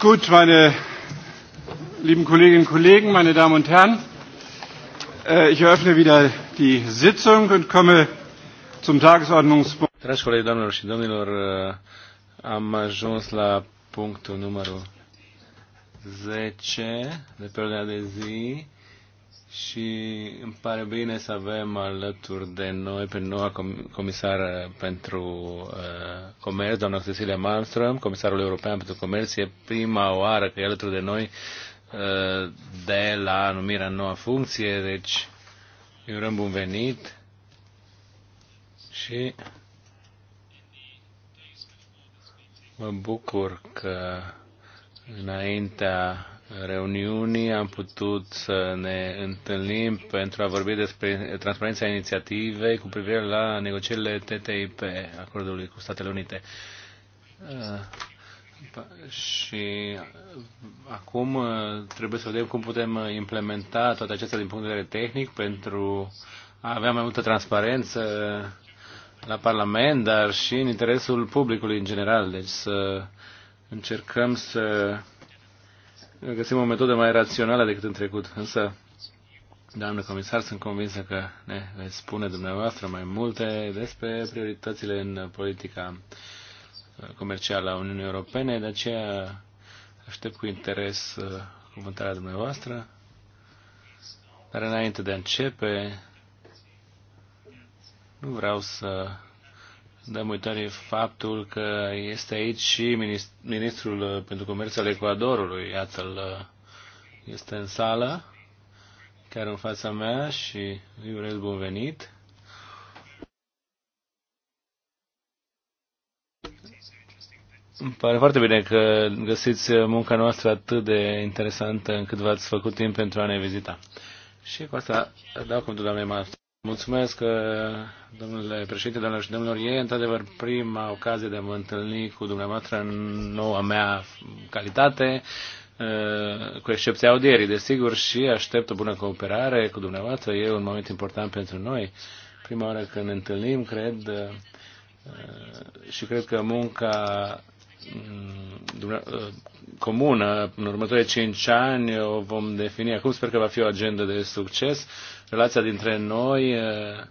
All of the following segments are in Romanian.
Gut, meine lieben Kolleginnen und Kollegen, meine Damen und Herren, äh, ich eröffne wieder die Sitzung und komme zum Tagesordnungspunkt. Dragi colegi, doamnelor și domnilor, uh, am ajuns la punctul numărul 10 de pe ordinea de zi și îmi pare bine să avem alături de noi pe noua comisar pentru uh, comerț, doamna Cecilia Malmström, comisarul european pentru comerț, e prima oară că e alături de noi uh, de la numirea în noua funcție, deci îi urăm bun venit și mă bucur că Înaintea reuniunii am putut să ne întâlnim pentru a vorbi despre transparența inițiativei cu privire la negocierile TTIP, acordului cu Statele Unite. Uh, și acum uh, trebuie să vedem cum putem implementa toate acestea din punct de vedere tehnic pentru a avea mai multă transparență la Parlament, dar și în interesul publicului în general. Deci să uh, încercăm să găsim o metodă mai rațională decât în trecut. Însă, doamnă comisar, sunt convinsă că ne veți spune dumneavoastră mai multe despre prioritățile în politica comercială a Uniunii Europene, de aceea aștept cu interes uh, cuvântarea dumneavoastră. Dar înainte de a începe, nu vreau să dăm uitare faptul că este aici și ministrul uh, pentru comerț al Ecuadorului, iată-l, uh, este în sală, chiar în fața mea și îi urez bun venit. Îmi pare foarte bine că găsiți munca noastră atât de interesantă încât v-ați făcut timp pentru a ne vizita. Și cu asta dau cuvântul doamnei Marta. Mulțumesc, eh, domnule președinte, domnilor și domnilor. E, într-adevăr, prima ocazie de a mă întâlni cu dumneavoastră în noua mea calitate, eh, cu excepția audierii, desigur, și aștept o bună cooperare cu dumneavoastră. E un moment important pentru noi. Prima oară când ne întâlnim, cred, eh, și cred că munca Uh, comună în următoarele cinci ani o vom defini acum. Sper că va fi o agendă de succes. Relația dintre noi uh,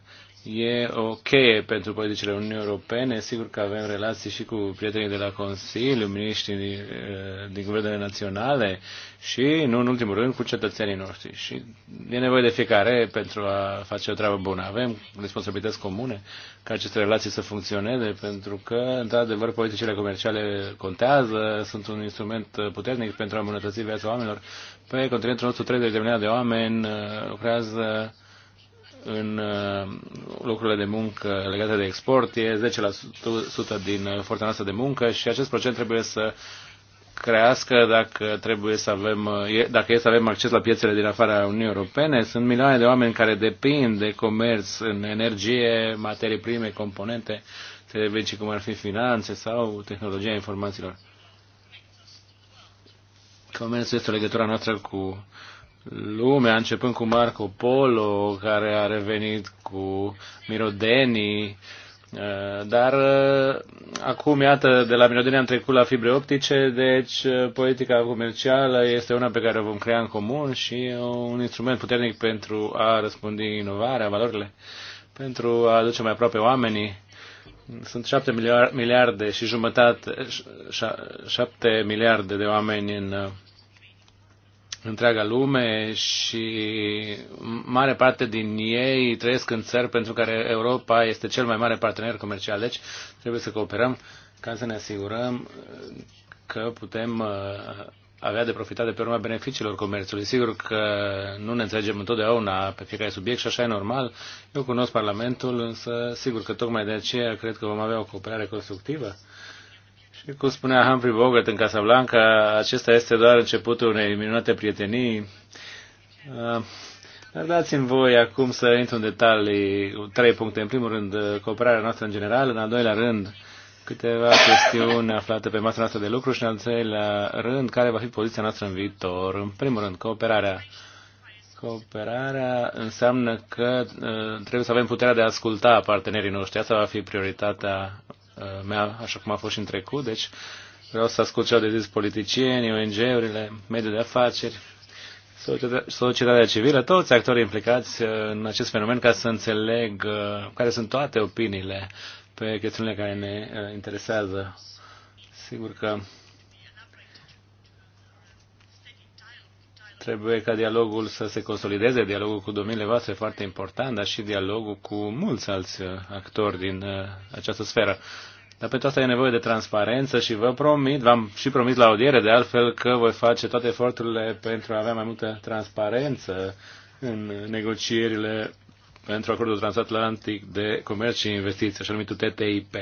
e o cheie pentru politicile Uniunii Europene. Sigur că avem relații și cu prietenii de la Consiliu, miniștrii din, eh, din guvernele naționale și, nu în ultimul rând, cu cetățenii noștri. Și e nevoie de fiecare pentru a face o treabă bună. Avem responsabilități comune ca aceste relații să funcționeze, pentru că, într-adevăr, politicile comerciale contează, sunt un instrument puternic pentru a îmbunătăți viața oamenilor. Pe continentul nostru, 30 de milioane de oameni eh, lucrează uh, în uh, lucrurile de muncă legate de export e 10% din uh, forța noastră de muncă și acest procent trebuie să crească dacă trebuie să avem, uh, dacă e să avem acces la piețele din afara Uniunii Europene. Sunt milioane de oameni care depind de comerț în energie, materii prime, componente, servicii cum ar fi finanțe sau tehnologia informațiilor. Comerțul este legătura noastră cu lumea, începând cu Marco Polo, care a revenit cu Mirodenii, uh, dar uh, acum, iată, de la Mirodeni am trecut la fibre optice, deci uh, politica comercială este una pe care o vom crea în comun și un instrument puternic pentru a răspândi inovarea, valorile, pentru a aduce mai aproape oamenii. Sunt șapte miliarde și jumătate, șapte miliarde de oameni în întreaga lume și mare parte din ei trăiesc în țări pentru care Europa este cel mai mare partener comercial. Deci trebuie să cooperăm ca să ne asigurăm că putem uh, avea de profitat de pe urma beneficiilor comerțului. Sigur că nu ne înțelegem întotdeauna pe fiecare subiect și așa e normal. Eu cunosc Parlamentul, însă sigur că tocmai de aceea cred că vom avea o cooperare constructivă cum spunea Humphrey Bogart în Casablanca, acesta este doar începutul unei minunate prietenii. Uh, dar dați-mi voi acum să intru în detalii, trei puncte. În primul rând, uh, cooperarea noastră în general, în al doilea rând, câteva chestiuni aflate pe masa noastră de lucru și în al treilea rând, care va fi poziția noastră în viitor. În primul rând, cooperarea. Cooperarea înseamnă că uh, trebuie să avem puterea de a asculta partenerii noștri. Asta va fi prioritatea Uh, mea, așa cum a fost și în trecut, deci vreau să ascult ce au de zis politicienii, ONG-urile, mediul de afaceri, societatea civilă, toți actorii implicați uh, în acest fenomen ca să înțeleg uh, care sunt toate opiniile pe chestiunile care ne interesează. Sigur că Trebuie ca dialogul să se consolideze, dialogul cu domeniile voastre foarte important, dar și dialogul cu mulți alți uh, actori din uh, această sferă. Dar pentru asta e nevoie de transparență și vă promit, v-am și promis la audiere de altfel că voi face toate eforturile pentru a avea mai multă transparență în negocierile pentru acordul transatlantic de comerț și investiții, așa numitul TTIP.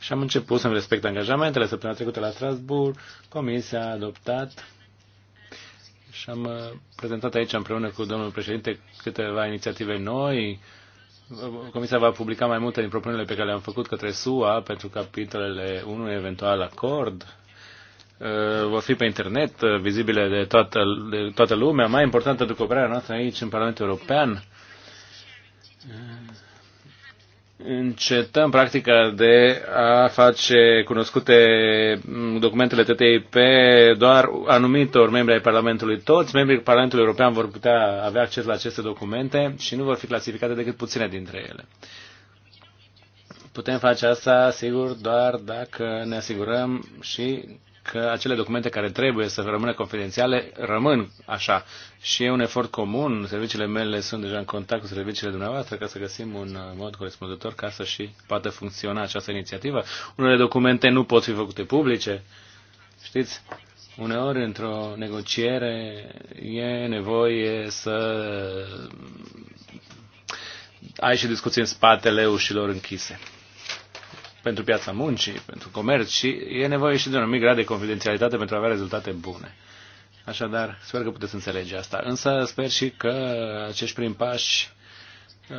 Și am început să-mi respect angajamentele. Săptămâna trecută la Strasbourg, Comisia a adoptat și am uh, prezentat aici împreună cu domnul președinte câteva inițiative noi. Comisia va publica mai multe din propunerile pe care le-am făcut către SUA pentru capitolele unui eventual acord. Uh, vor fi pe internet, uh, vizibile de toată, de toată lumea. Mai importantă decoperirea noastră aici, în Parlamentul European, încetăm practica de a face cunoscute documentele TTIP doar anumitor membri ai Parlamentului. Toți membrii Parlamentului European vor putea avea acces la aceste documente și nu vor fi clasificate decât puține dintre ele. Putem face asta, sigur, doar dacă ne asigurăm și că acele documente care trebuie să rămână confidențiale rămân așa. Și e un efort comun, serviciile mele sunt deja în contact cu serviciile dumneavoastră ca să găsim un uh, mod corespunzător ca să și poată funcționa această inițiativă. Unele documente nu pot fi făcute publice. Știți, uneori într-o negociere e nevoie să ai și discuții în spatele ușilor închise pentru piața muncii, pentru comerț și e nevoie și de un mic grad de confidențialitate pentru a avea rezultate bune. Așadar, sper că puteți înțelege asta. Însă sper și că acești prim pași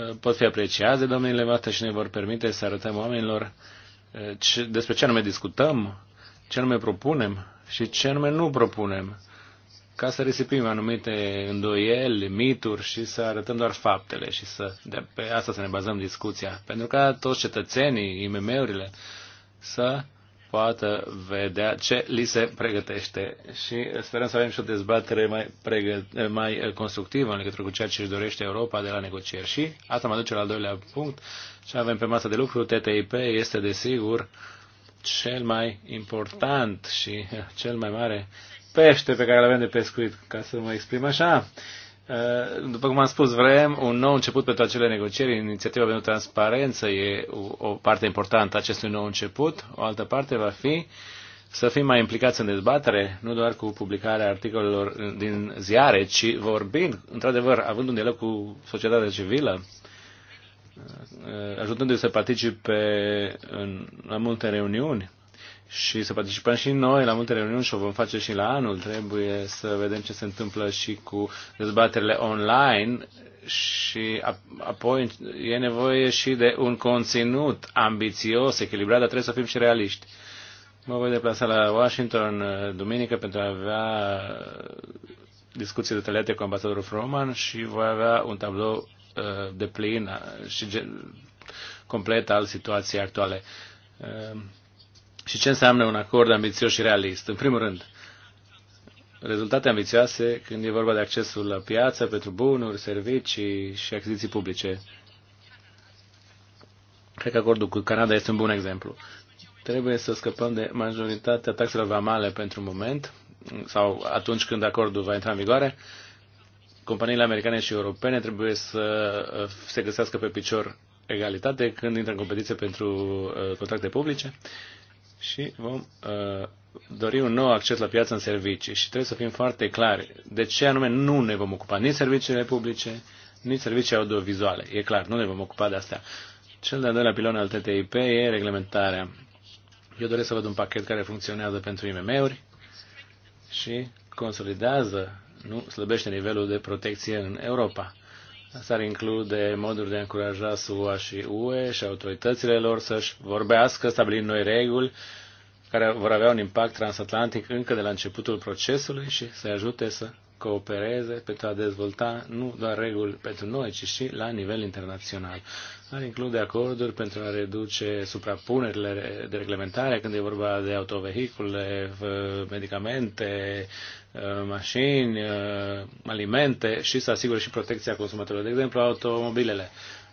uh, pot fi apreciați de domnile voastre și ne vor permite să arătăm oamenilor uh, despre ce anume discutăm, ce anume propunem și ce anume nu propunem ca să risipim anumite îndoieli, mituri și să arătăm doar faptele și să, de pe asta să ne bazăm discuția. Pentru ca toți cetățenii, IMM-urile, să poată vedea ce li se pregătește. Și sperăm să avem și o dezbatere mai, pregăt mai eh, constructivă în legătură cu ceea ce își dorește Europa de la negocieri. Și asta mă duce la al doilea punct. Ce avem pe masă de lucru, TTIP este desigur cel mai important și cel mai mare pește pe care îl avem de pescuit, ca să mă exprim așa. Uh, după cum am spus, vrem un nou început pentru acele negocieri. Inițiativa pentru transparență e o parte importantă a acestui nou început. O altă parte va fi să fim mai implicați în dezbatere, nu doar cu publicarea articolelor din ziare, ci vorbind, într-adevăr, având un dialog cu societatea civilă, uh, ajutându-i să participe în, la multe reuniuni și să participăm și noi la multe reuniuni și o vom face și la anul. Trebuie să vedem ce se întâmplă și cu dezbaterile online și apoi e nevoie și de un conținut ambițios, echilibrat, dar trebuie să fim și realiști. Mă voi deplasa la Washington uh, duminică pentru a avea uh, discuții detaliate cu ambasadorul Froman și voi avea un tablou uh, de plin și complet al situației actuale. Și ce înseamnă un acord ambițios și realist? În primul rând, rezultate ambițioase când e vorba de accesul la piață pentru bunuri, servicii și achiziții publice. Cred că acordul cu Canada este un bun exemplu. Trebuie să scăpăm de majoritatea taxelor vamale pentru un moment, sau atunci când acordul va intra în vigoare, companiile americane și europene trebuie să uh, se găsească pe picior egalitate când intră în competiție pentru uh, contracte publice și vom uh, dori un nou acces la piață în servicii. Și trebuie să fim foarte clari de ce anume nu ne vom ocupa nici serviciile publice, nici servicii audiovizuale. E clar, nu ne vom ocupa de astea. Cel de-al doilea pilon al TTIP e reglementarea. Eu doresc să văd un pachet care funcționează pentru IMM-uri și consolidează, nu slăbește nivelul de protecție în Europa. Asta ar include moduri de a încuraja SUA și UE și autoritățile lor să-și vorbească, stabilind noi reguli care vor avea un impact transatlantic încă de la începutul procesului și să ajute să coopereze pentru a dezvolta nu doar reguli pentru noi, ci și la nivel internațional. Ar include acorduri pentru a reduce suprapunerile de reglementare când e vorba de autovehicule, medicamente, uh, mașini, uh, alimente și să asigure și protecția consumatorilor, de exemplu automobilele.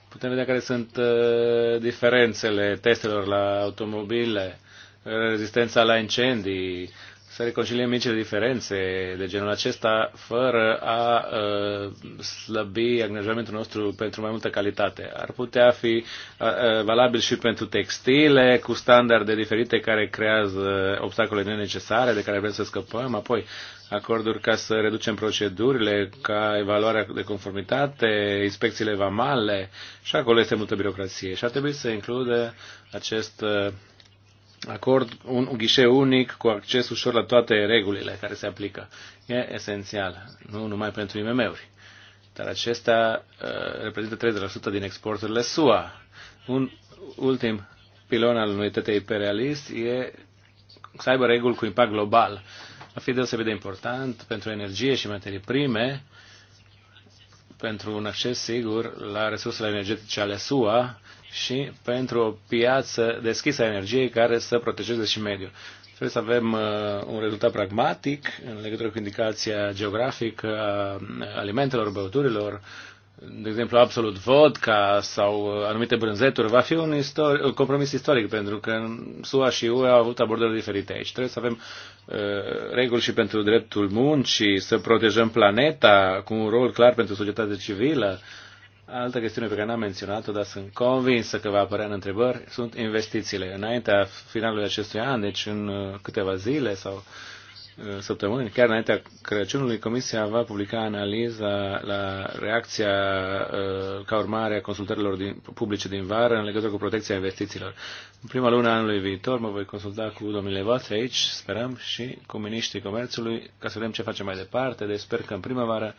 Putem vedea care sunt uh, diferențele testelor la automobile, rezistența la incendii, să reconciliem micile diferențe de genul acesta fără a uh, slăbi angajamentul nostru pentru mai multă calitate. Ar putea fi uh, uh, valabil și pentru textile cu standarde diferite care creează obstacole nenecesare de care vrem să scăpăm, apoi acorduri ca să reducem procedurile, ca evaluarea de conformitate, inspecțiile vamale și acolo este multă birocrație și ar trebui să includă acest uh, acord, un, un ghișeu unic cu acces ușor la toate regulile care se aplică. E esențial, nu numai pentru IMM-uri. Dar acesta uh, reprezintă 30% din exporturile SUA. Un ultim pilon al unui TTIP realist e să aibă reguli cu impact global. Va fi deosebit de important pentru energie și materii prime, pentru un acces sigur la resursele energetice ale SUA, și pentru o piață deschisă a energiei care să protejeze și mediul. Trebuie să avem uh, un rezultat pragmatic în legătură cu indicația geografică a alimentelor, băuturilor, de exemplu, Absolut Vodka sau uh, anumite brânzeturi, va fi un, istoric, un compromis istoric, pentru că SUA și UE au avut abordări diferite aici. Trebuie să avem uh, reguli și pentru dreptul muncii, să protejăm planeta cu un rol clar pentru societatea civilă, uh, Altă chestiune pe care n-am menționat-o, dar sunt convinsă că va apărea în întrebări, sunt investițiile. Înaintea finalului acestui an, deci în uh, câteva zile sau uh, săptămâni, chiar înaintea Crăciunului, Comisia va publica analiza la reacția uh, ca urmare a consultărilor din, publice din vară în legătură cu protecția investițiilor. În prima lună anului viitor mă voi consulta cu domnile voastre aici, sperăm, și cu miniștrii comerțului, ca să vedem ce facem mai departe. Deci sper că în primăvară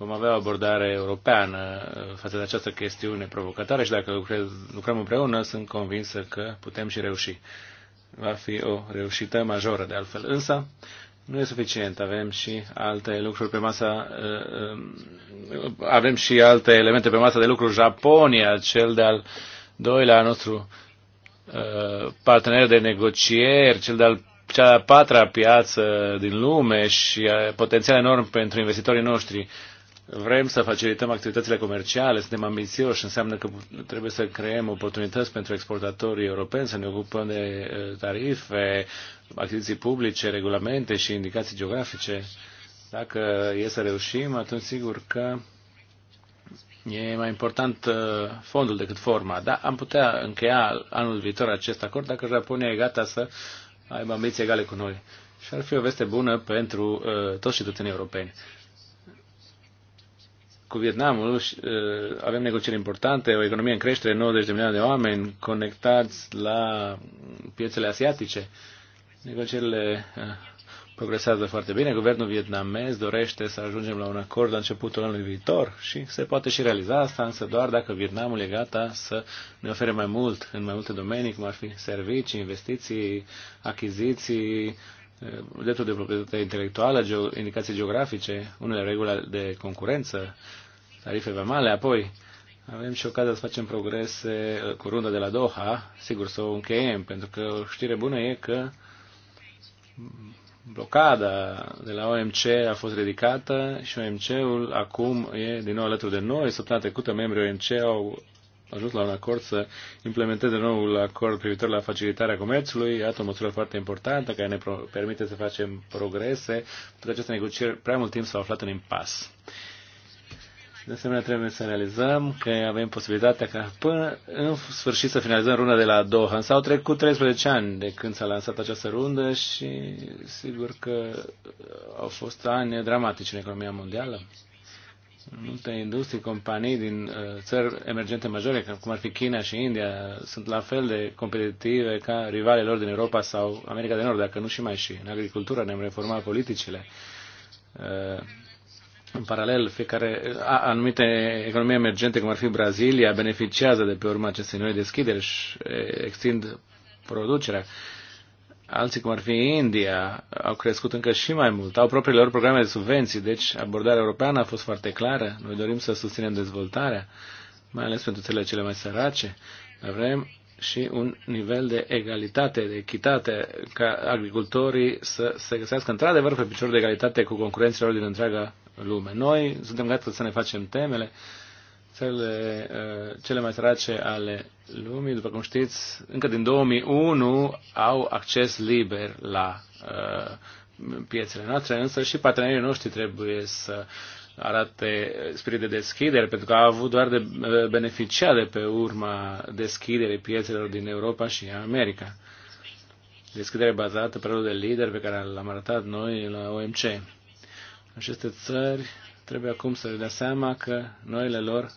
vom avea o abordare europeană uh, față de această chestiune provocatoare și dacă lucrăm împreună, sunt convinsă că putem și reuși. Va fi o reușită majoră de altfel. Însă, nu e suficient, avem și alte lucruri pe masa, uh, uh, avem și alte elemente pe masa de lucru. Japonia, cel de-al doilea nostru partener de negocieri, cel de-al cea de-a patra piață din lume și potențial enorm pentru investitorii noștri vrem să facilităm activitățile comerciale, suntem ambițioși, înseamnă că trebuie să creăm oportunități pentru exportatorii europeni, să ne ocupăm de uh, tarife, achiziții publice, regulamente și indicații geografice. Dacă e să reușim, atunci sigur că e mai important uh, fondul decât forma. Dar am putea încheia anul viitor acest acord dacă Japonia e gata să aibă ambiții egale cu noi. Și ar fi o veste bună pentru uh, toți cetățenii europeni cu Vietnamul avem negocieri importante, o economie în creștere, 90 de milioane de oameni conectați la piețele asiatice. Negocierile progresează foarte bine. Guvernul vietnamez dorește să ajungem la un acord la începutul anului viitor și se poate și realiza asta, însă doar dacă Vietnamul e gata să ne ofere mai mult în mai multe domenii, cum ar fi servicii, investiții, achiziții, Eh, dreptul de proprietate intelectuală, indicații geografice, unele reguli de concurență, tarife vamale, apoi avem și ocazia să facem progrese eh, cu runda de la Doha, sigur să o încheiem, pentru că o știre bună e că blocada de la OMC a fost ridicată și OMC-ul acum e din nou alături de noi. Săptămâna trecută membrii OMC au ajuns la un acord să implementeze noul acord privitor la facilitarea comerțului. Iată o măsură foarte importantă care ne permite să facem progrese, pentru aceste negocieri prea mult timp s-au aflat în impas. De asemenea, trebuie să realizăm că avem posibilitatea ca până în sfârșit să finalizăm runda de la Doha. S-au trecut 13 ani de când s-a lansat această rundă și sigur că au fost ani dramatici în economia mondială. Multe industrii, companii din uh, țări emergente majore, cum ar fi China și India, sunt la fel de competitive ca rivalele lor din Europa sau America de Nord, dacă nu și mai și. În agricultură ne-am reformat politicile. Uh, în paralel, fiecare, anumite economii emergente, cum ar fi Brazilia, beneficiază de pe urma acestei noi deschideri și uh, extind producerea alții cum ar fi India au crescut încă și mai mult, au propriile lor programe de subvenții, deci abordarea europeană a fost foarte clară, noi dorim să susținem dezvoltarea, mai ales pentru țările cele mai sărace, dar vrem și un nivel de egalitate, de echitate, ca agricultorii să se găsească într-adevăr pe picior de egalitate cu concurenților din întreaga lume. Noi suntem gata să ne facem temele, țările eh, cele mai sărace ale lumii, după cum știți, încă din 2001 au acces liber la eh, piețele noastre, însă și partenerii noștri trebuie să arate spirit de deschidere, pentru că au avut doar de eh, beneficiat de pe urma deschiderii piețelor din Europa și America. Deschidere bazată pe rolul de lider pe care l-am arătat noi la OMC. Aceste țări trebuie acum să le dea seama că noile lor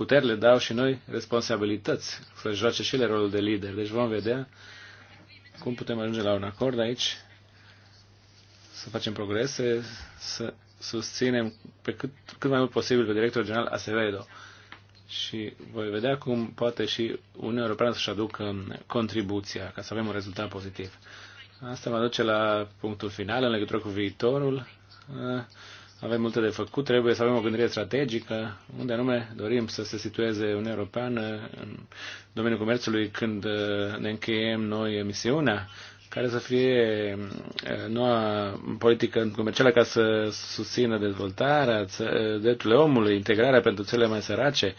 puteri le dau și noi responsabilități, să joace și ele rolul de lider. Deci vom vedea cum putem ajunge la un acord aici, să facem progrese, să susținem pe cât, cât mai mult posibil pe directorul general Acevedo. Și voi vedea cum poate și Uniunea Europeană să-și aducă contribuția ca să avem un rezultat pozitiv. Asta mă duce la punctul final în legătură cu viitorul. Avem multe de făcut, trebuie să avem o gândire strategică, unde anume dorim să se situeze Uniunea Europeană în domeniul comerțului când uh, ne încheiem noi misiunea, care să fie uh, noua politică comercială ca să susțină dezvoltarea, uh, drepturile omului, integrarea pentru cele mai sărace,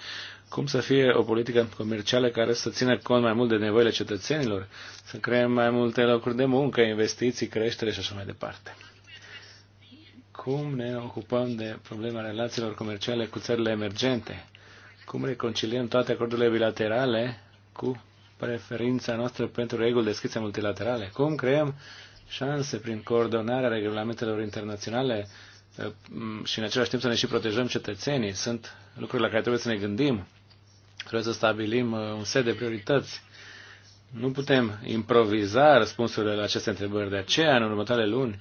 cum să fie o politică comercială care să țină cont mai mult de nevoile cetățenilor, să creăm mai multe locuri de muncă, investiții, creștere și așa mai departe. Cum ne ocupăm de problema relațiilor comerciale cu țările emergente? Cum reconciliem toate acordurile bilaterale cu preferința noastră pentru reguli deschise multilaterale? Cum creăm șanse prin coordonarea regulamentelor internaționale eh, și în același timp să ne și protejăm cetățenii? Sunt lucruri la care trebuie să ne gândim. Trebuie să stabilim eh, un set de priorități. Nu putem improviza răspunsurile la aceste întrebări. De aceea, în următoarele luni,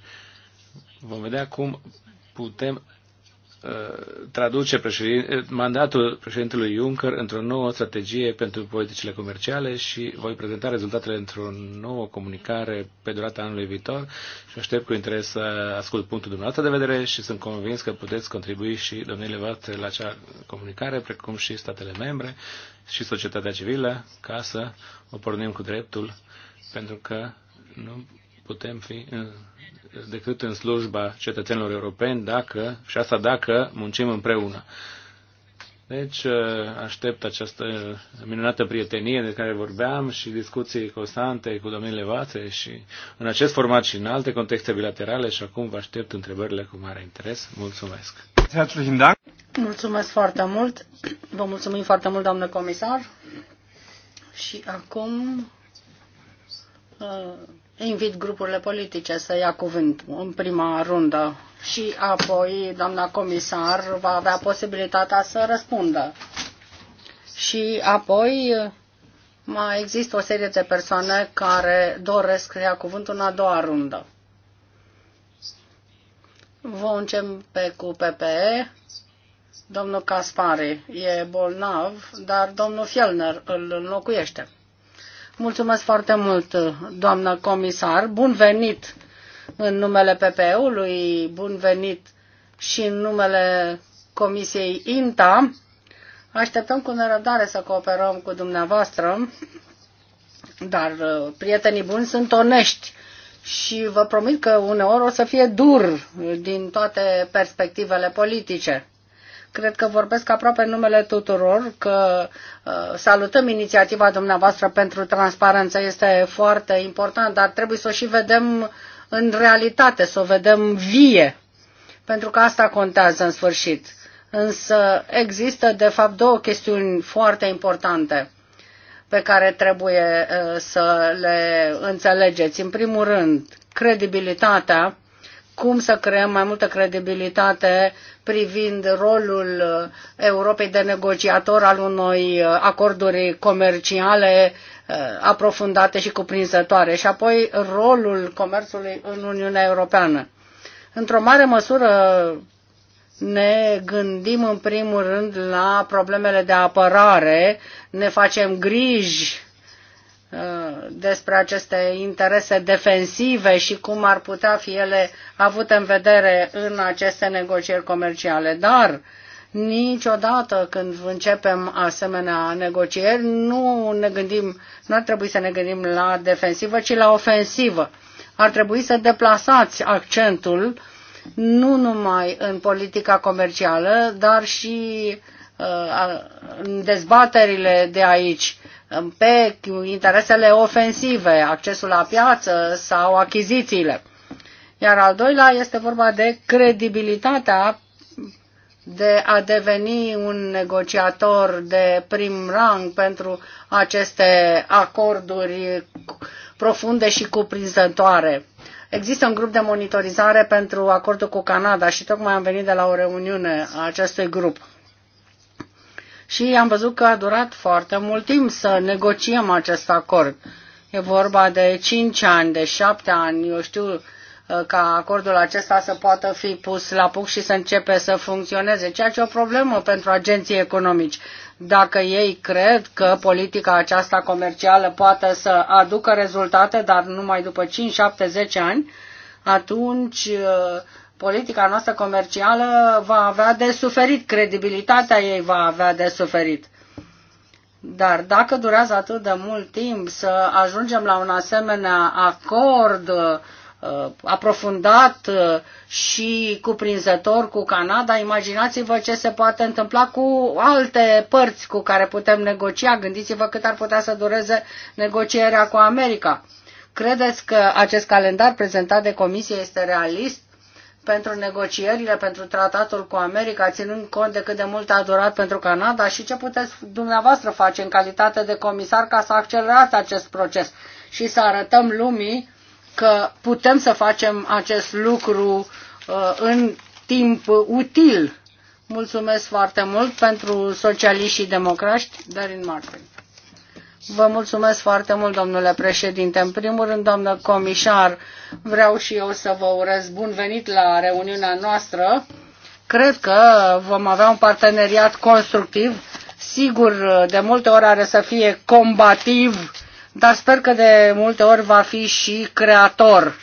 Vom vedea cum putem uh, traduce președin, eh, mandatul președintelui Juncker într-o nouă strategie pentru politicile comerciale și voi prezenta rezultatele într-o nouă comunicare pe durata anului viitor și aștept cu interes să ascult punctul dumneavoastră de vedere și sunt convins că puteți contribui și domnile voastre la acea comunicare, precum și statele membre și societatea civilă, ca să o pornim cu dreptul, pentru că nu putem fi decât în slujba cetățenilor europeni, dacă, și asta dacă muncim împreună. Deci uh, aștept această minunată prietenie de care vorbeam și discuții constante cu domnile voastre și în acest format și în alte contexte bilaterale și acum vă aștept întrebările cu mare interes. Mulțumesc! Mulțumesc foarte mult! Vă mulțumim foarte mult, doamnă comisar! Și acum uh, invit grupurile politice să ia cuvânt în prima rundă și apoi doamna comisar va avea posibilitatea să răspundă. Și apoi mai există o serie de persoane care doresc să ia cuvântul în a doua rundă. Vom începe cu PPE. Domnul Caspari e bolnav, dar domnul Fielner îl înlocuiește. Mulțumesc foarte mult, doamnă comisar. Bun venit în numele PPE-ului, bun venit și în numele Comisiei INTA. Așteptăm cu nerăbdare să cooperăm cu dumneavoastră, dar uh, prietenii buni sunt onești și vă promit că uneori o să fie dur din toate perspectivele politice. Cred că vorbesc aproape în numele tuturor că uh, salutăm inițiativa dumneavoastră pentru transparență. Este foarte important, dar trebuie să o și vedem în realitate, să o vedem vie, pentru că asta contează în sfârșit. Însă există, de fapt, două chestiuni foarte importante pe care trebuie uh, să le înțelegeți. În primul rând, credibilitatea cum să creăm mai multă credibilitate privind rolul uh, Europei de negociator al unui uh, acorduri comerciale uh, aprofundate și cuprinzătoare și apoi rolul comerțului în Uniunea Europeană. Într-o mare măsură ne gândim în primul rând la problemele de apărare, ne facem griji despre aceste interese defensive și cum ar putea fi ele avute în vedere în aceste negocieri comerciale. Dar niciodată când începem asemenea negocieri nu ne gândim, nu ar trebui să ne gândim la defensivă, ci la ofensivă. Ar trebui să deplasați accentul nu numai în politica comercială, dar și uh, în dezbaterile de aici pe interesele ofensive, accesul la piață sau achizițiile. Iar al doilea este vorba de credibilitatea de a deveni un negociator de prim rang pentru aceste acorduri profunde și cuprinzătoare. Există un grup de monitorizare pentru acordul cu Canada și tocmai am venit de la o reuniune a acestui grup și am văzut că a durat foarte mult timp să negociem acest acord. E vorba de 5 ani, de 7 ani, eu știu, uh, ca acordul acesta să poată fi pus la punct și să începe să funcționeze, ceea ce e o problemă pentru agenții economici. Dacă ei cred că politica aceasta comercială poate să aducă rezultate, dar numai după 5, 7, 10 ani, atunci uh, politica noastră comercială va avea de suferit, credibilitatea ei va avea de suferit. Dar dacă durează atât de mult timp să ajungem la un asemenea acord uh, aprofundat uh, și cuprinzător cu Canada, imaginați-vă ce se poate întâmpla cu alte părți cu care putem negocia. Gândiți-vă cât ar putea să dureze negocierea cu America. Credeți că acest calendar prezentat de comisie este realist? pentru negocierile, pentru tratatul cu America, ținând cont de cât de mult a durat pentru Canada și ce puteți dumneavoastră face în calitate de comisar ca să accelerați acest proces și să arătăm lumii că putem să facem acest lucru uh, în timp util. Mulțumesc foarte mult pentru socialiști și democrați, Darin Martin. Vă mulțumesc foarte mult, domnule președinte. În primul rând, doamnă comisar, vreau și eu să vă urez bun venit la reuniunea noastră. Cred că vom avea un parteneriat constructiv. Sigur, de multe ori are să fie combativ, dar sper că de multe ori va fi și creator.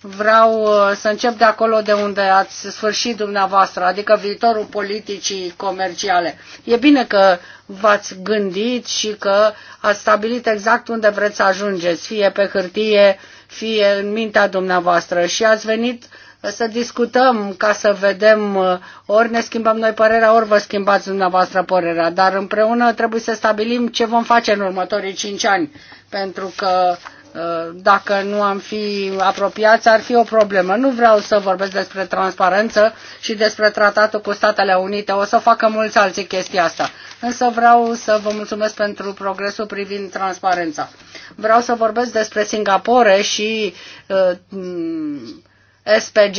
Vreau uh, să încep de acolo de unde ați sfârșit dumneavoastră, adică viitorul politicii comerciale. E bine că v-ați gândit și că ați stabilit exact unde vreți să ajungeți, fie pe hârtie, fie în mintea dumneavoastră și ați venit să discutăm ca să vedem, uh, ori ne schimbăm noi părerea, ori vă schimbați dumneavoastră părerea, dar împreună trebuie să stabilim ce vom face în următorii cinci ani, pentru că Uh, dacă nu am fi apropiați, ar fi o problemă. Nu vreau să vorbesc despre transparență și despre tratatul cu Statele Unite. O să facă mulți alții chestia asta. Însă vreau să vă mulțumesc pentru progresul privind transparența. Vreau să vorbesc despre Singapore și uh, SPG+.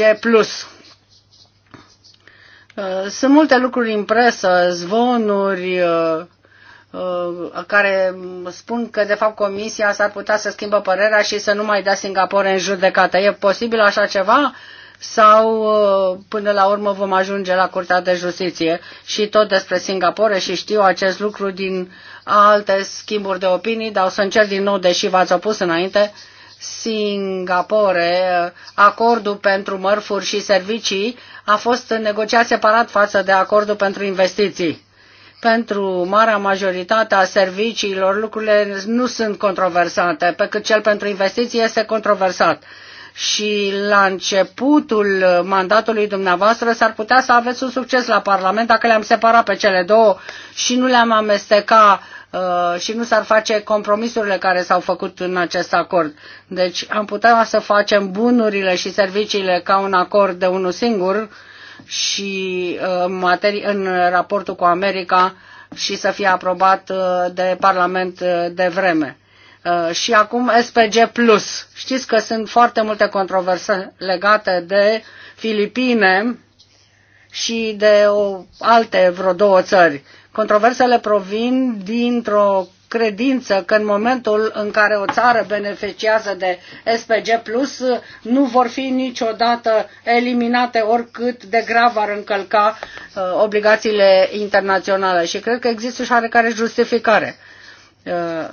Uh, sunt multe lucruri în presă, zvonuri, uh, Uh, care spun că, de fapt, Comisia s-ar putea să schimbă părerea și să nu mai dea Singapore în judecată. E posibil așa ceva? Sau uh, până la urmă vom ajunge la Curtea de Justiție și tot despre Singapore și știu acest lucru din alte schimburi de opinii, dar o să încerc din nou, deși v-ați opus înainte, Singapore, uh, acordul pentru mărfuri și servicii a fost negociat separat față de acordul pentru investiții pentru marea majoritate a serviciilor lucrurile nu sunt controversate, pe cât cel pentru investiții este controversat. Și la începutul mandatului dumneavoastră s-ar putea să aveți un succes la Parlament dacă le-am separat pe cele două și nu le-am amesteca uh, și nu s-ar face compromisurile care s-au făcut în acest acord. Deci am putea să facem bunurile și serviciile ca un acord de unul singur uh, și uh, în raportul cu America și să fie aprobat uh, de Parlament uh, de vreme. Și acum SPG+. Știți că sunt foarte multe controverse legate de Filipine și de o, alte vreo două țări. Controversele provin dintr-o credință că în momentul în care o țară beneficiază de SPG+, nu vor fi niciodată eliminate oricât de grav ar încălca uh, obligațiile internaționale. Și cred că există și oarecare justificare. Uh,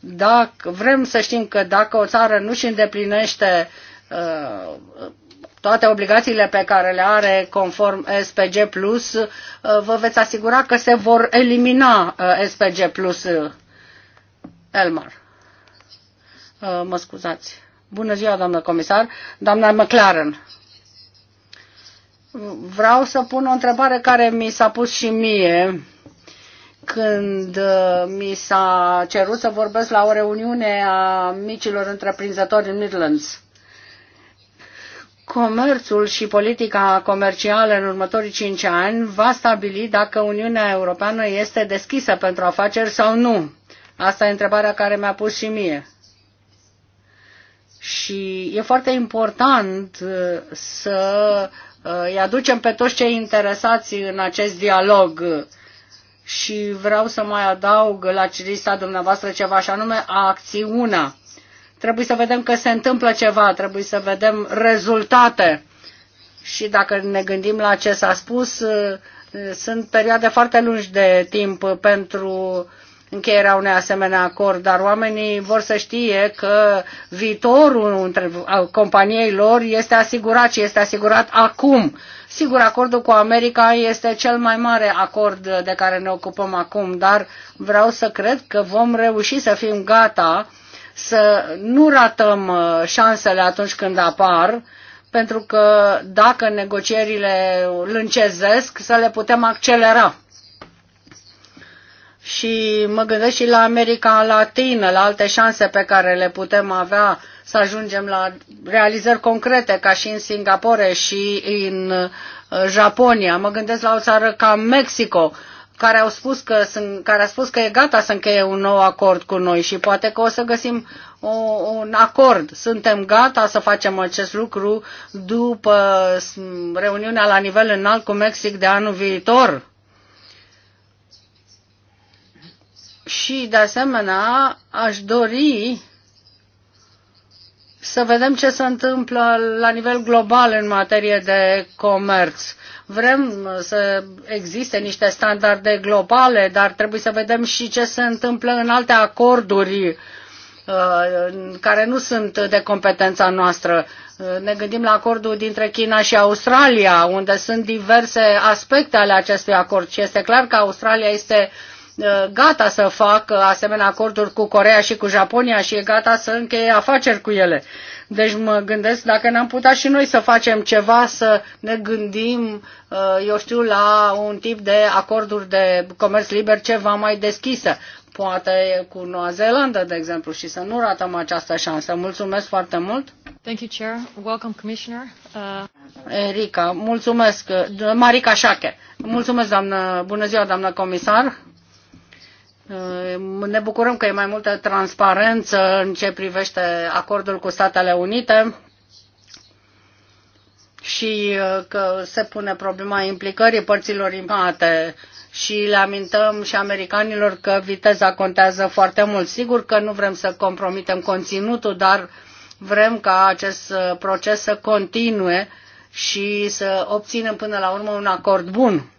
dacă vrem să știm că dacă o țară nu și îndeplinește uh, toate obligațiile pe care le are conform SPG+, uh, vă veți asigura că se vor elimina uh, SPG+. Elmar. Uh, mă scuzați. Bună ziua, doamnă comisar. Doamna McLaren. Vreau să pun o întrebare care mi s-a pus și mie când uh, mi s-a cerut să vorbesc la o reuniune a micilor întreprinzători în Midlands. Comerțul și politica comercială în următorii cinci ani va stabili dacă Uniunea Europeană este deschisă pentru afaceri sau nu Asta e întrebarea care mi-a pus și mie. Și e foarte important uh, să uh, îi aducem pe toți cei interesați în acest dialog și vreau să mai adaug la lista dumneavoastră ceva și anume acțiunea. Trebuie să vedem că se întâmplă ceva, trebuie să vedem rezultate. Și dacă ne gândim la ce s-a spus, uh, sunt perioade foarte lungi de timp pentru încheierea unei asemenea acord, dar oamenii vor să știe că viitorul între companiei lor este asigurat și este asigurat acum. Sigur, acordul cu America este cel mai mare acord de care ne ocupăm acum, dar vreau să cred că vom reuși să fim gata să nu ratăm uh, șansele atunci când apar, pentru că dacă negocierile lâncezesc, să le putem accelera și mă gândesc și la America Latină, la alte șanse pe care le putem avea să ajungem la realizări concrete, ca și în Singapore și în uh, Japonia. Mă gândesc la o țară ca Mexico, care, au spus că sunt, care a spus că e gata să încheie un nou acord cu noi și poate că o să găsim o, un acord. Suntem gata să facem acest lucru după reuniunea la nivel înalt cu Mexic de anul viitor și, de asemenea, aș dori să vedem ce se întâmplă la nivel global în materie de comerț. Vrem să existe niște standarde globale, dar trebuie să vedem și ce se întâmplă în alte acorduri uh, care nu sunt de competența noastră. Uh, ne gândim la acordul dintre China și Australia, unde sunt diverse aspecte ale acestui acord și este clar că Australia este uh, gata să facă asemenea acorduri cu Corea și cu Japonia și e gata să încheie afaceri cu ele. Deci mă gândesc dacă n-am putea și noi să facem ceva, să ne gândim, eu știu, la un tip de acorduri de comerț liber ceva mai deschisă. Poate cu Noua Zeelandă, de exemplu, și să nu ratăm această șansă. Mulțumesc foarte mult! Thank you, Chair. Welcome, Commissioner. Uh... Erika, mulțumesc. Marica Șache. Mulțumesc, doamnă. Bună ziua, doamnă comisar. Uh, ne bucurăm că e mai multă transparență în ce privește acordul cu Statele Unite și uh, că se pune problema implicării părților implicate și le amintăm și americanilor că viteza contează foarte mult. Sigur că nu vrem să compromitem conținutul, dar vrem ca acest uh, proces să continue și să obținem până la urmă un acord bun.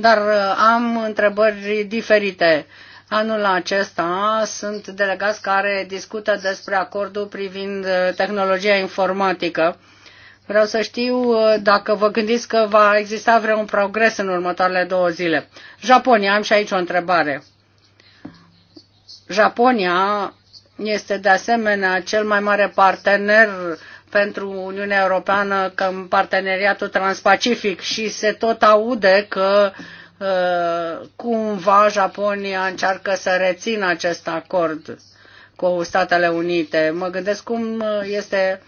Dar uh, am întrebări diferite. Anul acesta sunt delegați care discută despre acordul privind uh, tehnologia informatică. Vreau să știu uh, dacă vă gândiți că va exista vreun progres în următoarele două zile. Japonia, am și aici o întrebare. Japonia este de asemenea cel mai mare partener pentru Uniunea Europeană că în parteneriatul transpacific și se tot aude că uh, cumva Japonia încearcă să rețină acest acord cu Statele Unite. Mă gândesc cum uh, este,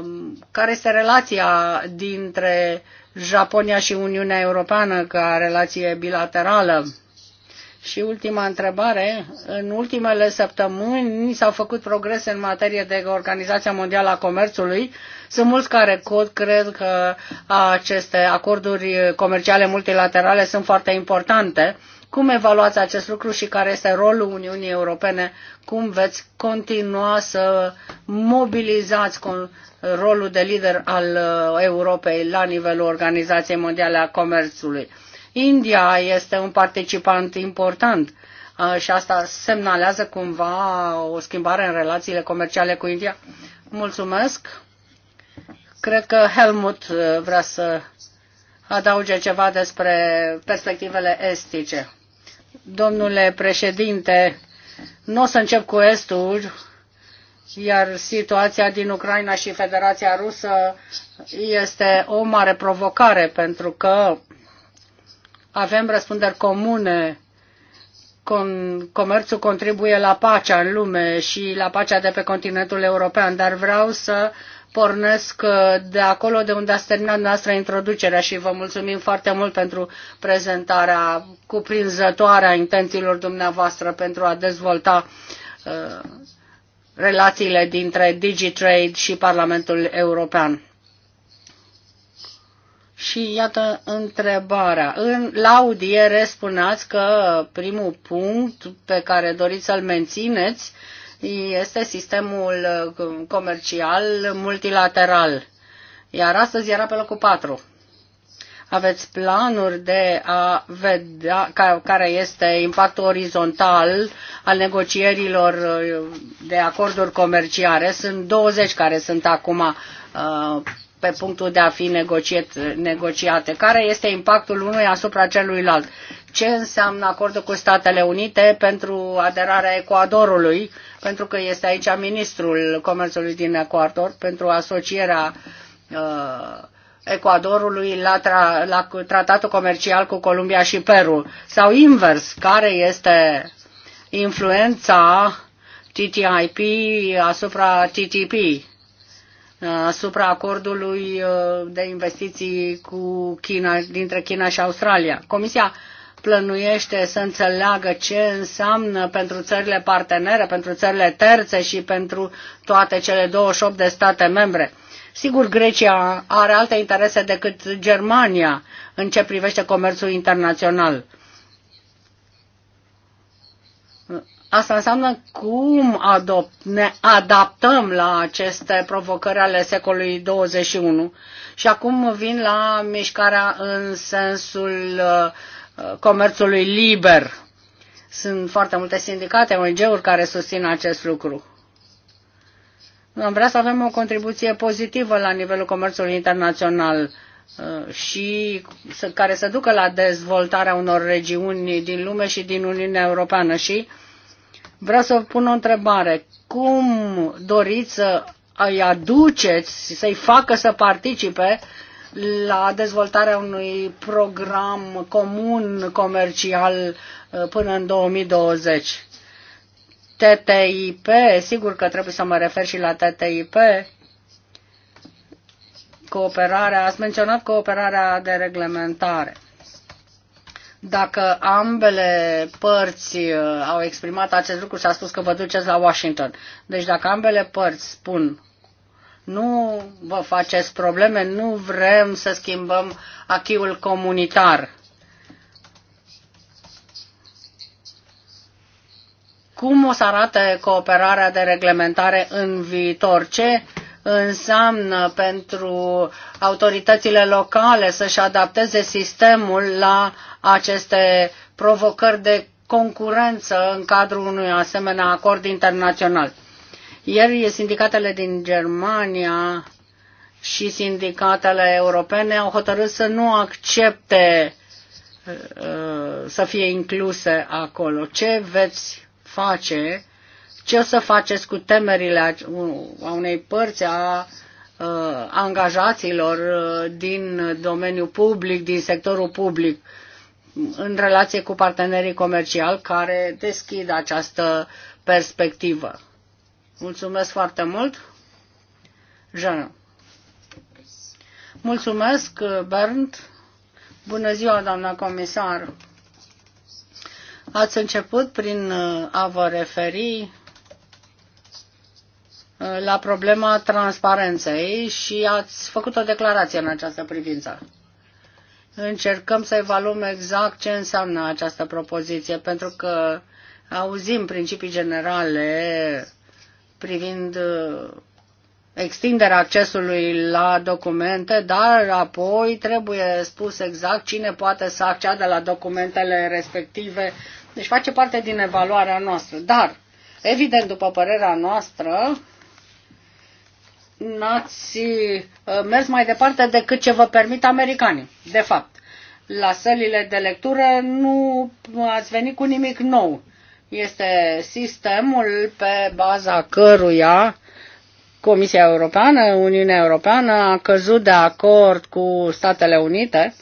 um, care este relația dintre Japonia și Uniunea Europeană ca relație bilaterală și ultima întrebare. În ultimele săptămâni s-au făcut progrese în materie de Organizația Mondială a Comerțului. Sunt mulți care cod, cred că aceste acorduri comerciale multilaterale sunt foarte importante. Cum evaluați acest lucru și care este rolul Uniunii Europene? Cum veți continua să mobilizați rolul de lider al uh, Europei la nivelul Organizației Mondiale a Comerțului? India este un participant important și asta semnalează cumva o schimbare în relațiile comerciale cu India. Mulțumesc. Cred că Helmut vrea să adauge ceva despre perspectivele estice. Domnule președinte, nu o să încep cu estul, iar situația din Ucraina și Federația Rusă este o mare provocare pentru că avem răspunderi comune. Con, comerțul contribuie la pacea în lume și la pacea de pe continentul european, dar vreau să pornesc uh, de acolo de unde ați terminat noastră introducerea și vă mulțumim foarte mult pentru prezentarea cuprinzătoare a intențiilor dumneavoastră pentru a dezvolta uh, relațiile dintre DigiTrade și Parlamentul European. Și iată întrebarea. În, la audiere spuneați că primul punct pe care doriți să-l mențineți este sistemul comercial multilateral. Iar astăzi era pe locul 4. Aveți planuri de a vedea care este impactul orizontal al negocierilor de acorduri comerciale? Sunt 20 care sunt acum uh, pe punctul de a fi negociat, negociate. Care este impactul unui asupra celuilalt? Ce înseamnă acordul cu Statele Unite pentru aderarea Ecuadorului? Pentru că este aici ministrul comerțului din Ecuador pentru asocierea uh, Ecuadorului la, tra, la tratatul comercial cu Columbia și Peru. Sau invers, care este influența TTIP asupra TTP? asupra acordului uh, de investiții cu China, dintre China și Australia. Comisia plănuiește să înțeleagă ce înseamnă pentru țările partenere, pentru țările terțe și pentru toate cele 28 de state membre. Sigur, Grecia are alte interese decât Germania în ce privește comerțul internațional. Asta înseamnă cum adopt, ne adaptăm la aceste provocări ale secolului 21. Și acum vin la mișcarea în sensul uh, comerțului liber. Sunt foarte multe sindicate, ONG-uri care susțin acest lucru. Am vrea să avem o contribuție pozitivă la nivelul comerțului internațional uh, și care să ducă la dezvoltarea unor regiuni din lume și din Uniunea Europeană și Vreau să vă pun o întrebare. Cum doriți să îi aduceți, să-i facă să participe la dezvoltarea unui program comun comercial uh, până în 2020? TTIP, sigur că trebuie să mă refer și la TTIP, cooperarea, ați menționat cooperarea de reglementare. Dacă ambele părți uh, au exprimat acest lucru, s-a spus că vă duceți la Washington. Deci dacă ambele părți spun nu vă faceți probleme, nu vrem să schimbăm achiul comunitar. Cum o să arate cooperarea de reglementare în viitor? Ce înseamnă pentru autoritățile locale să-și adapteze sistemul la aceste provocări de concurență în cadrul unui asemenea acord internațional. Ieri sindicatele din Germania și sindicatele europene au hotărât să nu accepte uh, să fie incluse acolo. Ce veți face ce o să faceți cu temerile a unei părți a uh, angajaților uh, din domeniul public, din sectorul public, în relație cu partenerii comerciali care deschid această perspectivă. Mulțumesc foarte mult, Jean. Mulțumesc, Bernd. Bună ziua, doamna comisar. Ați început prin uh, a vă referi Uh, la problema transparenței și ați făcut o declarație în această privință. Încercăm să evaluăm exact ce înseamnă această propoziție, pentru că auzim principii generale privind uh, extinderea accesului la documente, dar apoi trebuie spus exact cine poate să acceadă la documentele respective. Deci face parte din evaluarea noastră. Dar, evident, după părerea noastră, n-ați uh, mers mai departe decât ce vă permit americanii, de fapt. La sălile de lectură nu ați venit cu nimic nou. Este sistemul pe baza căruia Comisia Europeană, Uniunea Europeană a căzut de acord cu Statele Unite,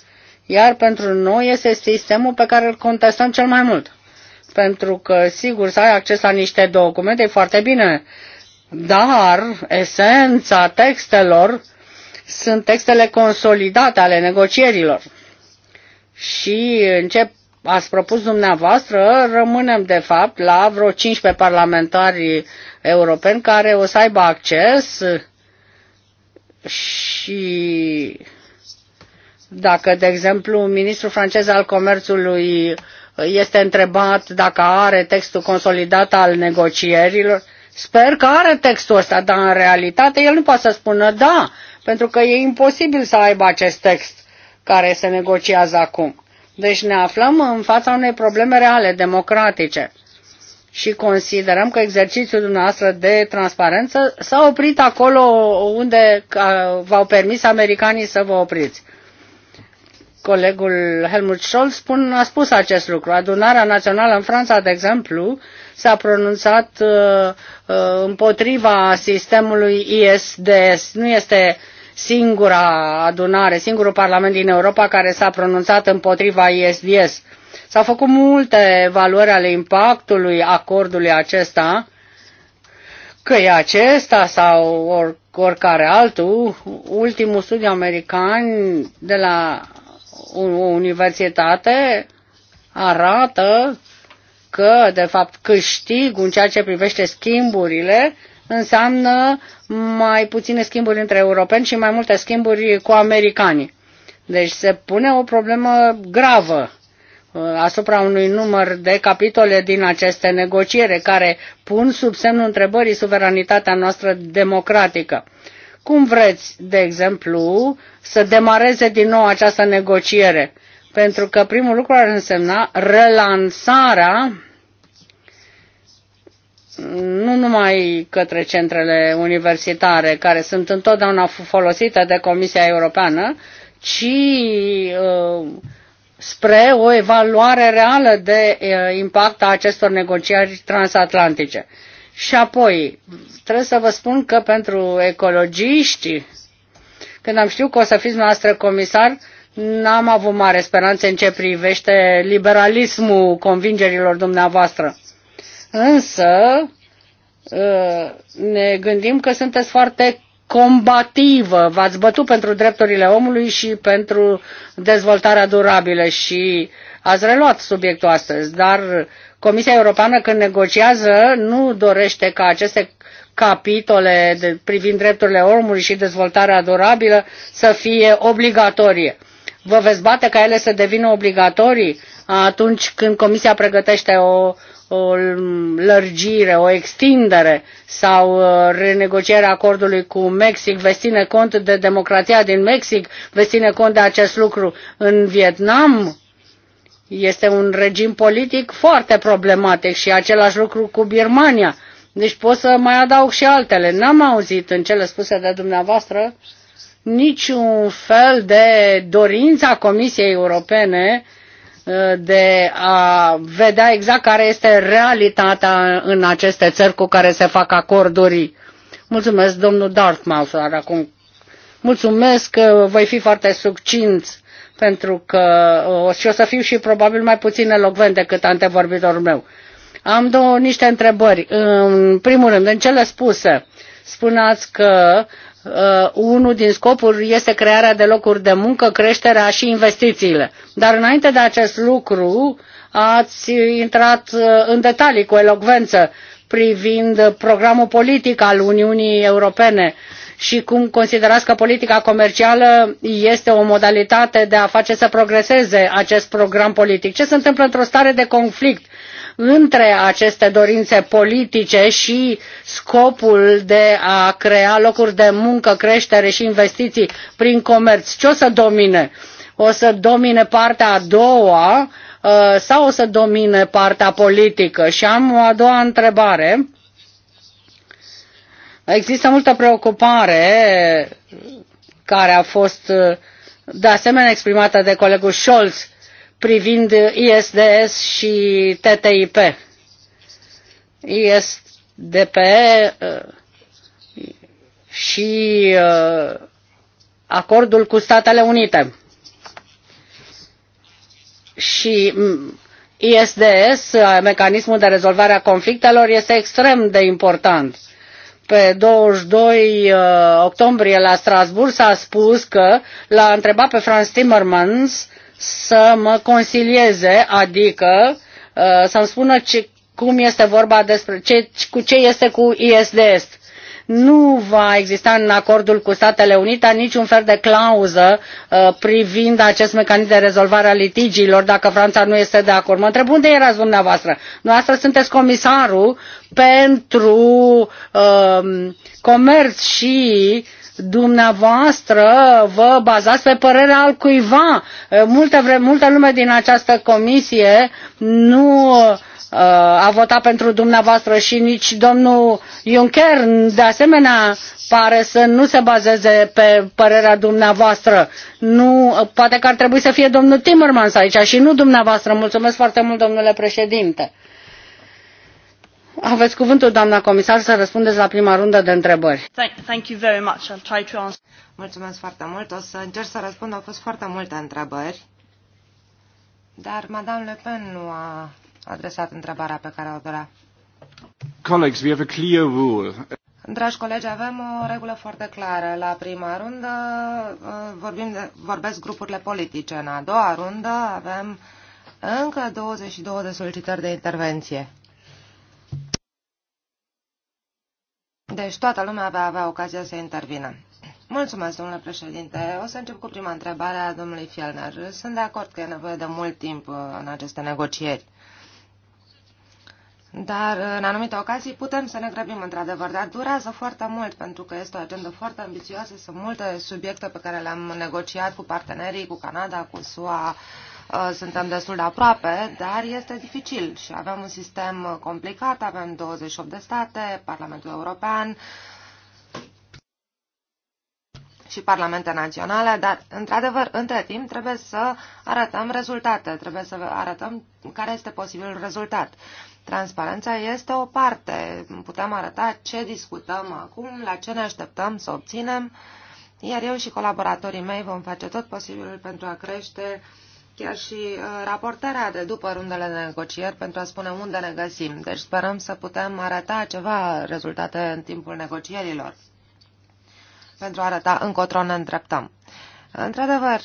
iar pentru noi este sistemul pe care îl contestăm cel mai mult. Pentru că, sigur, să ai acces la niște documente e foarte bine, dar esența textelor sunt textele consolidate ale negocierilor. Și în ce ați propus dumneavoastră, rămânem de fapt la vreo 15 parlamentari europeni care o să aibă acces și dacă, de exemplu, ministrul francez al comerțului este întrebat dacă are textul consolidat al negocierilor, Sper că are textul ăsta, dar în realitate el nu poate să spună da, pentru că e imposibil să aibă acest text care se negociază acum. Deci ne aflăm în fața unei probleme reale, democratice. Și considerăm că exercițiul dumneavoastră de transparență s-a oprit acolo unde v-au permis americanii să vă opriți. Colegul Helmut Scholz spun, a spus acest lucru. Adunarea Națională în Franța, de exemplu, s-a pronunțat uh, uh, împotriva sistemului ISDS. Nu este singura adunare, singurul parlament din Europa care s-a pronunțat împotriva ISDS. S-au făcut multe evaluări ale impactului acordului acesta, că e acesta sau or, oricare altul. Ultimul studiu american de la o universitate arată că, de fapt, câștigul în ceea ce privește schimburile înseamnă mai puține schimburi între europeni și mai multe schimburi cu americanii. Deci se pune o problemă gravă uh, asupra unui număr de capitole din aceste negociere care pun sub semnul întrebării suveranitatea noastră democratică. Cum vreți, de exemplu, să demareze din nou această negociere? Pentru că primul lucru ar însemna relansarea nu numai către centrele universitare, care sunt întotdeauna folosite de Comisia Europeană, ci uh, spre o evaluare reală de uh, impact a acestor negocieri transatlantice. Și apoi, trebuie să vă spun că pentru ecologiști, când am știut că o să fiți noastră comisar, n-am avut mare speranță în ce privește liberalismul convingerilor dumneavoastră Însă ă, ne gândim că sunteți foarte combativă, v-ați bătut pentru drepturile omului și pentru dezvoltarea durabilă și ați reluat subiectul astăzi, dar Comisia Europeană când negociază nu dorește ca aceste capitole de, privind drepturile omului și dezvoltarea durabilă să fie obligatorie. Vă veți bate ca ele să devină obligatorii atunci când Comisia pregătește o o lărgire, o extindere sau uh, renegocierea acordului cu Mexic, veți ține cont de democrația din Mexic, veți ține cont de acest lucru. În Vietnam este un regim politic foarte problematic și același lucru cu Birmania. Deci pot să mai adaug și altele. N-am auzit în cele spuse de dumneavoastră niciun fel de dorință a Comisiei Europene uh, de a vedea exact care este realitatea în aceste țări cu care se fac acorduri. Mulțumesc, domnul Dartmouth, dar acum mulțumesc că voi fi foarte succinți pentru că o, și o să fiu și probabil mai puțin elocvent decât antevorbitorul meu. Am două niște întrebări. În primul rând, în cele spuse, spuneați că Uh, unul din scopuri este crearea de locuri de muncă, creșterea și investițiile. Dar înainte de acest lucru ați intrat uh, în detalii cu elocvență privind programul politic al Uniunii Europene și cum considerați că politica comercială este o modalitate de a face să progreseze acest program politic. Ce se întâmplă într-o stare de conflict între aceste dorințe politice și scopul de a crea locuri de muncă, creștere și investiții prin comerț. Ce o să domine? O să domine partea a doua uh, sau o să domine partea politică? Și am o a doua întrebare. Există multă preocupare care a fost uh, de asemenea exprimată de colegul Scholz privind ISDS și TTIP. ISDP uh, și uh, acordul cu Statele Unite. Și ISDS, uh, mecanismul de rezolvare a conflictelor, este extrem de important. Pe 22 octombrie la Strasbourg s-a spus că l-a întrebat pe Franz Timmermans să mă consilieze, adică uh, să-mi spună ce, cum este vorba despre ce, cu ce este cu ISDS. Nu va exista în acordul cu Statele Unite niciun fel de clauză uh, privind acest mecanism de rezolvare a litigiilor dacă Franța nu este de acord. Mă întreb unde erați dumneavoastră? Noastră sunteți comisarul pentru uh, comerț și dumneavoastră vă bazați pe părerea cuiva. Eh, multă, vreme, multă lume din această comisie nu eh, a votat pentru dumneavoastră și nici domnul Juncker, de asemenea, pare să nu se bazeze pe părerea dumneavoastră. Nu, eh, poate că ar trebui să fie domnul Timmermans aici și nu dumneavoastră. Mulțumesc foarte mult, domnule președinte. Aveți cuvântul, doamna comisar, să răspundeți la prima rundă de întrebări. Thank, you very much. I'll try to answer. Mulțumesc foarte mult. O să încerc să răspund. Au fost foarte multe întrebări. Dar Madame Le Pen nu a adresat întrebarea pe care o dorea. Colleagues, we have a clear rule. Dragi colegi, avem o regulă foarte clară. La prima rundă uh, vorbim de, vorbesc grupurile politice. În a doua rundă avem încă 22 de solicitări de intervenție. Deci toată lumea va avea ocazia să intervină. Mulțumesc, domnule președinte. O să încep cu prima întrebare a domnului Fielner. Sunt de acord că e nevoie de mult timp uh, în aceste negocieri. Dar, uh, în anumite ocazii, putem să ne grăbim, într-adevăr, dar durează foarte mult, pentru că este o agendă foarte ambițioasă, sunt multe subiecte pe care le-am negociat cu partenerii, cu Canada, cu SUA, uh, Uh, suntem destul de aproape, dar este dificil și avem un sistem uh, complicat, avem 28 de state, Parlamentul European și parlamente naționale, dar, într-adevăr, între timp trebuie să arătăm rezultate, trebuie să arătăm care este posibilul rezultat. Transparența este o parte. Putem arăta ce discutăm acum, la ce ne așteptăm să obținem, iar eu și colaboratorii mei vom face tot posibilul pentru a crește uh, chiar și uh, raportarea de după rundele de negocieri pentru a spune unde ne găsim. Deci sperăm să putem arăta ceva rezultate în timpul negocierilor pentru a arăta încotro ne îndreptăm. Într-adevăr,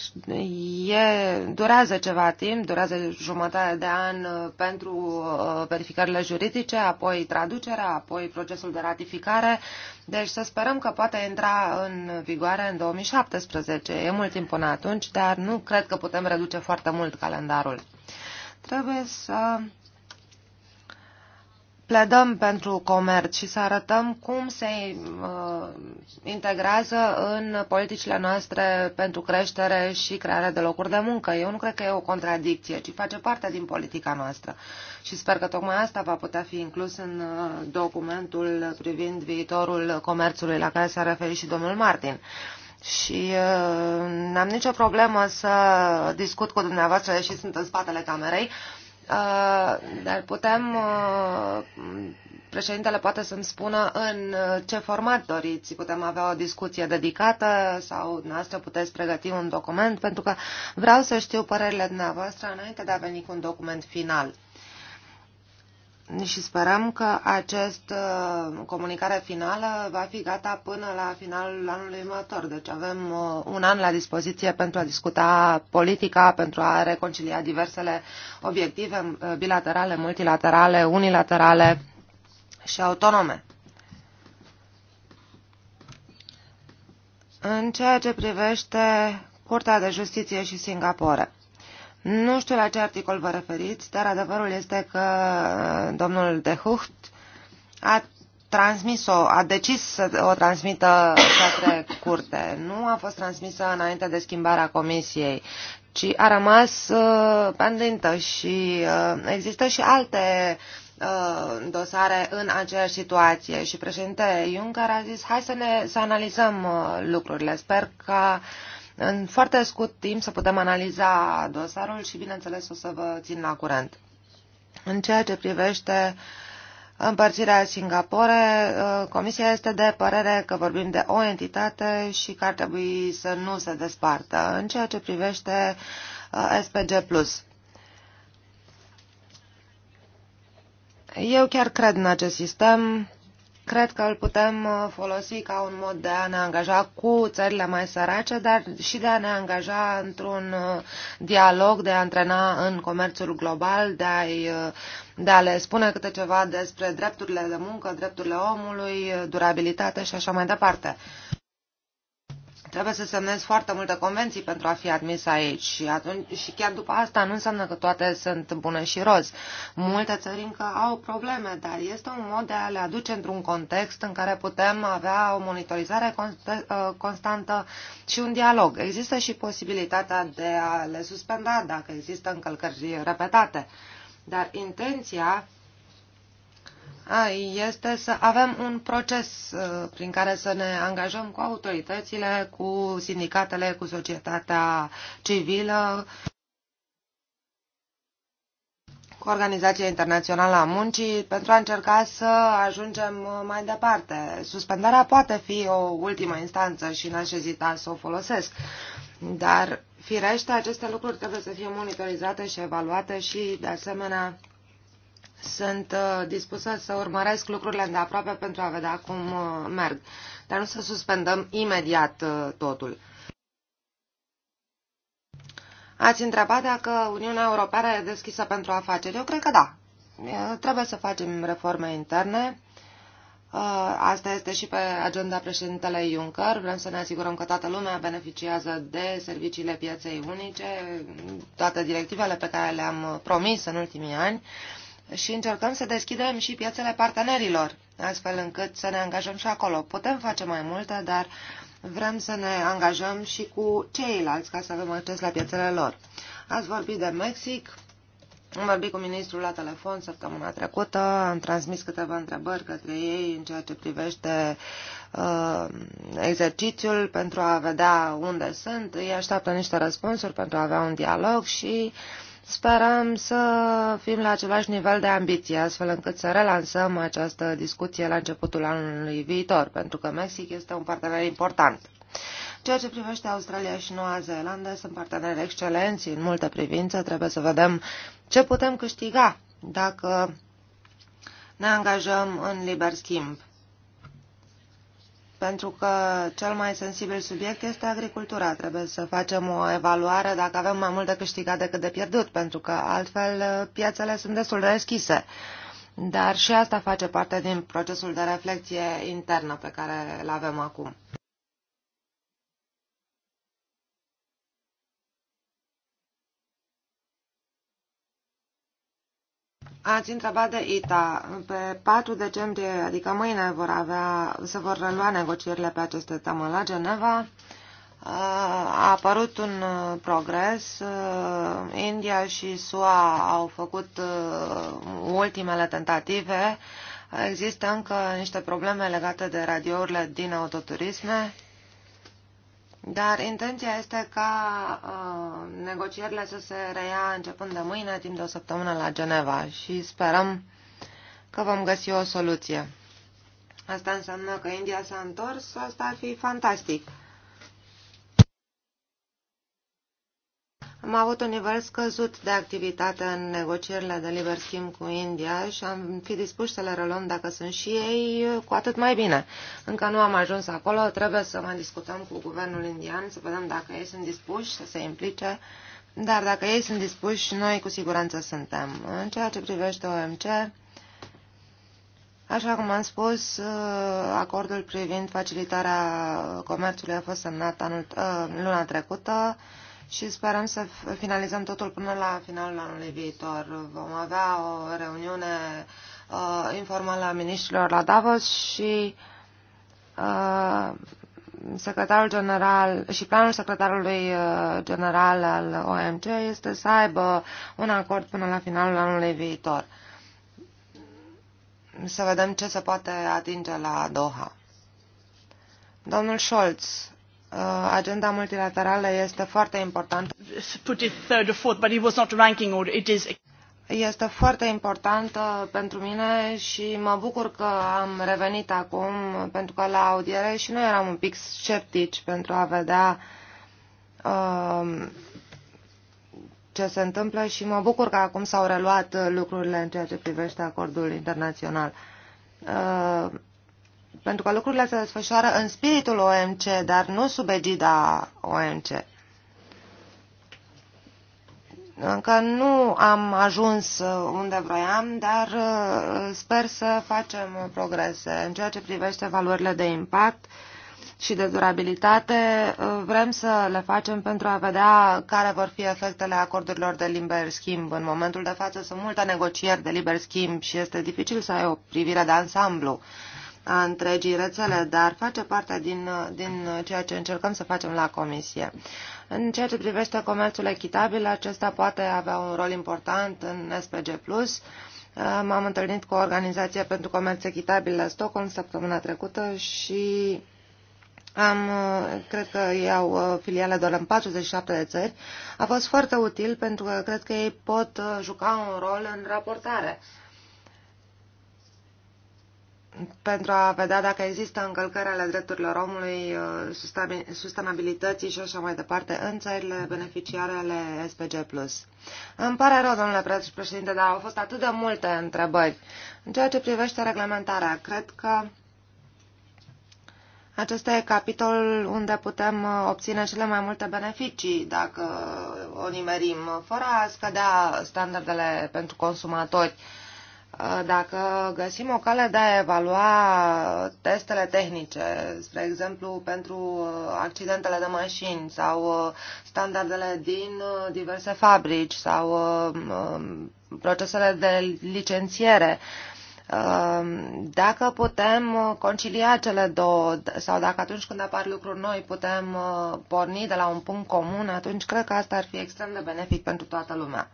e, durează ceva timp, durează jumătate de an uh, pentru uh, verificările juridice, apoi traducerea, apoi procesul de ratificare, deci să sperăm că poate intra în vigoare în 2017. E mult timp până atunci, dar nu cred că putem reduce foarte mult calendarul. Trebuie să pledăm pentru comerț și să arătăm cum se uh, integrează în politicile noastre pentru creștere și crearea de locuri de muncă. Eu nu cred că e o contradicție, ci face parte din politica noastră. Și sper că tocmai asta va putea fi inclus în uh, documentul privind viitorul comerțului la care s-a referit și domnul Martin. Și uh, n-am nicio problemă să discut cu dumneavoastră, deși sunt în spatele camerei, uh, Uh, dar putem, uh, președintele poate să-mi spună în uh, ce format doriți. Putem avea o discuție dedicată sau noastră puteți pregăti un document, pentru că vreau să știu părerile dumneavoastră înainte de a veni cu un document final și sperăm că această uh, comunicare finală va fi gata până la finalul anului următor. Deci avem uh, un an la dispoziție pentru a discuta politica, pentru a reconcilia diversele obiective uh, bilaterale, multilaterale, unilaterale și autonome. În ceea ce privește Curtea de Justiție și Singapore. Nu știu la ce articol vă referiți, dar adevărul este că uh, domnul de Hucht a transmis-o, a decis să o transmită către curte. Nu a fost transmisă înainte de schimbarea comisiei, ci a rămas uh, pendintă și uh, există și alte uh, dosare în aceeași situație și președinte Juncker a zis hai să ne să analizăm uh, lucrurile. Sper că uh, în foarte scurt timp să putem analiza dosarul și, bineînțeles, o să vă țin la curent. În ceea ce privește împărțirea Singapore, ă, Comisia este de părere că vorbim de o entitate și că ar trebui să nu se despartă. În ceea ce privește ă, SPG+. Eu chiar cred în acest sistem cred că îl putem uh, folosi ca un mod de a ne angaja cu țările mai sărace, dar și de a ne angaja într-un uh, dialog, de a antrena în comerțul global, de a, uh, de a le spune câte ceva despre drepturile de muncă, drepturile omului, durabilitate și așa mai departe. Trebuie să semnezi foarte multe convenții pentru a fi admis aici și, atunci, și chiar după asta nu înseamnă că toate sunt bune și roz. Multe țări încă au probleme, dar este un mod de a le aduce într-un context în care putem avea o monitorizare ă, constantă și un dialog. Există și posibilitatea de a le suspenda dacă există încălcări repetate, dar intenția este să avem un proces uh, prin care să ne angajăm cu autoritățile, cu sindicatele, cu societatea civilă, cu Organizația Internațională a Muncii pentru a încerca să ajungem uh, mai departe. Suspendarea poate fi o ultimă instanță și n-aș ezita să o folosesc, dar firește aceste lucruri trebuie să fie monitorizate și evaluate și, de asemenea, sunt uh, dispusă să urmăresc lucrurile îndeaproape pentru a vedea cum uh, merg, dar nu să suspendăm imediat uh, totul. Ați întrebat dacă Uniunea Europeană e deschisă pentru afaceri. Eu cred că da. Trebuie să facem reforme interne. Asta este și pe agenda președintelui Juncker. Vrem să ne asigurăm că toată lumea beneficiază de serviciile pieței unice, toate directivele pe care le-am promis în ultimii ani și încercăm să deschidem și piețele partenerilor, astfel încât să ne angajăm și acolo. Putem face mai multe, dar vrem să ne angajăm și cu ceilalți ca să avem acces la piețele lor. Ați vorbit de Mexic, am vorbit cu ministrul la telefon săptămâna trecută, am transmis câteva întrebări către ei în ceea ce privește uh, exercițiul pentru a vedea unde sunt. Ei așteaptă niște răspunsuri pentru a avea un dialog și uh, Sperăm să fim la același nivel de ambiție, astfel încât să relansăm această discuție la începutul anului viitor, pentru că Mexic este un partener important. Ceea ce privește Australia și Noua Zeelandă sunt parteneri excelenți în multe privințe. Trebuie să vedem ce putem câștiga dacă ne angajăm în liber schimb pentru că cel mai sensibil subiect este agricultura. Trebuie să facem o evaluare dacă avem mai mult de câștigat decât de pierdut, pentru că altfel uh, piațele sunt destul de deschise. Dar și asta face parte din procesul de reflexie internă pe care îl avem acum. Ați întrebat de ITA. Pe 4 decembrie, adică mâine, vor avea, se vor relua negocierile pe aceste temă la Geneva. A apărut un uh, progres. Uh, India și SUA au făcut uh, ultimele tentative. Există încă niște probleme legate de radiourile din autoturisme dar intenția este ca uh, negocierile să se reia începând de mâine, timp de o săptămână la Geneva și sperăm că vom găsi o soluție. Asta înseamnă că India s-a întors, asta ar fi fantastic. Am avut un nivel scăzut de activitate în negocierile de liber schimb cu India și am fi dispus să le reluăm dacă sunt și ei, cu atât mai bine. Încă nu am ajuns acolo, trebuie să mai discutăm cu guvernul indian, să vedem dacă ei sunt dispuși să se implice, dar dacă ei sunt dispuși, noi cu siguranță suntem. În ceea ce privește OMC, Așa cum am spus, acordul privind facilitarea comerțului a fost semnat anul, ă, luna trecută și sperăm să finalizăm totul până la finalul anului viitor. Vom avea o reuniune uh, informală a ministrilor la Davos și uh, secretarul general și planul secretarului uh, general al OMC este să aibă un acord până la finalul anului viitor. Să vedem ce se poate atinge la Doha. Domnul Scholz Uh, agenda multilaterală este foarte importantă. Este foarte importantă pentru mine și mă bucur că am revenit acum, pentru că la audiere și noi eram un pic sceptici pentru a vedea uh, ce se întâmplă și mă bucur că acum s-au reluat lucrurile în ceea ce privește acordul internațional. Uh, pentru că lucrurile se desfășoară în spiritul OMC, dar nu sub egida OMC. Încă nu am ajuns uh, unde vroiam, dar uh, sper să facem uh, progrese. În ceea ce privește valorile de impact și de durabilitate, vrem să le facem pentru a vedea care vor fi efectele acordurilor de liber schimb. În momentul de față sunt multe negocieri de liber schimb și este dificil să ai o privire de ansamblu a întregii rețele, dar face parte din, din ceea ce încercăm să facem la Comisie. În ceea ce privește comerțul echitabil, acesta poate avea un rol important în SPG+. M-am întâlnit cu o organizație pentru Comerț Echitabil la Stockholm săptămâna trecută și am, cred că ei au uh, filiale doar în 47 de țări. A fost foarte util pentru că cred că ei pot uh, juca un rol în raportare pentru a vedea dacă există încălcări ale drepturilor omului, uh, sustenabilității și așa mai departe în țările beneficiare ale SPG+. Îmi pare rău, domnule președinte, dar au fost atât de multe întrebări. În ceea ce privește reglementarea, cred că acesta e capitolul unde putem uh, obține cele mai multe beneficii dacă o nimerim, fără a scădea standardele pentru consumatori Uh, dacă găsim o cale de a evalua testele tehnice, spre exemplu pentru uh, accidentele de mașini sau uh, standardele din diverse fabrici sau um, procesele de licențiere, dacă putem concilia cele două sau dacă atunci când apar lucruri noi putem porni de la un punct comun, atunci cred că asta ar fi extrem de benefic pentru toată lumea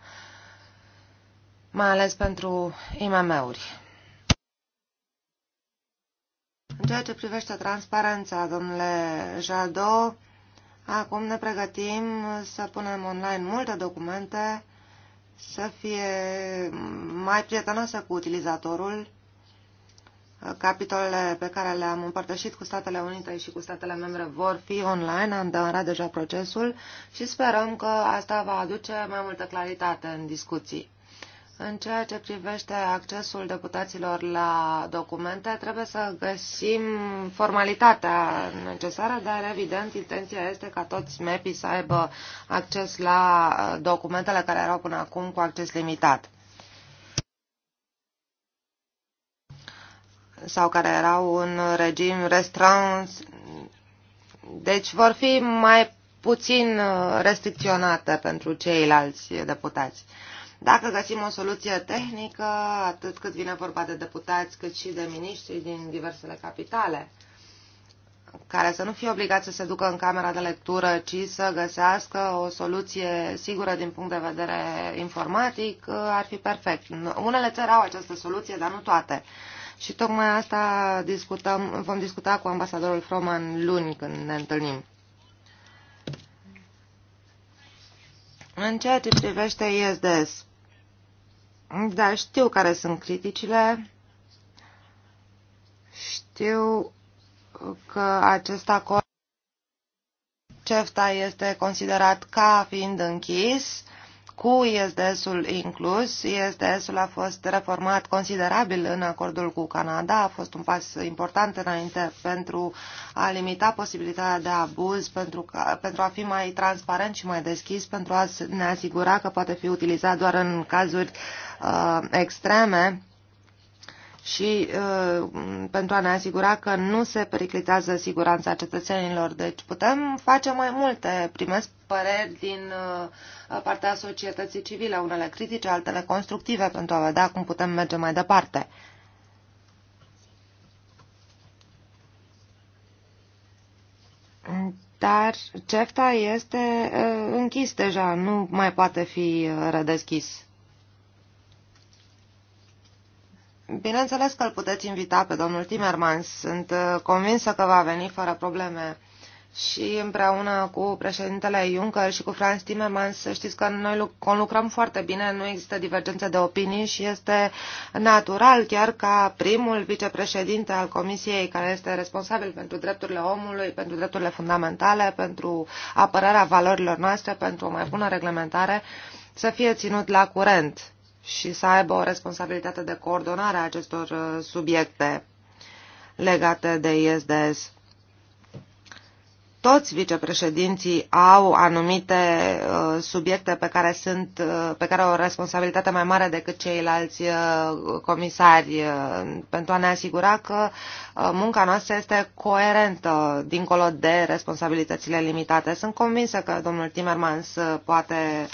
mai ales pentru IMM-uri. În ceea ce privește transparența, domnule Jado, acum ne pregătim să punem online multe documente să fie mai prietenoase cu utilizatorul. Capitolele pe care le-am împărtășit cu Statele Unite și cu statele membre vor fi online, am demarat deja procesul și sperăm că asta va aduce mai multă claritate în discuții. În ceea ce privește accesul deputaților la documente, trebuie să găsim formalitatea necesară, dar evident intenția este ca toți MEPI să aibă acces la uh, documentele care erau până acum cu acces limitat. sau care erau în regim restrâns. Deci vor fi mai puțin uh, restricționate pentru ceilalți deputați. Dacă găsim o soluție tehnică, atât cât vine vorba de deputați, cât și de miniștri din diversele capitale, care să nu fie obligați să se ducă în camera de lectură, ci să găsească o soluție sigură din punct de vedere informatic, ar fi perfect. Unele țări au această soluție, dar nu toate. Și tocmai asta discutăm, vom discuta cu ambasadorul Froman luni când ne întâlnim. În ceea ce privește ISDS, da, știu care sunt criticile. Știu că acest acord CEFTA este considerat ca fiind închis cu ISDS-ul inclus. ISDS-ul a fost reformat considerabil în acordul cu Canada, a fost un pas important înainte pentru a limita posibilitatea de abuz, pentru, ca, pentru a fi mai transparent și mai deschis, pentru a ne asigura că poate fi utilizat doar în cazuri uh, extreme și uh, pentru a ne asigura că nu se periclitează siguranța cetățenilor. Deci putem face mai multe. Primesc păreri din uh, partea societății civile, unele critice, altele constructive, pentru a vedea cum putem merge mai departe. Dar CEFTA este uh, închis deja, nu mai poate fi uh, redeschis. Bineînțeles că îl puteți invita pe domnul Timmermans. Sunt uh, convinsă că va veni fără probleme și împreună cu președintele Juncker și cu Franz Timmermans, să știți că noi conlucrăm foarte bine, nu există divergențe de opinii și este natural chiar ca primul vicepreședinte al Comisiei care este responsabil pentru drepturile omului, pentru drepturile fundamentale, pentru apărarea valorilor noastre, pentru o mai bună reglementare, să fie ținut la curent și să aibă o responsabilitate de coordonare a acestor uh, subiecte legate de ISDS. Toți vicepreședinții au anumite uh, subiecte pe care, sunt, uh, pe care au o responsabilitate mai mare decât ceilalți uh, comisari uh, pentru a ne asigura că uh, munca noastră este coerentă dincolo de responsabilitățile limitate. Sunt convinsă că domnul Timmermans uh, poate uh,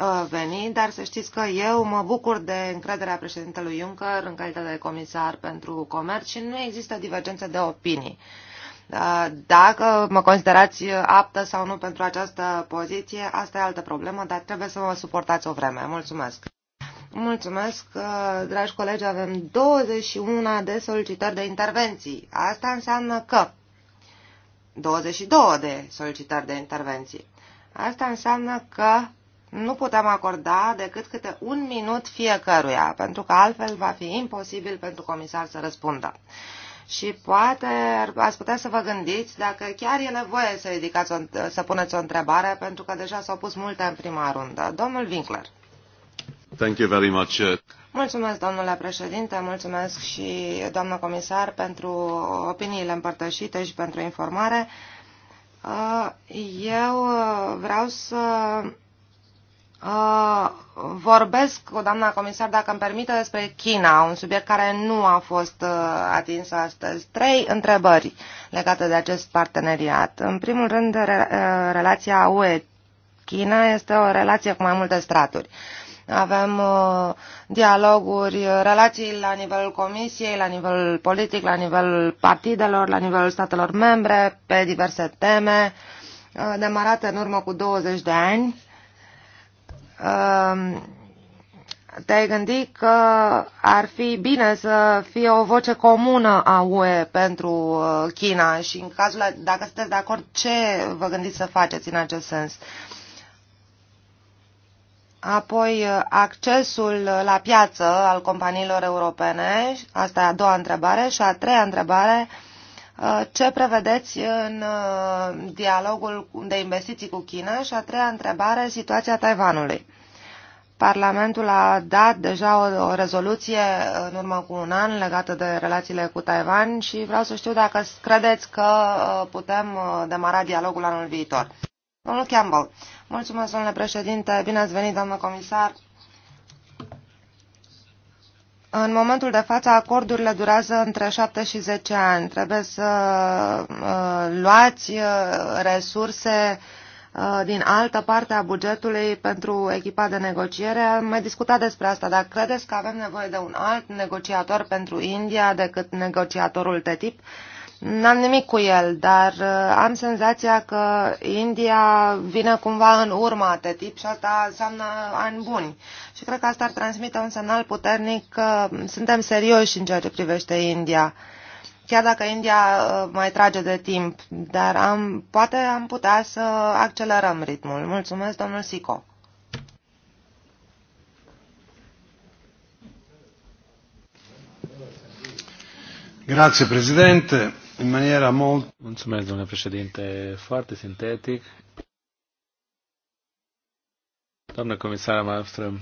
Uh, veni, dar să știți că eu mă bucur de încrederea președintelui Juncker în calitate de comisar pentru comerț și nu există divergențe de opinii. Uh, dacă mă considerați aptă sau nu pentru această poziție, asta e altă problemă, dar trebuie să mă suportați o vreme. Mulțumesc! Mulțumesc, uh, dragi colegi, avem 21 de solicitări de intervenții. Asta înseamnă că 22 de solicitări de intervenții. Asta înseamnă că nu putem acorda decât câte un minut fiecăruia, pentru că altfel va fi imposibil pentru comisar să răspundă. Și poate ați putea să vă gândiți dacă chiar e nevoie să, ridicați o, să puneți o întrebare, pentru că deja s-au pus multe în prima rundă. Domnul Winkler. Thank you very much. Uh, mulțumesc, domnule președinte, mulțumesc și doamnă comisar pentru opiniile împărtășite și pentru informare. Uh, eu uh, vreau să Uh, vorbesc cu doamna comisar, dacă îmi permite, despre China, un subiect care nu a fost uh, atins astăzi. Trei întrebări legate de acest parteneriat. În primul rând, uh, relația UE-China este o relație cu mai multe straturi. Avem dialoguri, relații la nivelul comisiei, la nivelul politic, la nivelul partidelor, la nivelul statelor membre, pe diverse teme, demarate în urmă cu 20 de ani te-ai gândit că ar fi bine să fie o voce comună a UE pentru uh, China și în cazul, dacă sunteți de acord, ce vă gândiți să faceți în acest sens? Apoi, uh, accesul la piață al companiilor europene, asta e a doua întrebare, și a treia întrebare, uh, Uh, ce prevedeți în uh, dialogul de investiții cu China și a treia întrebare, situația Taiwanului. Parlamentul a dat deja o, rezoluție în urmă cu un an legată de relațiile cu Taiwan și vreau să știu dacă credeți că uh, putem demara dialogul anul viitor. Domnul Campbell, mulțumesc, domnule președinte, bine ați venit, domnul comisar. În momentul de față, acordurile durează între 7 și 10 ani. Trebuie să uh, luați uh, resurse uh, din altă parte a bugetului pentru echipa de negociere. Am mai discutat despre asta, dar credeți că avem nevoie de un alt negociator pentru India decât negociatorul TTIP? De N-am nimic cu el, dar uh, am senzația că India vine cumva în urma TTIP și asta înseamnă ani buni. Și cred că asta ar transmite un semnal puternic că suntem serioși în ceea ce privește India. Chiar dacă India uh, mai trage de timp, dar am, poate am putea să accelerăm ritmul. Mulțumesc, domnul Sico. Grazie Presidente în maniera mult... Mulțumesc, domnule președinte, foarte sintetic. Doamnă comisară Malmström,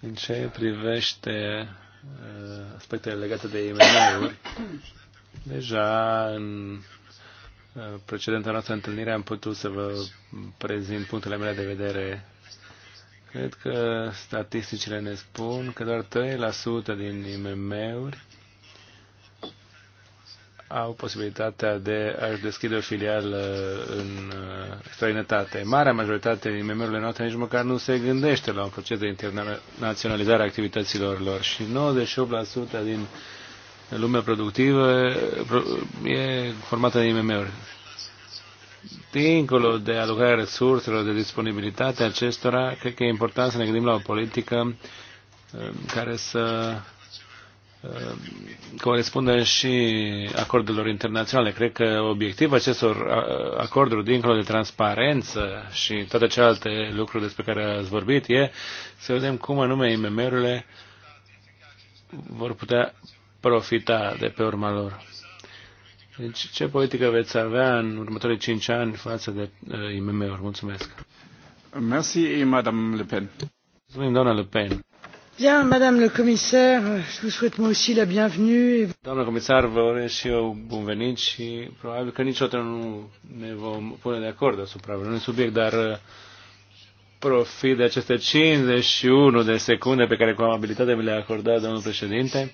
în ce privește uh, aspectele legate de IMM-uri, deja în uh, precedenta noastră întâlnire am putut să vă prezint punctele mele de vedere. Cred că statisticile ne spun că doar 3% din IMM-uri au posibilitatea de a-și deschide o filială în uh, străinătate. Marea majoritate din membrile noastre nici măcar nu se gândește la un proces de internaționalizare a activităților lor și 98% din lumea productivă e formată de IMM-uri. Dincolo de alocarea resurselor, de disponibilitatea acestora, cred că e important să ne gândim la o politică uh, care să Ehm, corespundă și acordurilor internaționale. Cred că obiectivul acestor acorduri, dincolo de transparență și toate celelalte lucruri despre care ați vorbit, e să vedem cum anume IMM-urile vor putea profita de pe urma lor. Deci, ce politică veți avea în următorii cinci ani față de IMM-uri? Mulțumesc! Mulțumesc, Le Pen. Mulțumim, doamna Le Pen. Bien, Doamna comisar, vă urez și eu bun venit și probabil că niciodată nu ne vom pune de acord asupra unui subiect, dar uh, profit de aceste 51 de secunde pe care cu amabilitate mi le-a acordat domnul președinte.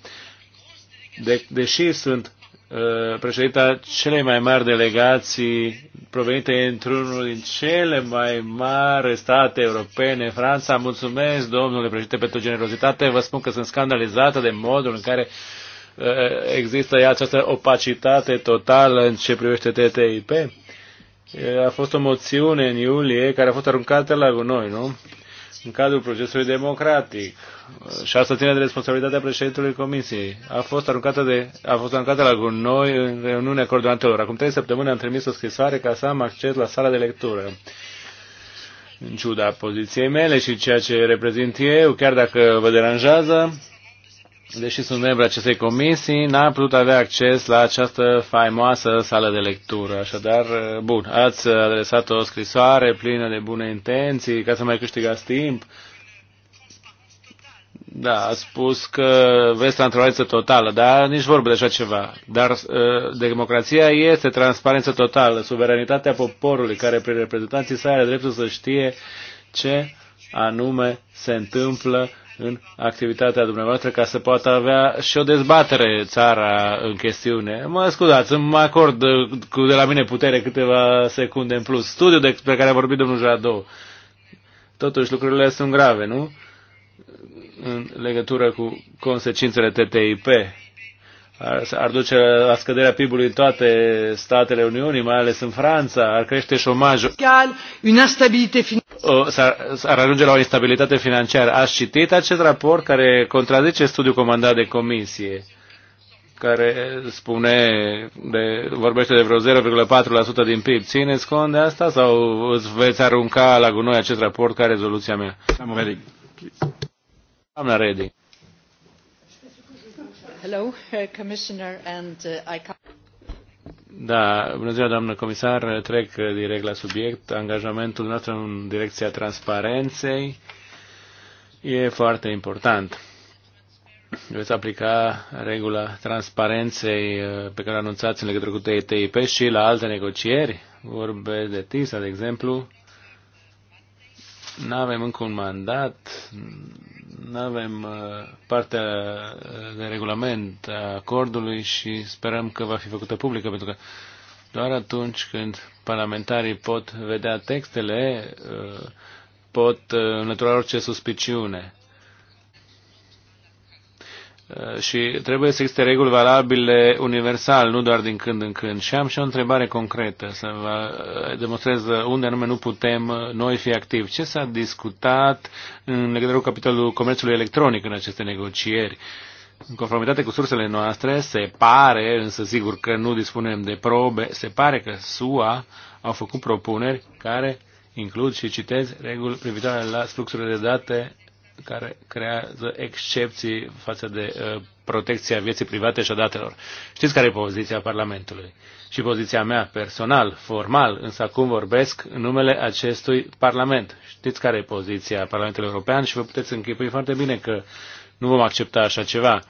De, deși sunt Eh, președinta celei mai mari delegații provenite într-unul din cele mai mari state europene, Franța. Mulțumesc, domnule președinte, pentru generozitate. Vă spun că sunt scandalizată de modul în care eh, există această opacitate totală în ce privește TTIP. Eh, a fost o moțiune în iulie care a fost aruncată la gunoi, nu? în cadrul procesului democratic și asta ține de responsabilitatea președintelui Comisiei. A fost aruncată, de, a fost aruncată la gunoi în reuniunea coordonatelor. Acum trei săptămâni am trimis o scrisoare ca să am acces la sala de lectură. În ciuda poziției mele și ceea ce reprezint eu, chiar dacă vă deranjează, deși sunt membri acestei comisii, n-am putut avea acces la această faimoasă sală de lectură. Așadar, eh, bun, ați adresat o scrisoare plină de bune intenții ca să mai câștigați timp. Da, a spus că vreți transparență totală, dar nici vorbă de așa ceva. Dar uh, democrația este transparență totală, suveranitatea poporului, care prin reprezentanții săi are dreptul să știe ce anume se întâmplă în activitatea dumneavoastră ca să poată avea și o dezbatere țara în chestiune. Mă scuzați, îmi acord cu de la mine putere câteva secunde în plus. Studiul despre care a vorbit domnul Jadou. Totuși lucrurile sunt grave, nu? În legătură cu consecințele TTIP ar, duce la scăderea PIB-ului în toate statele Uniunii, mai ales în Franța, ar crește șomajul. S-ar ajunge la o instabilitate financiară. Ați citit acest raport care contrazice studiul comandat de comisie? care spune, de, vorbește de vreo 0,4% din PIB. Țineți cont de asta sau îți veți arunca la gunoi acest raport ca rezoluția mea? Doamna Reding hello, uh, Commissioner, and uh, I da, bună ziua, doamnă comisar. Trec uh, direct la subiect. Angajamentul nostru în direcția transparenței e foarte important. Veți aplica regula transparenței pe care o anunțați în legătură cu TTIP și la alte negocieri. vorbe de TISA, de exemplu. Nu avem încă un mandat, nu avem uh, partea uh, de regulament a acordului și sperăm că va fi făcută publică, pentru că doar atunci când parlamentarii pot vedea textele, uh, pot înlătura orice suspiciune. Uh, și trebuie să existe reguli valabile universal, nu doar din când în când. Și am și o întrebare concretă, să vă uh, demonstrez unde anume nu putem uh, noi fi activi. Ce s-a discutat în legătură cu capitolul comerțului electronic în aceste negocieri? În conformitate cu sursele noastre, se pare, însă sigur că nu dispunem de probe, se pare că SUA au făcut propuneri care includ și citez reguli privitoare la structurile de date care creează excepții față de uh, protecția vieții private și a datelor. Știți care e poziția Parlamentului și poziția mea personal, formal, însă acum vorbesc în numele acestui Parlament. Știți care e poziția Parlamentului European și vă puteți închipui foarte bine că nu vom accepta așa ceva.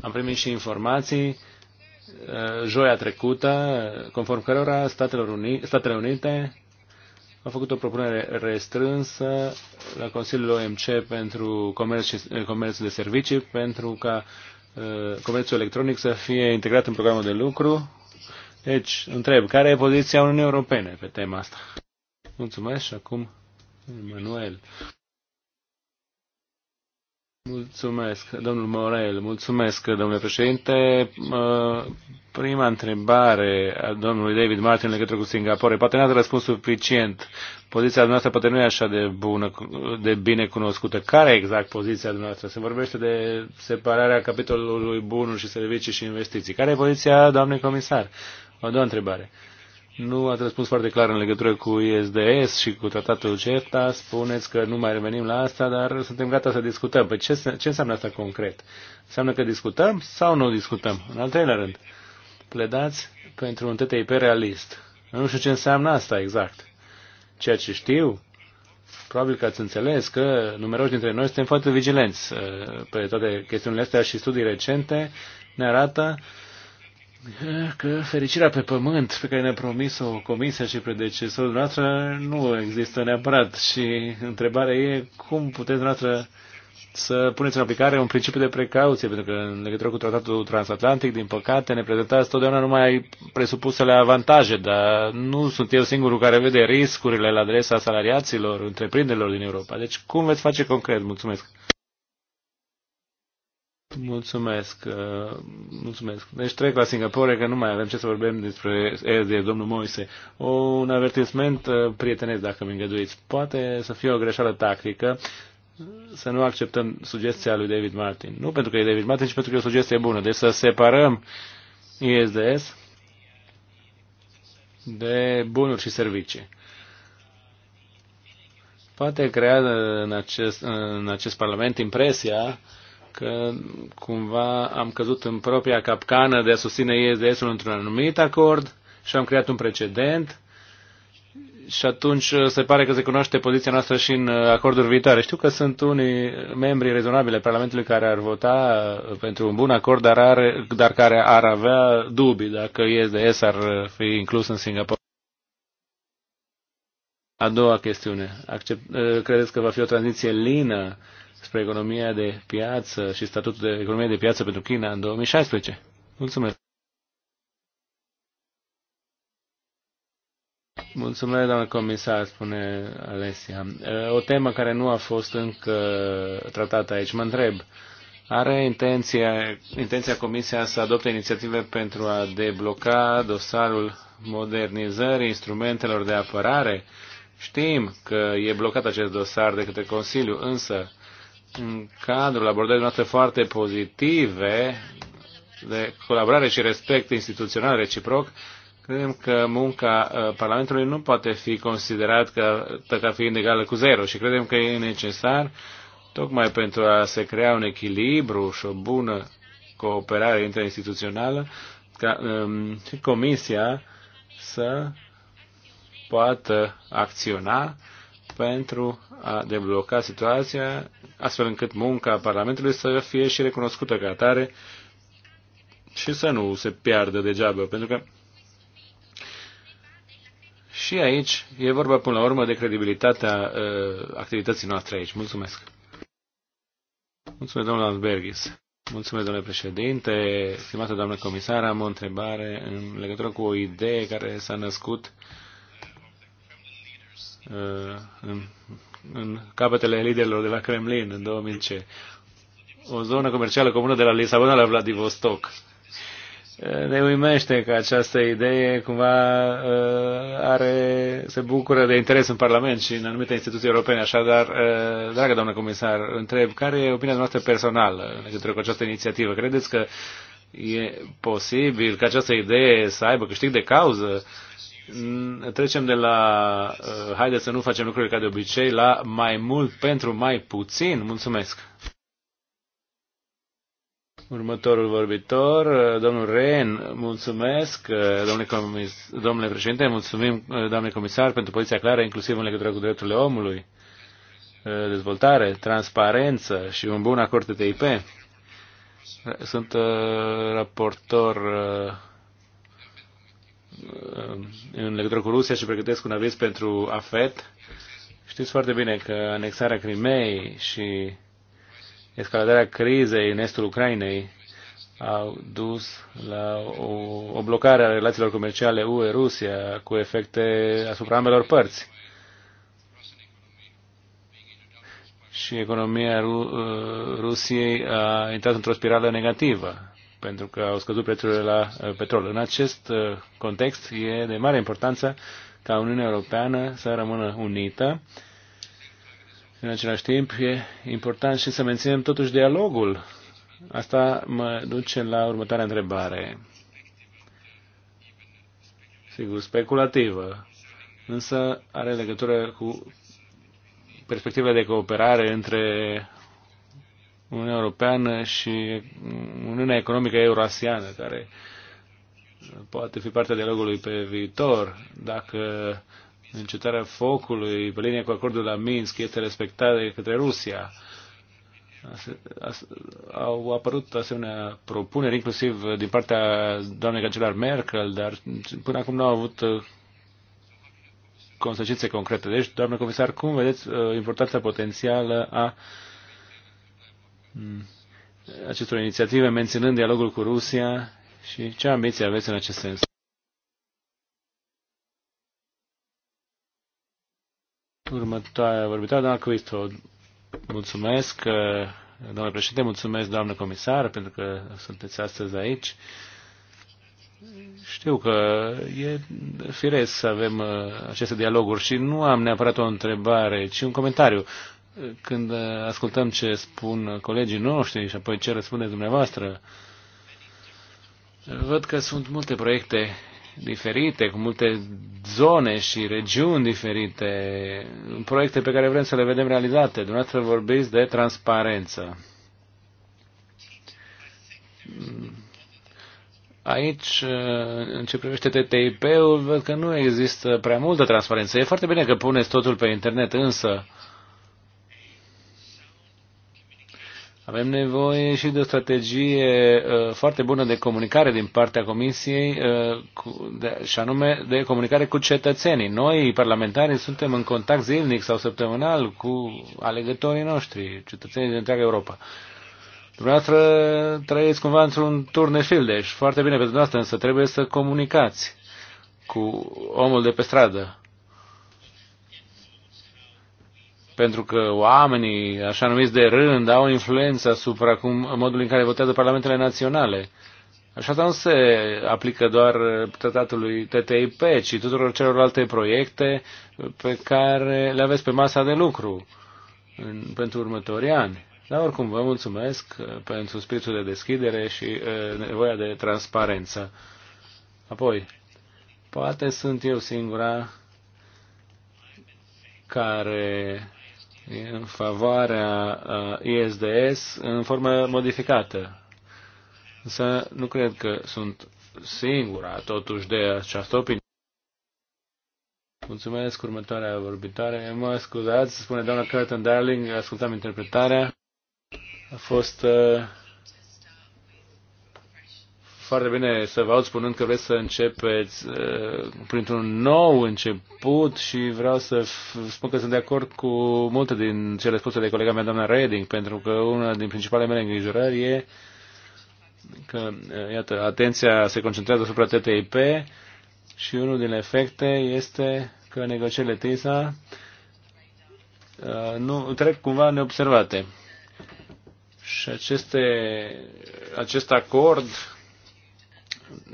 Am primit și informații uh, joia trecută, conform cărora Statele Unite a făcut o propunere restrânsă la Consiliul OMC pentru comerț, și, eh, comerț de servicii pentru ca uh, comerțul electronic să fie integrat în programul de lucru. Deci, întreb, care e poziția Uniunii Europene pe tema asta? Mulțumesc și acum Emanuel. Mulțumesc, domnul Morel. Mulțumesc, domnule președinte. Prima întrebare a domnului David Martin legătură cu Singapore. Poate n-ați răspuns suficient. Poziția dumneavoastră poate nu e așa de, bună, de bine cunoscută. Care e exact poziția dumneavoastră? Se vorbește de separarea capitolului bunuri și servicii și investiții. Care e poziția doamnei comisar? O doua întrebare. Uh, nu ați răspuns foarte clar în legătură cu ISDS și cu tratatul CEFTA. Spuneți că nu mai revenim la asta, dar suntem gata să discutăm. Păi ce, ce înseamnă asta concret? Înseamnă că discutăm sau nu discutăm? În al treilea rând, pledați pentru un TTIP realist. Nu știu ce înseamnă asta exact. Ceea ce știu, probabil că ați înțeles că numeroși dintre noi suntem foarte vigilenți uh, pe toate chestiunile astea și studii recente ne arată că fericirea pe pământ pe care ne-a promis-o comisia și predecesorul noastră nu există neapărat și întrebarea e cum puteți noastră să puneți în aplicare un principiu de precauție, pentru că în legătură cu tratatul transatlantic, din păcate, ne prezentați totdeauna numai presupusele avantaje, dar nu sunt eu singurul care vede riscurile la adresa salariaților, întreprinderilor din Europa. Deci cum veți face concret? Mulțumesc! Mulțumesc. Uh, mulțumesc. Deci trec la Singapore că nu mai avem ce să vorbim despre de domnul Moise. O, un avertisment uh, prietenesc, dacă mi îngăduiți. Poate să fie o greșeală tactică să nu acceptăm sugestia lui David Martin. Nu pentru că e David Martin, ci pentru că e o sugestie bună. Deci să separăm ISDS de bunuri și servicii poate crea în acest, în acest Parlament impresia că cumva am căzut în propria capcană de a susține ISDS-ul într-un anumit acord și am creat un precedent și atunci uh, se pare că se cunoaște poziția noastră și în uh, acorduri viitoare. Știu că sunt unii membri rezonabile Parlamentului care ar vota uh, pentru un bun acord, dar, are, dar care ar avea dubii dacă ISDS ar fi inclus în Singapore. A doua chestiune. Accept, credeți că va fi o tranziție lină spre economia de piață și statutul de economie de piață pentru China în 2016. Mulțumesc! Mulțumesc, doamnă comisar, spune Alessia. O temă care nu a fost încă tratată aici. Mă întreb, are intenția, intenția Comisia să adopte inițiative pentru a debloca dosarul modernizării instrumentelor de apărare? Știm că e blocat acest dosar de către Consiliu, însă în cadrul abordării noastre foarte pozitive de colaborare și respect instituțional reciproc, credem că munca uh, Parlamentului nu poate fi considerată ca, fiind egală cu zero și credem că e necesar tocmai pentru a se crea un echilibru și o bună cooperare interinstituțională, ca um, Comisia să poată acționa pentru a debloca situația, astfel încât munca Parlamentului să fie și recunoscută ca atare și să nu se piardă degeaba, pentru că și aici e vorba până la urmă de credibilitatea uh, activității noastre aici. Mulțumesc! Mulțumesc, domnul Albergis! Mulțumesc, domnule președinte. Stimată doamnă comisar, am o întrebare în legătură cu o idee care s-a născut uh, Uh, în, în capetele liderilor de la Kremlin în 2010. O zonă comercială comună de la Lisabona la Vladivostok. Uh, ne uimește că această idee cumva uh, are, se bucură de interes în Parlament și în anumite instituții europene. Așadar, dragă doamnă comisar, întreb, care e opinia noastră personală în legătură cu această inițiativă? Credeți că e posibil că această idee să aibă câștig de cauză trecem de la uh, haide să nu facem lucruri ca de obicei la mai mult pentru mai puțin. Mulțumesc! Următorul vorbitor, uh, domnul Ren, mulțumesc, uh, domnule, comis, domnule președinte, mulțumim, uh, domnule comisar, pentru poziția clară, inclusiv în legătură cu drepturile omului, dezvoltare, transparență și un bun acord TIP. Sunt raportor Uh, în legătură cu Rusia și pregătesc un aviz pentru AFET. Știți foarte bine că anexarea Crimei și escaladarea crizei în estul Ucrainei au dus la o, o blocare a relațiilor comerciale UE-Rusia cu efecte asupra ambelor părți. Și economia Ru uh, Rusiei a intrat într-o spirală negativă pentru că au scăzut prețurile la uh, petrol. În acest uh, context e de mare importanță ca Uniunea Europeană să rămână unită. În același timp e important și să menținem totuși dialogul. Asta mă duce la următoarea întrebare. Sigur, speculativă, însă are legătură cu perspectivele de cooperare între Uniunea Europeană și Uniunea Economică Eurasiană, care poate fi partea dialogului pe viitor, dacă încetarea focului pe linie cu acordul la Minsk este respectată de către Rusia. as, au apărut asemenea propuneri, inclusiv din partea doamnei cancelar Merkel, dar până acum nu au avut uh, consecințe concrete. Deci, doamnă comisar, cum vedeți uh, importanța potențială a uh, Mm. acestor inițiative, menținând dialogul cu Rusia și ce ambiții aveți în acest sens? Următoarea vorbitoare, doamna Cristo, mulțumesc, uh, domnule președinte, mulțumesc, doamnă comisar, pentru că sunteți astăzi aici. Știu că e firesc să avem uh, aceste dialoguri și nu am neapărat o întrebare, ci un comentariu când ascultăm ce spun colegii noștri și apoi ce răspundeți dumneavoastră, văd că sunt multe proiecte diferite, cu multe zone și regiuni diferite, proiecte pe care vrem să le vedem realizate. Dumneavoastră vorbiți de transparență. Aici, în ce privește TTIP-ul, văd că nu există prea multă transparență. E foarte bine că puneți totul pe internet, însă Avem nevoie și de o strategie uh, foarte bună de comunicare din partea Comisiei uh, cu, de, și anume de comunicare cu cetățenii. Noi, parlamentarii, suntem în contact zilnic sau săptămânal cu alegătorii noștri, cetățenii din întreaga Europa. Dumneavoastră trăiesc cumva într-un turnefil, deci foarte bine pentru dumneavoastră, însă trebuie să comunicați cu omul de pe stradă. pentru că oamenii, așa numiți de rând, au influență asupra cum, modului în care votează parlamentele naționale. Așa asta nu se aplică doar tratatului TTIP, ci tuturor celorlalte proiecte pe care le aveți pe masa de lucru în, pentru următorii ani. Dar oricum vă mulțumesc uh, pentru spiritul de deschidere și uh, nevoia de transparență. Apoi, poate sunt eu singura care în favoarea uh, ISDS în formă modificată. Însă nu cred că sunt singura totuși de această opinie. Mulțumesc, următoarea vorbitoare. Mă scuzați, spune doamna Curtin Darling, ascultam interpretarea. A fost uh, foarte bine să vă aud spunând că vreți să începeți uh, printr-un nou început și vreau să spun că sunt de acord cu multe din cele spuse de colega mea, doamna Reding, pentru că una din principalele mele îngrijorări e că, uh, iată, atenția se concentrează asupra TTIP și unul din efecte este că negocierile TISA uh, nu trec cumva neobservate. Și aceste, acest acord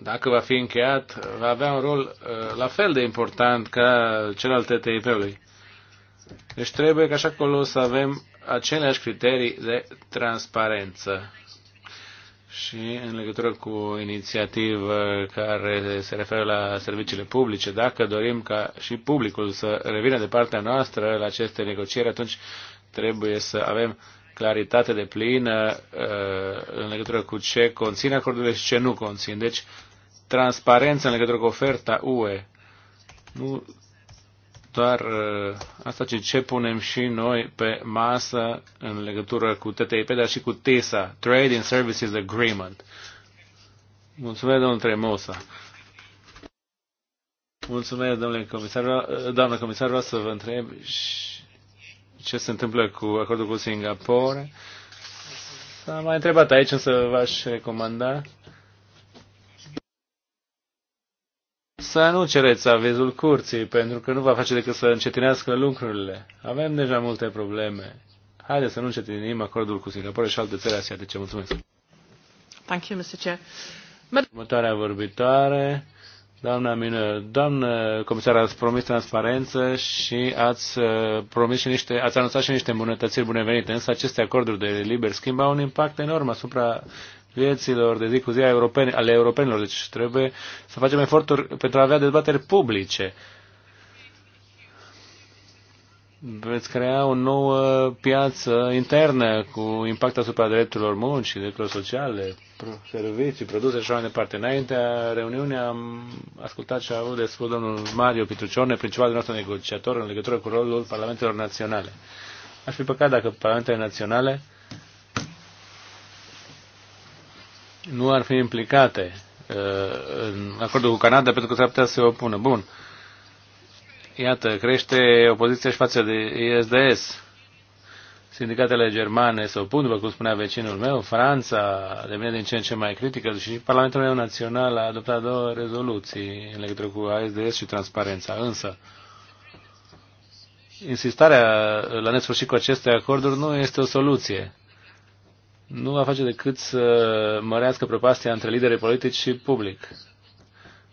dacă va fi încheiat, va avea un rol uh, la fel de important ca cel al TTIP-ului. Deci trebuie ca și acolo să avem aceleași criterii de transparență. Și în legătură cu o inițiativă care se referă la serviciile publice, dacă dorim ca și publicul să revină de partea noastră la aceste negocieri, atunci trebuie să avem claritate de plină uh, în legătură cu ce conține acordurile și ce nu conțin. Deci, transparență în legătură cu oferta UE. Nu doar uh, asta, ci ce punem și noi pe masă în legătură cu TTIP, dar și cu TISA, Trade in Services Agreement. Mulțumesc, domnul Tremosa. Mulțumesc, domnule comisar. Uh, doamnă comisar, vreau să vă întreb și ce se întâmplă cu acordul cu Singapore. S-a mai întrebat aici, însă v-aș recomanda să nu cereți avizul curții, pentru că nu va face decât să încetinească lucrurile. Avem deja multe probleme. Haideți să nu încetinim acordul cu Singapore și alte țări asiatice. Mulțumesc! Thank you, Mr. Chair. Următoarea vorbitoare Doamna Mină, doamnă comisar, ați promis transparență și ați, uh, promis și niște, ați anunțat și niște îmbunătățiri binevenite, însă aceste acorduri de liber schimb au un impact enorm asupra vieților de zi cu zi europeni, ale europenilor, deci trebuie să facem eforturi pentru a avea dezbateri publice. Veți crea o nouă piață internă cu impact asupra drepturilor muncii, drepturilor sociale, servicii, produse și așa mai departe. Înaintea reuniunii am ascultat și a avut de spus domnul Mario Pitruciorne, principalul nostru negociator în legătură cu rolul Parlamentelor Naționale. Aș fi păcat dacă Parlamentele Naționale nu ar fi implicate uh, în acordul cu Canada pentru că s-ar putea să se opună. Bun. Iată, crește opoziția și față de ISDS Sindicatele germane se opun, după cum spunea vecinul meu, Franța devine din ce în ce mai critică și Parlamentul meu național a adoptat două rezoluții în legătură cu ASDS și transparența. Însă, insistarea la nesfârșit cu aceste acorduri nu este o soluție. Nu va face decât să mărească prăpastia între liderii politici și public.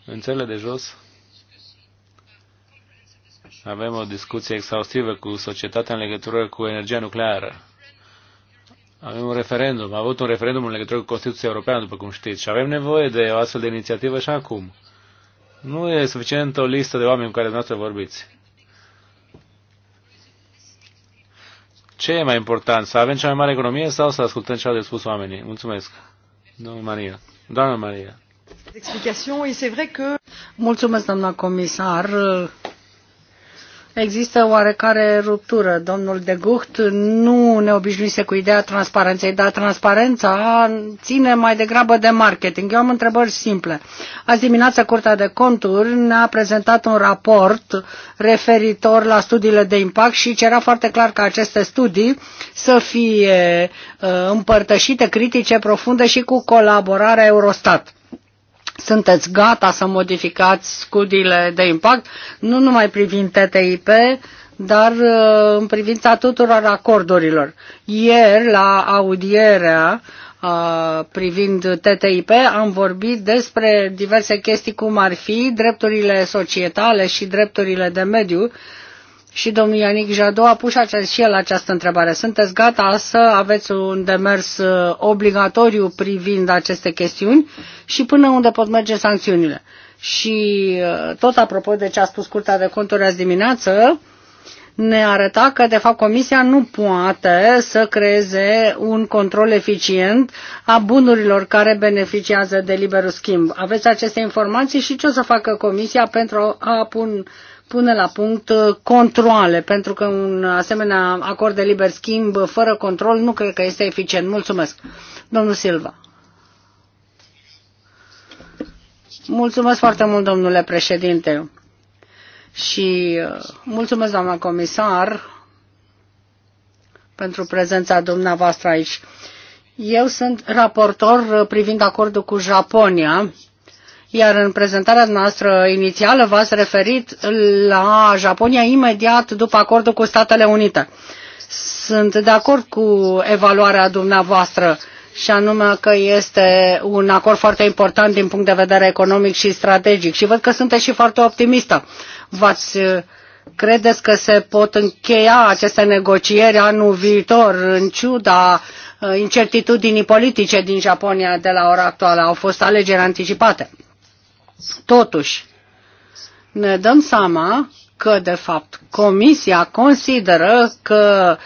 În țările de jos, avem o discuție exhaustivă cu societatea în legătură cu energia nucleară. Avem un referendum, am avut un referendum în legătură cu Constituția Europeană, după cum știți, și avem nevoie de o astfel de inițiativă și acum. Nu e suficient o listă de oameni cu care dumneavoastră vorbiți. Ce e mai important, să avem cea mai mare economie sau să ascultăm ce au de spus oamenii? Mulțumesc. Domnul Maria. Doamna Maria. Mulțumesc, doamna comisar există oarecare ruptură. Domnul de Gucht nu ne obișnuise cu ideea transparenței, dar transparența ține mai degrabă de marketing. Eu am întrebări simple. Azi dimineața Curtea de Conturi ne-a prezentat un raport referitor la studiile de impact și cerea foarte clar că aceste studii să fie uh, împărtășite, critice, profunde și cu colaborarea Eurostat sunteți gata să modificați scudile de impact, nu numai privind TTIP, dar uh, în privința tuturor acordurilor. Ieri, la audierea uh, privind TTIP, am vorbit despre diverse chestii, cum ar fi drepturile societale și drepturile de mediu, și domnul Ianic Jadot a pus și el această întrebare. Sunteți gata să aveți un demers uh, obligatoriu privind aceste chestiuni și până unde pot merge sancțiunile? Și uh, tot apropo de ce a spus Curtea de Conturi azi dimineață, ne arăta că, de fapt, Comisia nu poate să creeze un control eficient a bunurilor care beneficiază de liberul schimb. Aveți aceste informații și ce o să facă Comisia pentru a pun pune la punct uh, controle, pentru că un asemenea acord de liber schimb fără control nu cred că este eficient. Mulțumesc. Domnul Silva. Mulțumesc foarte mult, domnule președinte. Și uh, mulțumesc, doamna comisar, pentru prezența dumneavoastră aici. Eu sunt raportor uh, privind acordul cu Japonia iar în prezentarea noastră inițială v-ați referit la Japonia imediat după acordul cu Statele Unite. Sunt de acord cu evaluarea dumneavoastră și anume că este un acord foarte important din punct de vedere economic și strategic și văd că sunteți și foarte optimistă. V-ați credeți că se pot încheia aceste negocieri anul viitor în ciuda uh, incertitudinii politice din Japonia de la ora actuală? Au fost alegeri anticipate. Totuși, ne dăm seama că, de fapt, Comisia consideră că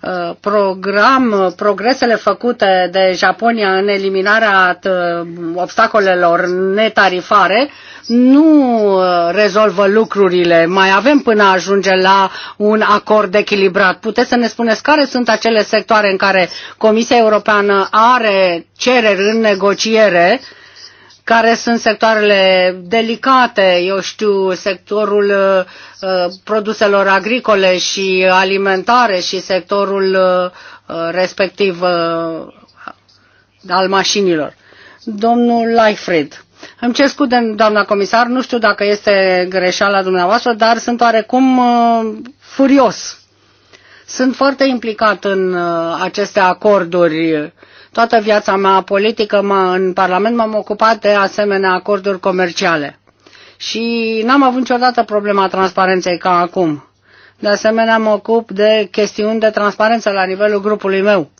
uh, program, progresele făcute de Japonia în eliminarea uh, obstacolelor netarifare nu uh, rezolvă lucrurile. Mai avem până ajunge la un acord echilibrat. Puteți să ne spuneți care sunt acele sectoare în care Comisia Europeană are cereri în negociere uh, care sunt sectoarele delicate, eu știu, sectorul uh, produselor agricole și alimentare și sectorul uh, respectiv uh, al mașinilor. Domnul Leifred, îmi cer scuze, doamna comisar, nu știu dacă este greșeala dumneavoastră, dar sunt oarecum uh, furios. Sunt foarte implicat în uh, aceste acorduri Toată viața mea politică m-a, în Parlament m-am ocupat de asemenea acorduri comerciale. Și n-am avut niciodată problema transparenței ca acum. De asemenea, mă ocup de chestiuni de transparență la nivelul grupului meu.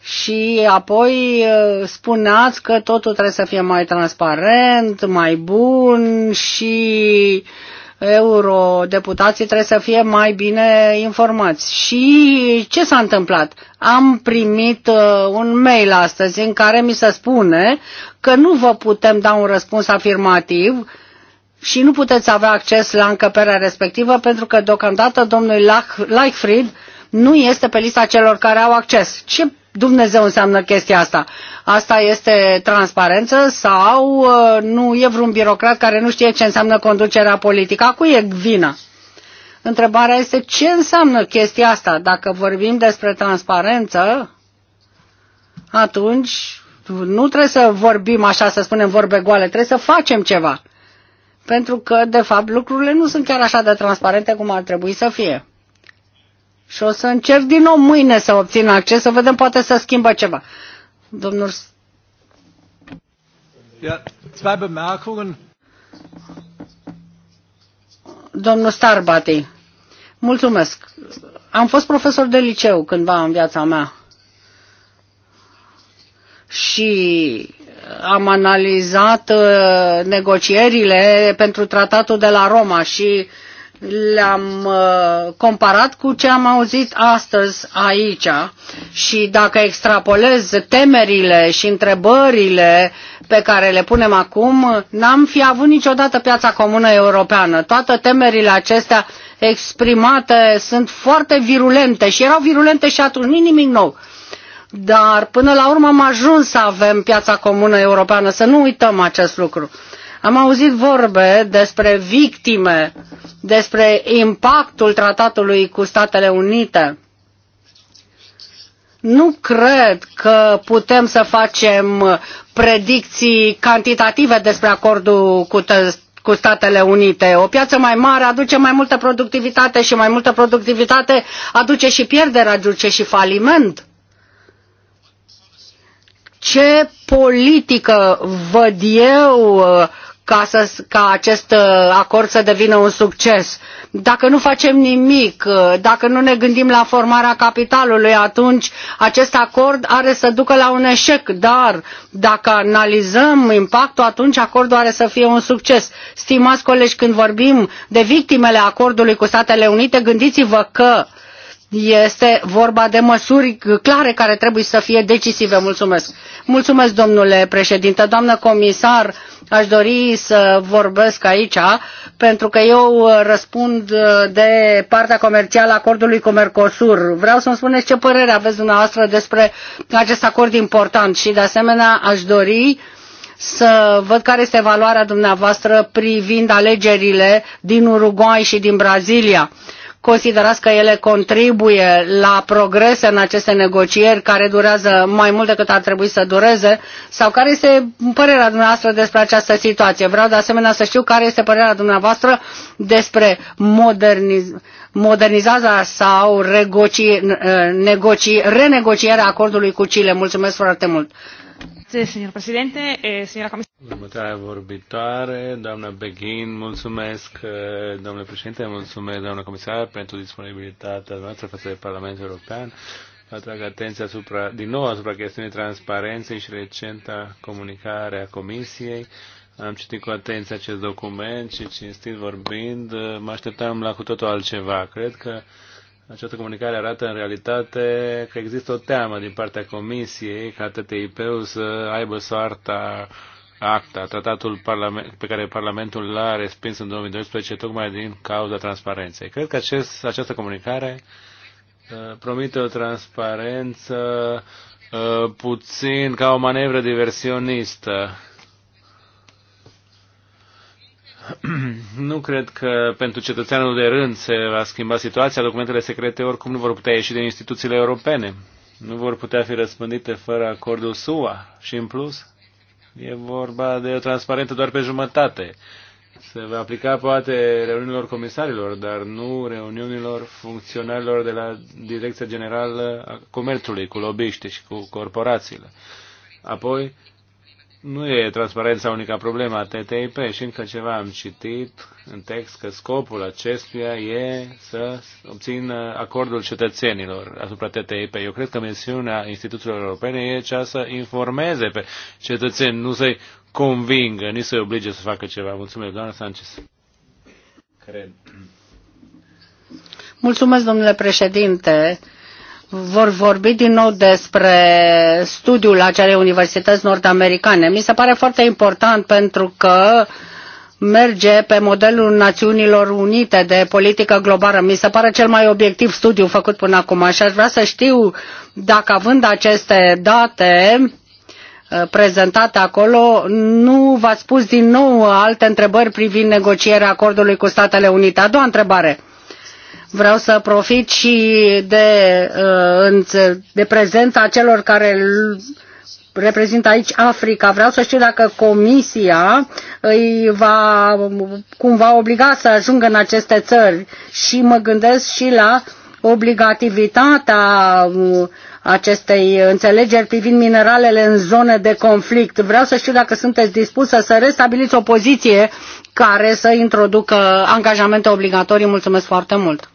Și apoi ă, spuneați că totul trebuie să fie mai transparent, mai bun și uh, eurodeputații trebuie să fie mai bine informați. Și ce s-a întâmplat? Am primit uh, un mail astăzi în care mi se spune că nu vă putem da un răspuns afirmativ și nu puteți avea acces la încăperea respectivă pentru că deocamdată domnul Leichfried nu este pe lista celor care au acces. Ce Dumnezeu înseamnă chestia asta? Asta este transparență sau uh, nu e vreun birocrat care nu știe ce înseamnă conducerea politică? Acu e vina. Întrebarea este ce înseamnă chestia asta? Dacă vorbim despre transparență, atunci nu trebuie să vorbim așa, să spunem vorbe goale, trebuie să facem ceva. Pentru că, de fapt, lucrurile nu sunt chiar așa de transparente cum ar trebui să fie. Și o să încerc din nou mâine să obțin acces, să vedem, poate să schimbă ceva. Domnul... Ja, zwei Bemerkungen. Domnul Starbati, mulțumesc. Am fost profesor de liceu cândva în viața mea și am analizat uh, negocierile pentru tratatul de la Roma și uh, le-am uh, comparat cu ce am auzit astăzi aici și dacă extrapolez temerile și întrebările pe care le punem acum, n-am fi avut niciodată piața comună europeană. Toate temerile acestea exprimate sunt foarte virulente și erau virulente și atunci, nu nimic nou. Dar până la urmă am ajuns să avem piața comună europeană, să nu uităm acest lucru am auzit vorbe despre victime, despre impactul tratatului cu Statele Unite. Nu cred că putem să facem predicții cantitative despre acordul cu cu Statele Unite. O piață mai mare aduce mai multă productivitate și mai multă productivitate aduce și pierdere, aduce și faliment. Ce politică văd eu ca, să, ca acest uh, acord să devină un succes. Dacă nu facem nimic, uh, dacă nu ne gândim la formarea capitalului, atunci acest acord are să ducă la un eșec, dar dacă analizăm impactul, atunci acordul are să fie un succes. Stimați colegi, când vorbim de victimele acordului cu Statele Unite, gândiți-vă că uh, este vorba de măsuri clare care trebuie să fie decisive. Mulțumesc. Mulțumesc, domnule președinte. Doamnă comisar, aș dori să vorbesc aici pentru că eu răspund de partea comercială a acordului cu Mercosur. Vreau să-mi spuneți ce părere aveți dumneavoastră despre acest acord important și, de asemenea, aș dori să văd care este valoarea dumneavoastră privind alegerile din Uruguay și din Brazilia Considerați că ele contribuie la progrese în aceste negocieri care durează mai mult decât ar trebui să dureze? Sau care este părerea dumneavoastră despre această situație? Vreau de asemenea să știu care este părerea dumneavoastră despre moderniz- modernizarea sau renegocierea acordului cu Chile. Mulțumesc foarte mult! Signor Presidente, eh, signora Comisarie. Următoarea vorbitoare, doamna Beghin, mulțumesc, eh, domnule președinte, mulțumesc, doamna comisar, pentru disponibilitatea noastră față de Parlamentul European. Atrag atenția asupra, din nou asupra chestiunii transparenței și recenta comunicare a Comisiei. Am citit cu atenție acest document și, cinstit vorbind, mă așteptam la cu totul altceva. Cred că această comunicare arată în realitate că există o teamă din partea Comisiei ca TTIP-ul să aibă soarta ACTA, tratatul pe care Parlamentul l-a respins în 2012 tocmai din cauza transparenței. Cred că acest, această comunicare uh, promite o transparență uh, puțin ca o manevră diversionistă nu cred că pentru cetățeanul de rând se va schimba situația. Documentele secrete oricum nu vor putea ieși din instituțiile europene. Nu vor putea fi răspândite fără acordul SUA. Și în plus, e vorba de o transparentă doar pe jumătate. Se va aplica poate reuniunilor comisarilor, dar nu reuniunilor funcționarilor de la Direcția Generală a Comerțului, cu lobiști și cu corporațiile. Apoi, nu e transparența unica problemă a TTIP și încă ceva am citit în text că scopul acestuia e să obțină acordul cetățenilor asupra TTIP. Eu cred că mențiunea instituțiilor europene e cea să informeze pe cetățeni, nu să-i convingă, nici să-i oblige să facă ceva. Mulțumesc, doamna Sanchez. Cred. Mulțumesc, domnule președinte vor vorbi din nou despre studiul acelei universități nord-americane. Mi se pare foarte important pentru că merge pe modelul Națiunilor Unite de politică globală. Mi se pare cel mai obiectiv studiu făcut până acum și aș vrea să știu dacă având aceste date uh, prezentate acolo, nu v-ați pus din nou alte întrebări privind negocierea acordului cu Statele Unite. A doua întrebare. Vreau să profit și de, uh, de prezența celor care reprezintă aici Africa. Vreau să știu dacă Comisia îi va cumva obliga să ajungă în aceste țări și mă gândesc și la obligativitatea uh, acestei înțelegeri privind mineralele în zone de conflict. Vreau să știu dacă sunteți dispusă să restabiliți o poziție care să introducă angajamente obligatorii. Mulțumesc foarte mult!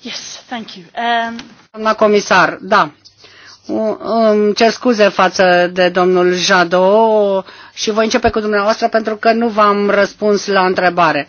Yes, um, Doamna comisar, da. Îmi cer scuze față de domnul Jado și voi începe cu dumneavoastră pentru că nu v-am răspuns la întrebare.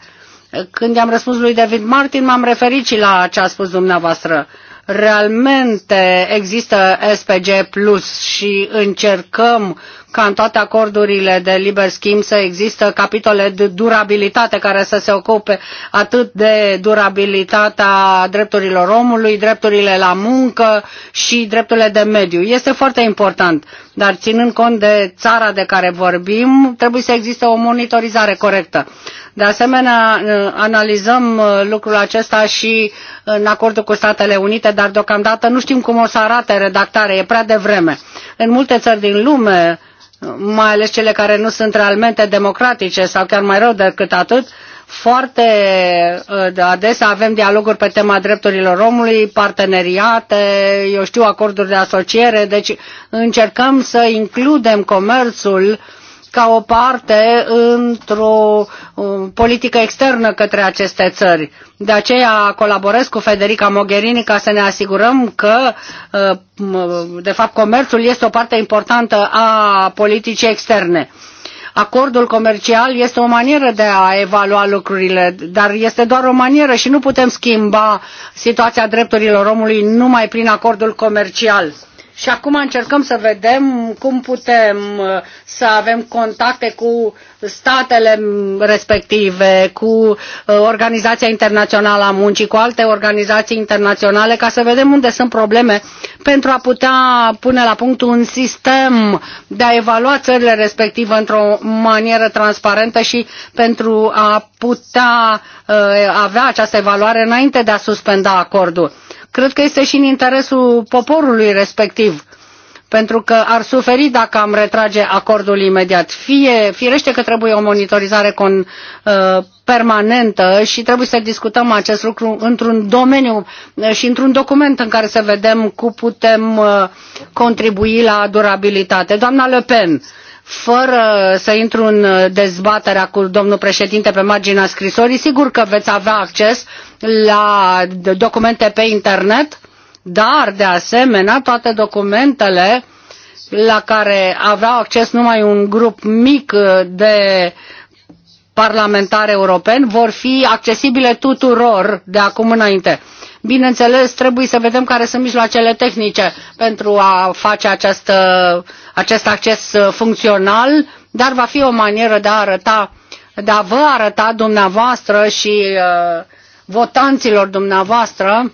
Când i-am răspuns lui David Martin, m-am referit și la ce a spus dumneavoastră. Realmente există SPG Plus și încercăm ca în toate acordurile de liber schimb să există capitole de durabilitate care să se ocupe atât de durabilitatea drepturilor omului, drepturile la muncă și drepturile de mediu. Este foarte important, dar ținând cont de țara de care vorbim, trebuie să existe o monitorizare corectă. De asemenea, analizăm lucrul acesta și în acordul cu Statele Unite, dar deocamdată nu știm cum o să arate redactarea, e prea devreme. În multe țări din lume, mai ales cele care nu sunt realmente democratice sau chiar mai rău decât atât, foarte uh, adesea avem dialoguri pe tema drepturilor omului, parteneriate, eu știu, acorduri de asociere, deci încercăm să includem comerțul ca o parte într-o um, politică externă către aceste țări. De aceea colaborez cu Federica Mogherini ca să ne asigurăm că, uh, de fapt, comerțul este o parte importantă a politicii externe. Acordul comercial este o manieră de a evalua lucrurile, dar este doar o manieră și nu putem schimba situația drepturilor omului numai prin acordul comercial și acum încercăm să vedem cum putem uh, să avem contacte cu statele respective, cu uh, Organizația Internațională a Muncii, cu alte organizații internaționale, ca să vedem unde sunt probleme pentru a putea pune la punct un sistem de a evalua țările respective într-o manieră transparentă și pentru a putea uh, avea această evaluare înainte de a suspenda acordul cred că este și în interesul poporului respectiv pentru că ar suferi dacă am retrage acordul imediat. Fie, firește că trebuie o monitorizare con, uh, permanentă și trebuie să discutăm acest lucru într-un domeniu uh, și într-un document în care să vedem cum putem uh, contribui la durabilitate. Doamna Le Pen, uh, fără să intru în uh, dezbaterea cu domnul președinte pe marginea scrisorii, sigur că veți avea acces la documente pe internet, dar de asemenea toate documentele la care aveau acces numai un grup mic uh, de parlamentar european vor fi accesibile tuturor de acum înainte. Bineînțeles, trebuie să vedem care sunt mijloacele tehnice pentru a face această, acest acces funcțional, dar va fi o manieră de a arăta, de a vă arăta dumneavoastră și uh, votanților dumneavoastră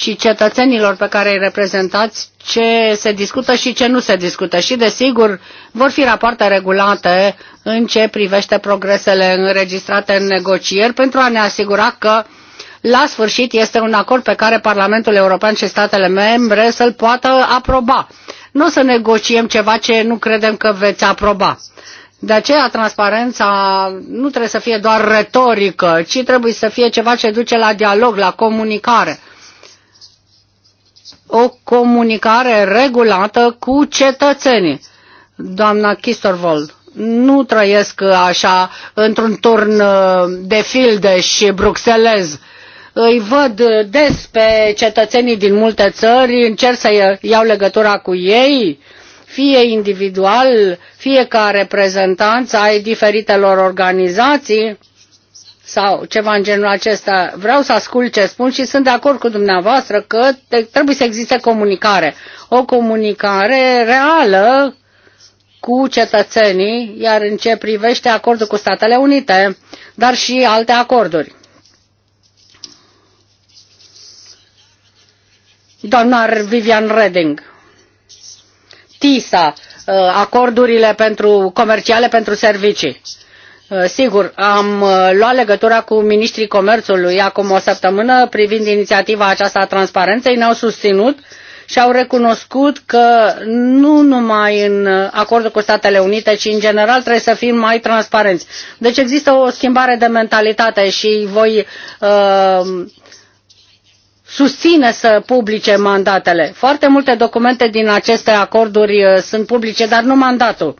și cetățenilor pe care îi reprezentați ce se discută și ce nu se discută. Și, desigur, vor fi rapoarte regulate în ce privește progresele înregistrate în negocieri pentru a ne asigura că la sfârșit este un acord pe care Parlamentul European și statele membre să-l poată aproba. Nu să negociem ceva ce nu credem că veți aproba. De aceea transparența nu trebuie să fie doar retorică, ci trebuie să fie ceva ce duce la dialog, la comunicare o comunicare regulată cu cetățenii. Doamna Kistorvold, nu trăiesc așa într-un turn uh, de filde și bruxelez. Îi văd des pe cetățenii din multe țări, încerc să iau legătura cu ei, fie individual, fie ca reprezentanți ai diferitelor organizații sau ceva în genul acesta. Vreau să ascult ce spun și sunt de acord cu dumneavoastră că trebuie să existe comunicare. O comunicare reală cu cetățenii, iar în ce privește acordul cu Statele Unite, dar și alte acorduri. Doamna Vivian Redding. TISA, uh, acordurile pentru comerciale pentru servicii Uh, sigur, am uh, luat legătura cu ministrii comerțului acum o săptămână privind inițiativa aceasta a transparenței, ne-au susținut și au recunoscut că nu numai în acordul cu Statele Unite, ci în general trebuie să fim mai transparenți. Deci există o schimbare de mentalitate și voi uh, susține să publice mandatele. Foarte multe documente din aceste acorduri uh, sunt publice, dar nu mandatul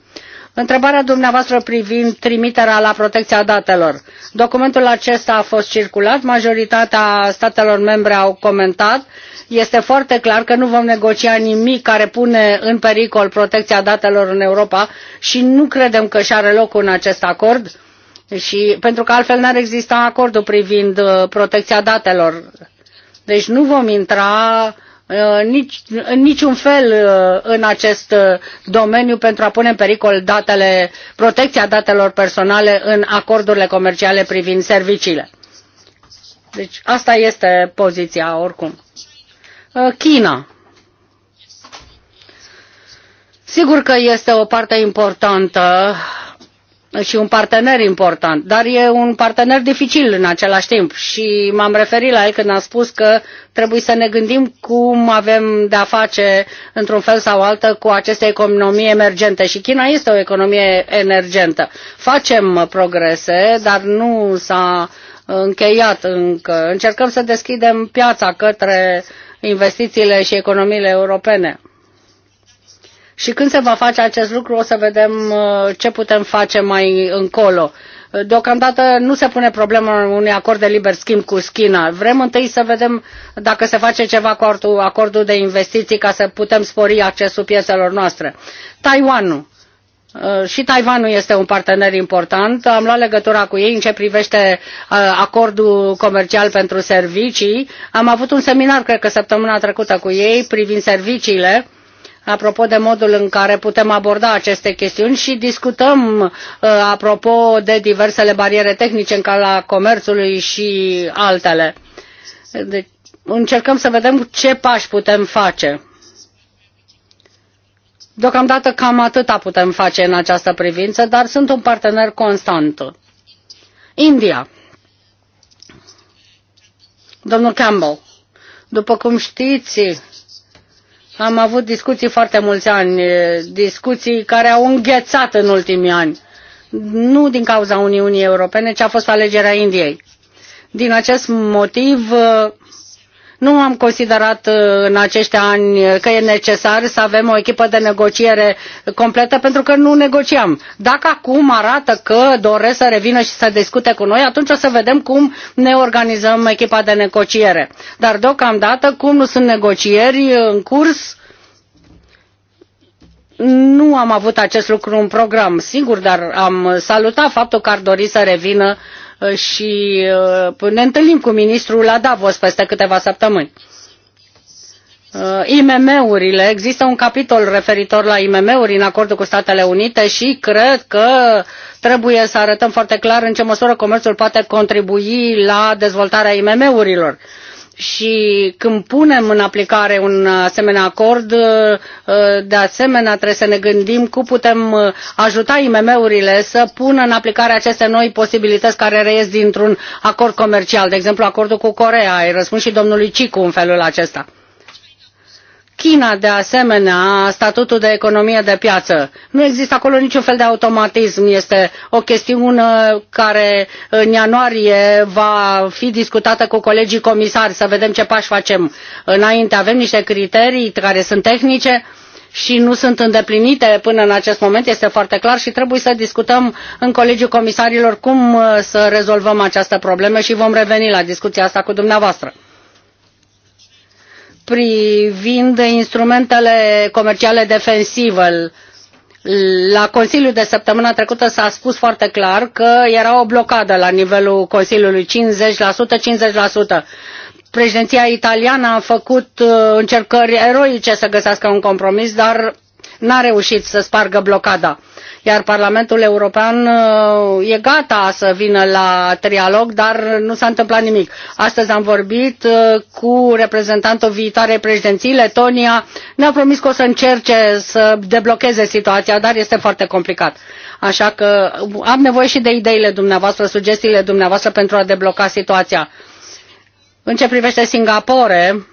Întrebarea dumneavoastră privind trimiterea la protecția datelor. Documentul acesta a fost circulat, majoritatea statelor membre au comentat. Este foarte clar că nu vom negocia nimic care pune în pericol protecția datelor în Europa și nu credem că și are loc în acest acord și pentru că altfel n-ar exista acordul privind uh, protecția datelor. Deci nu vom intra Uh, nici, în niciun fel uh, în acest uh, domeniu pentru a pune în pericol datele, protecția datelor personale în acordurile comerciale privind serviciile. Deci asta este poziția oricum. China. Sigur că este o parte importantă și un partener important, dar e un partener dificil în același timp și m-am referit la el când am spus că trebuie să ne gândim cum avem de-a face într-un fel sau altă cu aceste economii emergente și China este o economie emergentă. Facem progrese, dar nu s-a încheiat încă. Încercăm să deschidem piața către investițiile și economiile europene. Și când se va face acest lucru, o să vedem uh, ce putem face mai încolo. Deocamdată nu se pune problema unui acord de liber schimb cu China. Vrem întâi să vedem dacă se face ceva cu acordul de investiții ca să putem spori accesul piețelor noastre. Taiwanul. Uh, și Taiwanul este un partener important. Am luat legătura cu ei în ce privește uh, acordul comercial pentru servicii. Am avut un seminar, cred că săptămâna trecută, cu ei privind serviciile apropo de modul în care putem aborda aceste chestiuni și discutăm uh, apropo de diversele bariere tehnice în calea comerțului și altele. Deci încercăm să vedem ce pași putem face. Deocamdată cam atâta putem face în această privință, dar sunt un partener constant. India. Domnul Campbell, după cum știți, am avut discuții foarte mulți ani, discuții care au înghețat în ultimii ani. Nu din cauza Uniunii Europene, ci a fost alegerea Indiei. Din acest motiv, nu am considerat uh, în acești ani că e necesar să avem o echipă de negociere completă pentru că nu negociam. Dacă acum arată că doresc să revină și să discute cu noi, atunci o să vedem cum ne organizăm echipa de negociere. Dar deocamdată, cum nu sunt negocieri în curs, nu am avut acest lucru în program, sigur, dar am salutat faptul că ar dori să revină uh, Uh, și uh, ne întâlnim cu ministrul la Davos peste câteva săptămâni. Uh, IMM-urile, există un capitol referitor la IMM-uri în acordul cu Statele Unite și cred că trebuie să arătăm foarte clar în ce măsură comerțul poate contribui la dezvoltarea IMM-urilor și când punem în aplicare un asemenea acord, uh, de asemenea trebuie să ne gândim cum putem uh, ajuta IMM-urile să pună în aplicare aceste noi posibilități care reies dintr-un acord comercial, de exemplu acordul cu Coreea. Îi răspund și domnului Cicu în felul acesta. China, de asemenea, statutul de economie de piață. Nu există acolo niciun fel de automatism. Este o chestiune care în ianuarie va fi discutată cu colegii comisari, să vedem ce pași facem înainte. Avem niște criterii care sunt tehnice și nu sunt îndeplinite până în acest moment, este foarte clar și trebuie să discutăm în Colegiul Comisarilor cum să rezolvăm această problemă și vom reveni la discuția asta cu dumneavoastră privind instrumentele comerciale defensive. La Consiliul de săptămâna trecută s-a spus foarte clar că era o blocadă la nivelul Consiliului 50%, 50%. Președinția italiană a făcut uh, încercări eroice să găsească un compromis, dar n-a reușit să spargă blocada. Iar Parlamentul European uh, e gata să vină la trialog, dar nu s-a întâmplat nimic. Astăzi am vorbit uh, cu reprezentantul viitoarei președinții, Letonia. Ne-a promis că o să încerce să deblocheze situația, dar este foarte complicat. Așa că am nevoie și de ideile dumneavoastră, sugestiile dumneavoastră pentru a debloca situația. În ce privește Singapore,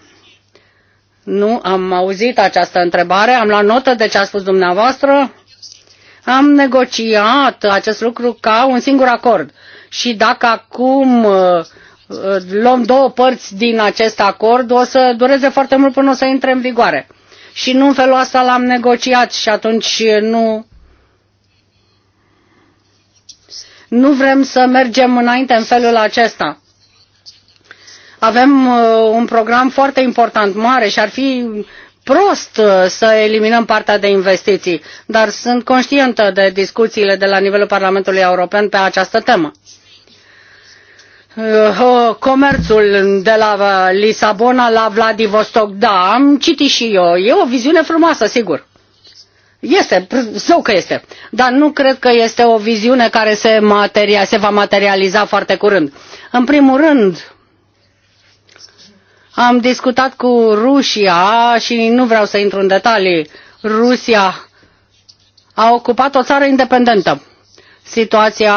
nu am auzit această întrebare, am luat notă de ce a spus dumneavoastră. Am negociat acest lucru ca un singur acord. Și dacă acum uh, uh, luăm două părți din acest acord, o să dureze foarte mult până o să intre în vigoare. Și nu în felul ăsta l-am negociat și atunci uh, nu nu vrem să mergem înainte în felul acesta. Avem uh, un program foarte important, mare și ar fi prost uh, să eliminăm partea de investiții, dar sunt conștientă de discuțiile de la nivelul Parlamentului European pe această temă. Uh, comerțul de la Lisabona la Vladivostok, da, am citit și eu. E o viziune frumoasă, sigur. Este, său că este, dar nu cred că este o viziune care se, materia, se va materializa foarte curând. În primul rând, am discutat cu Rusia și nu vreau să intru în detalii. Rusia a ocupat o țară independentă. Situația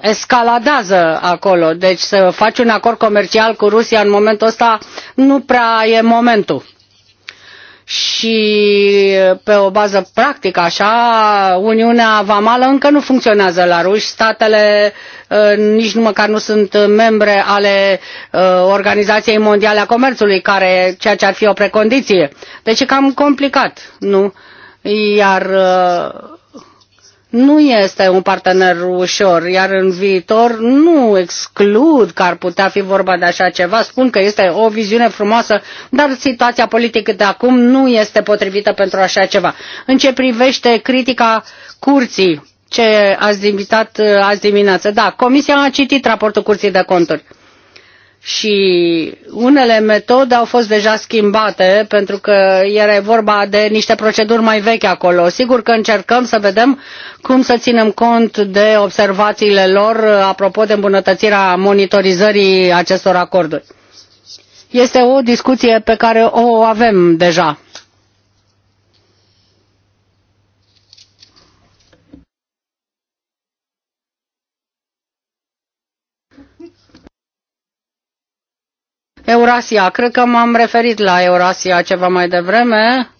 escaladează acolo, deci să faci un acord comercial cu Rusia în momentul ăsta nu prea e momentul și pe o bază practică așa, Uniunea Vamală încă nu funcționează la ruși, statele ă, nici nu măcar nu sunt membre ale ă, Organizației Mondiale a Comerțului, care, ceea ce ar fi o precondiție. Deci e cam complicat, nu? Iar ă, nu este un partener ușor, iar în viitor nu exclud că ar putea fi vorba de așa ceva. Spun că este o viziune frumoasă, dar situația politică de acum nu este potrivită pentru așa ceva. În ce privește critica curții, ce ați invitat azi dimineață. Da, Comisia a citit raportul Curții de Conturi și unele metode au fost deja schimbate pentru că era vorba de niște proceduri mai vechi acolo. Sigur că încercăm să vedem cum să ținem cont de observațiile lor apropo de îmbunătățirea monitorizării acestor acorduri. Este o discuție pe care o avem deja Eurasia. Cred că m-am referit la Eurasia ceva mai devreme.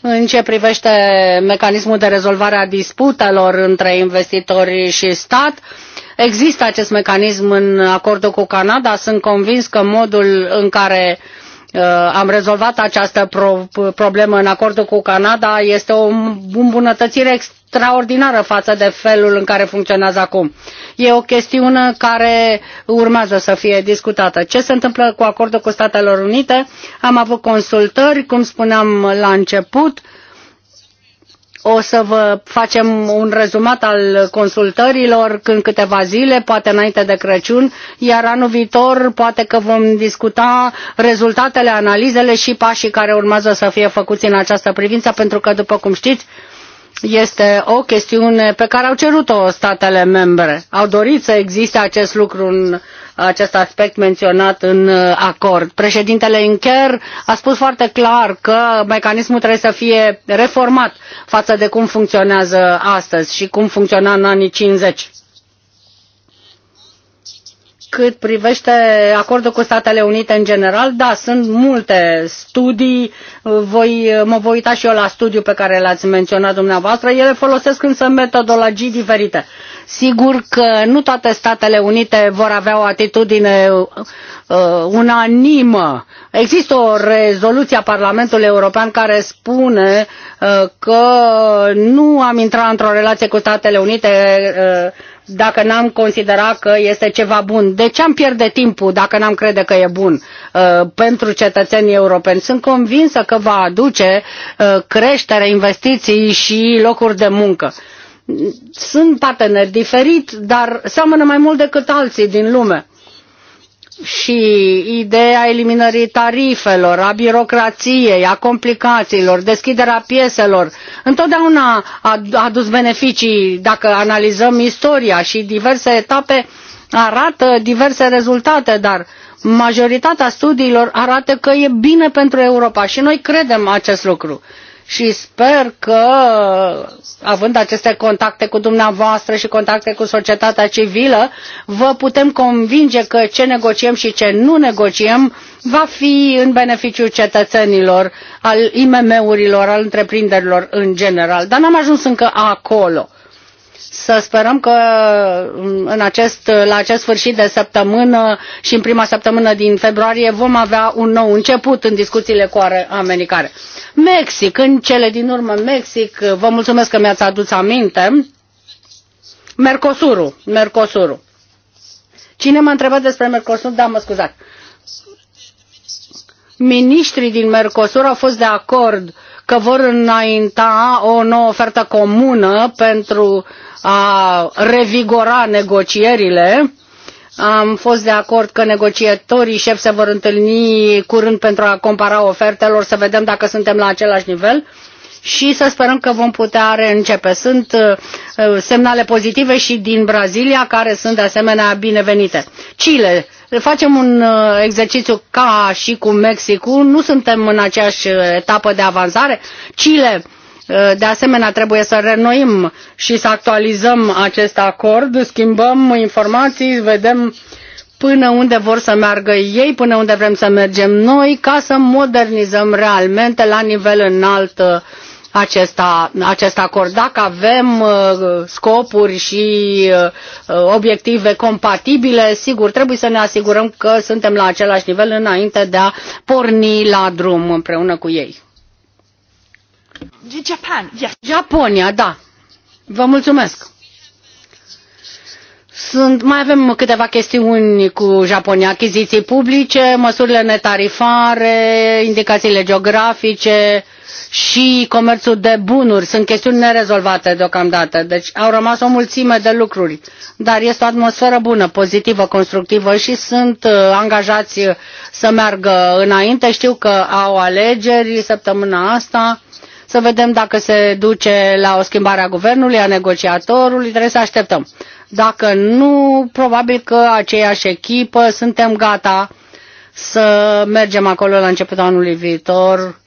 În ce privește mecanismul de rezolvare a disputelor între investitori și stat, există acest mecanism în acordul cu Canada. Sunt convins că modul în care uh, Uh, am rezolvat această pro problemă în acordul cu Canada, este o îmbunătățire extraordinară față de felul în care funcționează acum. E o chestiune care urmează să fie discutată. Ce se întâmplă cu acordul cu Statele Unite? Am avut consultări, cum spuneam la început, o să vă facem un rezumat al consultărilor în câteva zile, poate înainte de Crăciun, iar anul viitor poate că vom discuta rezultatele, analizele și pașii care urmează să fie făcuți în această privință, pentru că, după cum știți, este o chestiune pe care au cerut-o statele membre. Au dorit să existe acest lucru în acest aspect menționat în uh, acord. Președintele Juncker a spus foarte clar că mecanismul trebuie să fie reformat față de cum funcționează astăzi și cum funcționa în anii 50 cât privește acordul cu Statele Unite în general, da, sunt multe studii, voi, mă voi uita și eu la studiul pe care l-ați menționat dumneavoastră, ele folosesc însă metodologii diferite. Sigur că nu toate Statele Unite vor avea o atitudine uh, unanimă. Există o rezoluție a Parlamentului European care spune uh, că nu am intrat într-o relație cu Statele Unite uh, dacă n-am considera că este ceva bun. De ce am pierde timpul dacă n-am crede că e bun uh, pentru cetățenii europeni? Sunt convinsă că va aduce uh, creștere, investiții și locuri de muncă. Sunt parteneri diferiți, dar seamănă mai mult decât alții din lume și ideea eliminării tarifelor, a birocrației, a complicațiilor, deschiderea pieselor, întotdeauna a adus beneficii dacă analizăm istoria și diverse etape arată diverse rezultate, dar majoritatea studiilor arată că e bine pentru Europa și noi credem acest lucru și sper că, având aceste contacte cu dumneavoastră și contacte cu societatea civilă, vă putem convinge că ce negociem și ce nu negociem va fi în beneficiul cetățenilor, al IMM-urilor, al întreprinderilor în general. Dar n-am ajuns încă acolo. Să sperăm că mm, în acest, la acest sfârșit de săptămână și în prima săptămână din februarie vom avea un nou început în discuțiile cu americane. Mexic, în cele din urmă Mexic, vă mulțumesc că mi-ați adus aminte. Mercosurul, Mercosurul. Cine m-a întrebat despre Mercosur? Da, mă scuzați. Ministrii din Mercosur au fost de acord uh, că vor înainta o nouă ofertă comună pentru a revigora negocierile. Am fost de acord că negociatorii șef se vor întâlni curând pentru a compara ofertelor, să vedem dacă suntem la același nivel și să sperăm că vom putea reîncepe. Sunt uh, uh, semnale pozitive și din Brazilia, care sunt de asemenea binevenite. Chile, facem un uh, exercițiu ca și cu Mexicul, nu suntem în aceeași etapă de avansare. Chile, de asemenea, trebuie să renoim și să actualizăm acest acord, schimbăm informații, vedem până unde vor să meargă ei, până unde vrem să mergem noi, ca să modernizăm realmente la nivel înalt acesta, acest acord. Dacă avem uh, scopuri și uh, uh, obiective compatibile, sigur, trebuie să ne asigurăm că suntem la același nivel înainte de a porni la drum împreună cu ei. Japan, yes. Japonia, da. Vă mulțumesc. Sunt, mai avem câteva chestiuni cu Japonia, achiziții publice, măsurile netarifare, indicațiile geografice și comerțul de bunuri. Sunt chestiuni nerezolvate deocamdată, deci au rămas o mulțime de lucruri. Dar este o atmosferă bună, pozitivă, constructivă și sunt uh, angajați să meargă înainte. Știu că au alegeri săptămâna asta să vedem dacă se duce la o schimbare a guvernului, a negociatorului, trebuie să așteptăm. Dacă nu, probabil că aceeași echipă, suntem gata să mergem acolo la începutul anului viitor,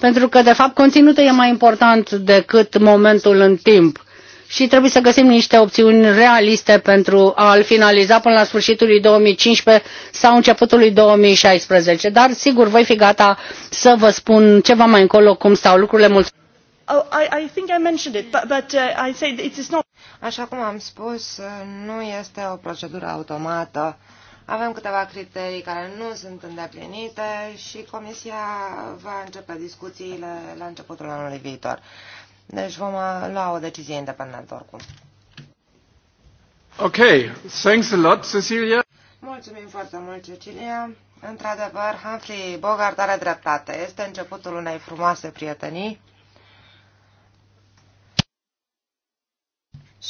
pentru că, de fapt, conținutul e mai important decât momentul în timp și trebuie să găsim niște opțiuni realiste pentru a-l finaliza până la sfârșitul lui 2015 sau începutul lui 2016. Dar, sigur, voi fi gata să vă spun ceva mai încolo cum stau lucrurile. Mulțumesc! Oh, I, I think I mentioned it, but, but uh, I it is not. Așa cum am spus, nu este o procedură automată. Avem câteva criterii care nu sunt îndeplinite și Comisia va începe discuțiile la începutul anului viitor. Deci vom uh, lua o decizie independentă oricum. Ok, thanks a lot, Cecilia. Mulțumim foarte mult, Cecilia. Într-adevăr, Humphrey Bogart are dreptate. Este începutul unei frumoase prietenii.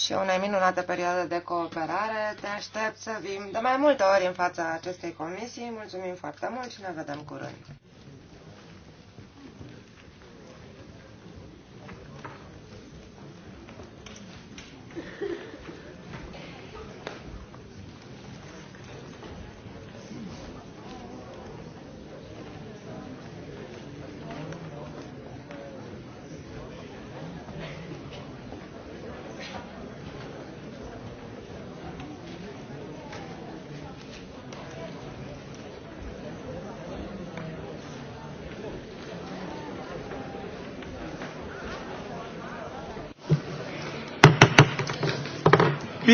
și unei minunate perioade de cooperare. Te aștept să vim de mai multe ori în fața acestei comisii. Mulțumim foarte mult și ne vedem curând. Thank you.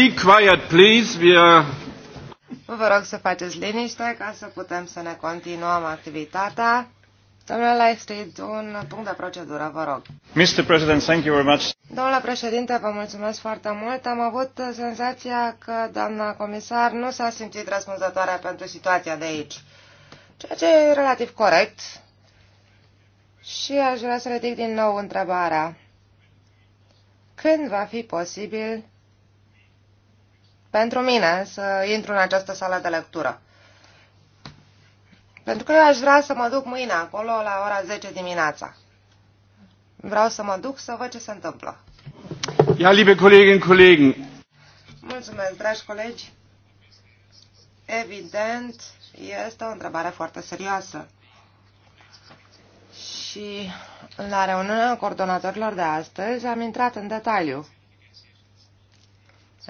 Be quiet, please. We are... Vă rog să faceți liniște ca să putem să ne continuăm activitatea. Domnule Lightstreet, un punct de procedură, vă rog. Mr. President, thank you very much. Domnule președinte, vă mulțumesc foarte mult. Am avut senzația că doamna comisar nu s-a simțit răspunzătoare pentru situația de aici, ceea ce e relativ corect. Și aș vrea să ridic din nou întrebarea. Când va fi posibil pentru mine să intru în această sală de lectură. Pentru că eu aș vrea să mă duc mâine acolo la ora 10 dimineața. Vreau să mă duc să văd ce se întâmplă. Ja, liebe Kolleginnen Kollegen. Mulțumesc, dragi colegi. Evident, este o întrebare foarte serioasă. Și la reuniunea coordonatorilor de astăzi am intrat în detaliu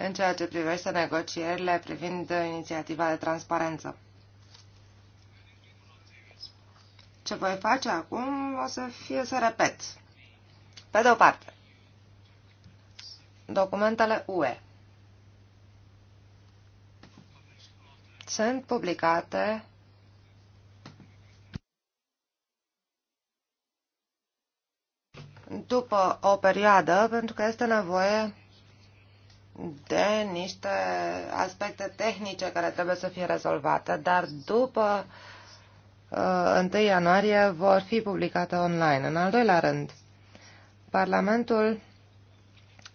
în ceea ce privește negocierile privind inițiativa de transparență. Ce voi face acum o să fie să repet. Pe de o parte, documentele UE sunt publicate după o perioadă, pentru că este nevoie de niște aspecte tehnice care trebuie să fie rezolvate, dar după uh, 1 ianuarie vor fi publicate online. În al doilea rând, Parlamentul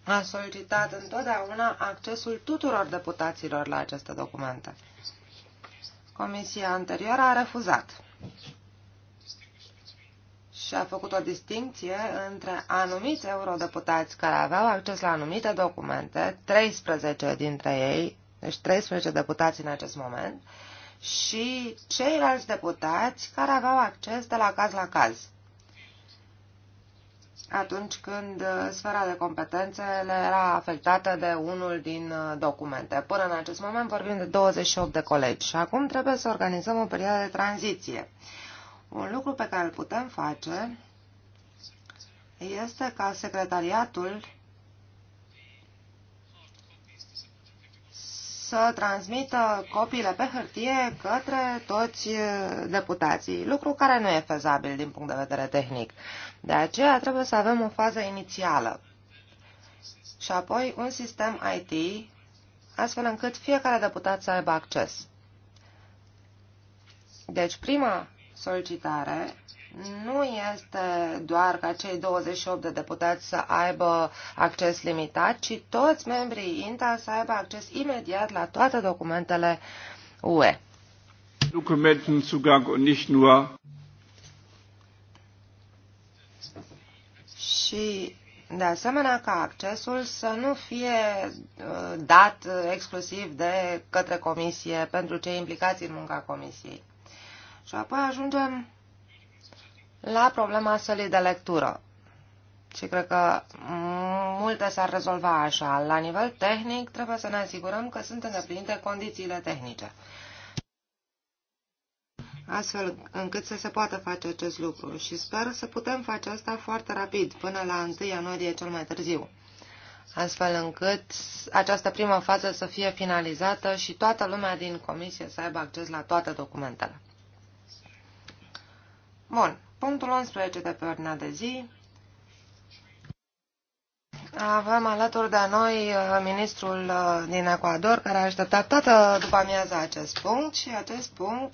a solicitat întotdeauna accesul tuturor deputaților la aceste documente. Comisia anterioară a refuzat și a făcut o distinție între anumiți eurodeputați care aveau acces la anumite documente, 13 dintre ei, deci 13 deputați în acest moment, și ceilalți deputați care aveau acces de la caz la caz. Atunci când uh, sfera de competențe le era afectată de unul din uh, documente. Până în acest moment vorbim de 28 de colegi și acum trebuie să organizăm o perioadă de tranziție un lucru pe care îl putem face este ca secretariatul să transmită copiile pe hârtie către toți deputații, lucru care nu e fezabil din punct de vedere tehnic. De aceea trebuie să avem o fază inițială și apoi un sistem IT, astfel încât fiecare deputat să aibă acces. Deci prima solicitare nu este doar ca cei 28 de deputați să aibă acces limitat, ci toți membrii INTA să aibă acces imediat la toate documentele UE. Dokumentenzugang und nicht nur și de asemenea ca accesul să nu fie uh, dat uh, exclusiv de către comisie pentru cei implicați în munca comisiei. Și apoi ajungem la problema sălii de lectură. Și cred că multe s-ar rezolva așa. La nivel tehnic, trebuie să ne asigurăm că sunt îndeplinite condițiile tehnice. Astfel încât să se poată face acest lucru și sper să putem face asta foarte rapid, până la 1 ianuarie cel mai târziu. Astfel încât această primă fază să fie finalizată și toată lumea din comisie să aibă acces la toate documentele. Bun. Punctul 11 de pe ordinea de zi. Avem alături de noi uh, ministrul uh, din Ecuador, care a așteptat toată după amiaza acest punct și acest punct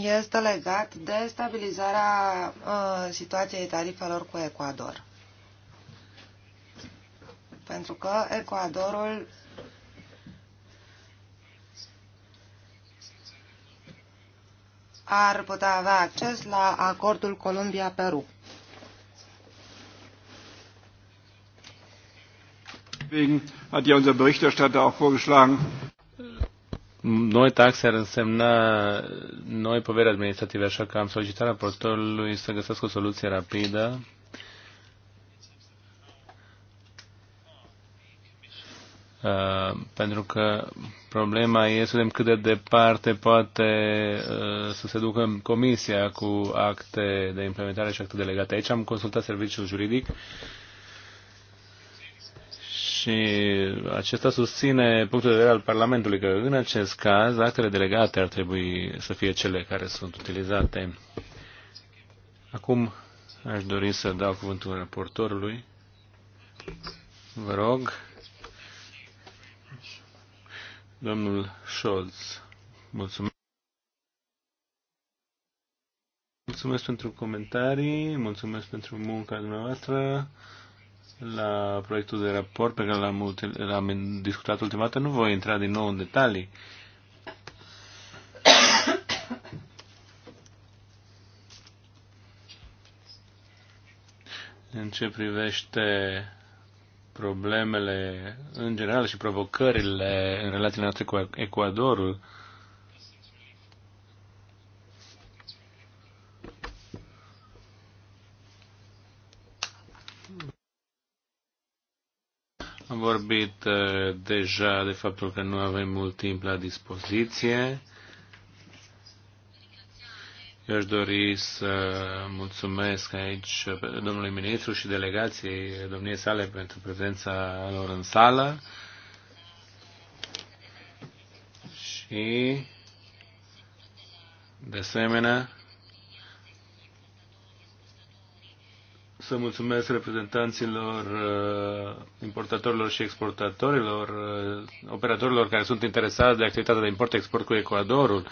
este legat de stabilizarea uh, situației tarifelor cu Ecuador. Pentru că Ecuadorul ar putea avea acces la acordul Columbia-Peru. noi taxe ar însemna noi poveri administrative, așa că am solicitat raportorului să găsească o soluție rapidă Uh, pentru că problema e să vedem cât de departe poate uh, să se ducă comisia cu acte de implementare și acte delegate. Aici am consultat serviciul juridic și acesta susține punctul de vedere al Parlamentului că în acest caz actele delegate ar trebui să fie cele care sunt utilizate. Acum aș dori să dau cuvântul raportorului. Vă rog. Domnul Scholz, mulțumesc. Mulțumesc pentru comentarii, mulțumesc pentru munca dumneavoastră la proiectul de raport pe care l-am, discutat ultima dată. Nu voi intra din nou în detalii. în ce privește problemele în general și provocările în relațiile noastre cu Ecuadorul. Am vorbit eh, deja de faptul că nu avem mult timp la dispoziție. Eu aș dori să mulțumesc aici domnului ministru și delegației domniei sale pentru prezența lor în sală și de asemenea să mulțumesc reprezentanților uh, importatorilor și exportatorilor, uh, operatorilor care sunt interesați de activitatea de import-export cu Ecuadorul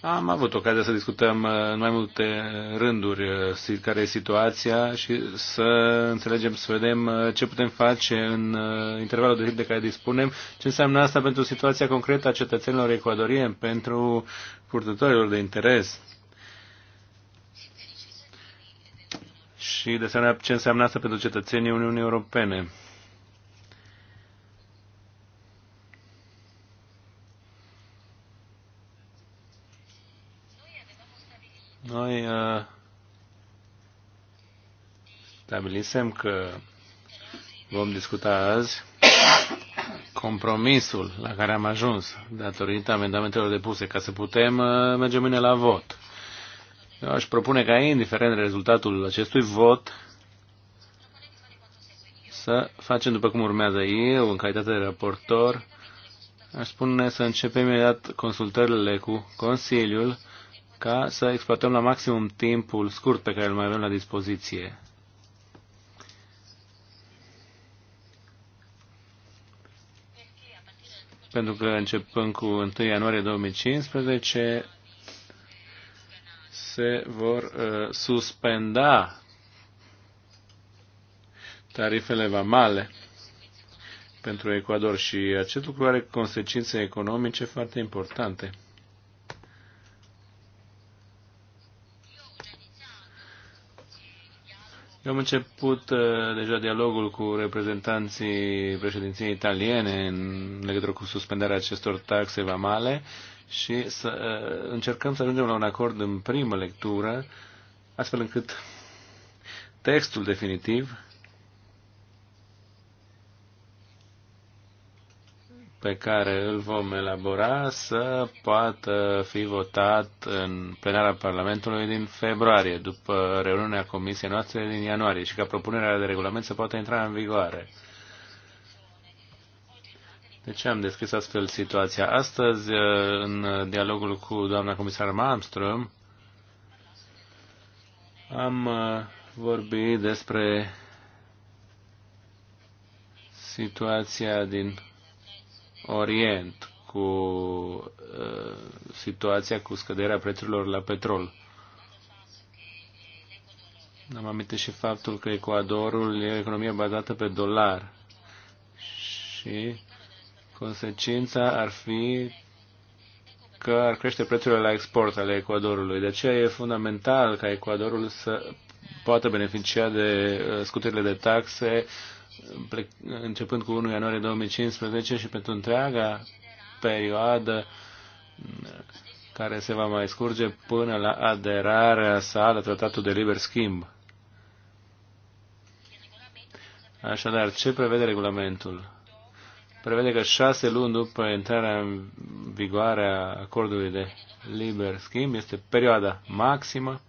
am avut ocazia să discutăm uh, în mai multe rânduri uh, care e situația și să înțelegem, să vedem uh, ce putem face în intervalul de timp de care dispunem, ce înseamnă asta pentru situația concretă a cetățenilor ecuadorieni, pentru purtătorilor de interes. Și de asemenea ce înseamnă asta pentru cetățenii Uniunii Europene. Noi uh, stabilisem că vom discuta azi compromisul la care am ajuns datorită amendamentelor depuse ca să putem uh, merge mâine la vot. Eu aș propune ca, indiferent de rezultatul acestui vot, să facem după cum urmează eu, în calitate de raportor, aș spune să începem imediat consultările cu Consiliul ca să exploatăm la maximum timpul scurt pe care îl mai avem la dispoziție. Pentru că începând cu 1 ianuarie 2015 se vor uh, suspenda tarifele vamale pentru Ecuador și acest lucru are consecințe economice foarte importante. Eu am început uh, deja dialogul cu reprezentanții președinției italiene în legătură cu suspendarea acestor taxe vamale și să uh, încercăm să ajungem la un acord în primă lectură, astfel încât textul definitiv pe care îl vom elabora să poată fi votat în plenara Parlamentului din februarie, după reuniunea comisiei noastre din ianuarie și ca propunerea de regulament să poată intra în vigoare. Deci am deschis astfel situația. Astăzi, în dialogul cu doamna comisar Malmström, am uh, vorbit despre situația din Orient cu uh, situația cu scăderea prețurilor la petrol. Am amintit și faptul că Ecuadorul e o economie bazată pe dolar și consecința ar fi că ar crește prețurile la export ale Ecuadorului. De aceea e fundamental ca Ecuadorul să poată beneficia de uh, scuterile de taxe începând cu 1 ianuarie 2015 și pentru întreaga perioadă mm, care se va mai scurge până la aderarea sa la tratatul de liber schimb. Așadar, ce prevede regulamentul? Prevede că șase luni după intrarea în vigoare a acordului de liber schimb este perioada maximă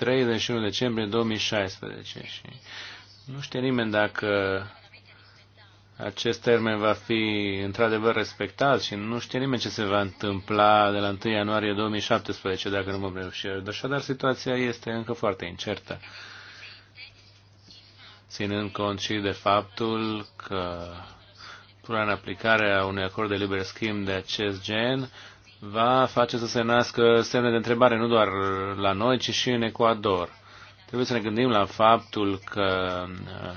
31 decembrie 2016 și nu știe nimeni dacă acest termen va fi într-adevăr respectat și nu știe nimeni ce se va întâmpla de la 1 ianuarie 2017 dacă nu vom reuși. Așadar, situația este încă foarte incertă, ținând cont și de faptul că pura în aplicare a unui acord de liber schimb de acest gen va face să se nască semne de întrebare nu doar la noi, ci și în Ecuador. Trebuie să ne gândim la faptul că uh,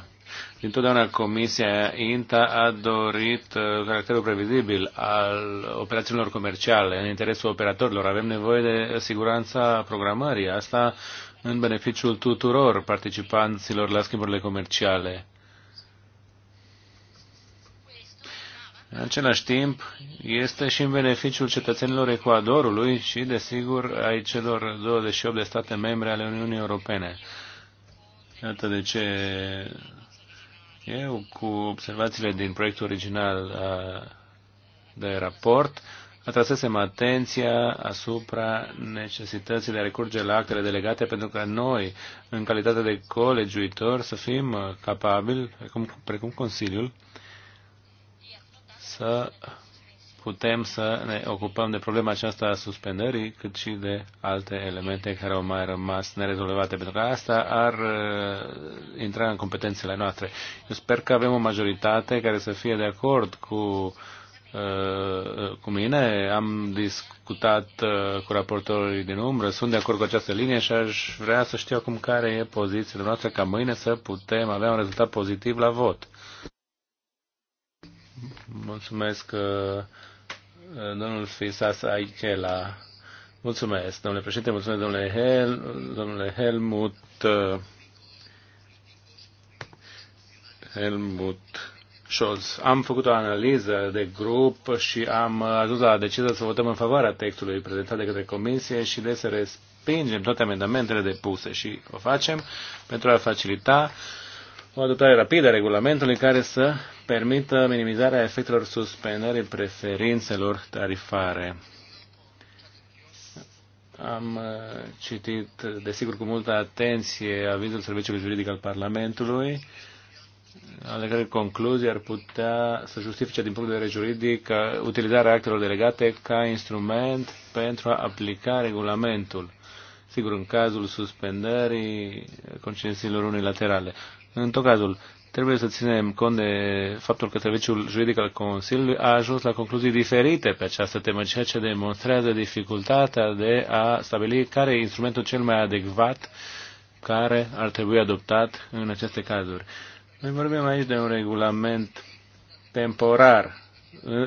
dintotdeauna Comisia INTA a dorit uh, caracterul previzibil al operațiunilor comerciale în interesul operatorilor. Avem nevoie de siguranța programării, asta în beneficiul tuturor participanților la schimburile comerciale. În același timp, este și în beneficiul cetățenilor Ecuadorului și, desigur, ai celor 28 de state membre ale Uniunii Europene. Iată de ce eu, cu observațiile din proiectul original de raport, atrasesem atenția asupra necesității de a recurge la actele delegate pentru ca noi, în calitate de colegiuitor, să fim capabili, precum, precum Consiliul, să putem să ne ocupăm de problema aceasta a suspendării, cât și de alte elemente care au mai rămas nerezolvate, pentru că asta ar uh, intra în competențele noastre. Eu sper că avem o majoritate care să fie de acord cu uh, cu mine, am discutat uh, cu raportorii din umbră, sunt de acord cu această linie și aș vrea să știu acum care e poziția noastră ca mâine să putem avea un rezultat pozitiv la vot. Mulțumesc, uh, uh, domnul Fisas Aichela. Mulțumesc, domnule președinte, mulțumesc, domnule, Hel, domnule Helmut. Uh, Helmut Scholz. Am făcut o analiză de grup și am ajuns la decizia să votăm în favoarea textului prezentat de către Comisie și de să respingem toate amendamentele depuse și o facem pentru a facilita uh, o adoptare rapidă a regulamentului care să permită minimizarea efectelor suspendării preferințelor tarifare. Am uh, citit, desigur, cu multă atenție avizul Serviciului Juridic al Parlamentului, ale care concluzii ar putea să justifice din punct de vedere juridic utilizarea actelor delegate ca instrument pentru a aplica regulamentul sigur, în cazul suspendării concesiilor unilaterale. În tot cazul, trebuie să ținem cont de faptul că serviciul juridic al Consiliului a ajuns la concluzii diferite pe această temă, ceea ce demonstrează dificultatea de a stabili care e instrumentul cel mai adecvat care ar trebui adoptat în aceste cazuri. Noi vorbim aici de un regulament temporar,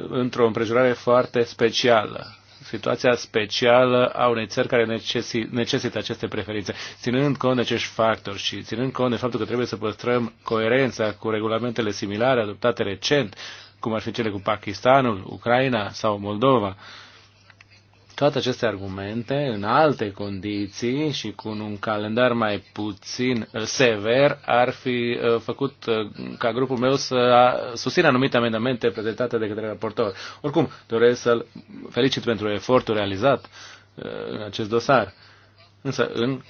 într-o împrejurare foarte specială, situația specială a unei țări care necesi, necesită aceste preferințe. Ținând cont de acești factori și ținând cont de faptul că trebuie să păstrăm coerența cu regulamentele similare adoptate recent, cum ar fi cele cu Pakistanul, Ucraina sau Moldova, uh, toate aceste argumente, în alte condiții și cu un calendar mai puțin uh, sever, ar fi uh, făcut uh, ca grupul meu să susțină anumite amendamente prezentate de către raportor. Oricum, doresc să-l felicit pentru efortul realizat în acest dosar. Însă, în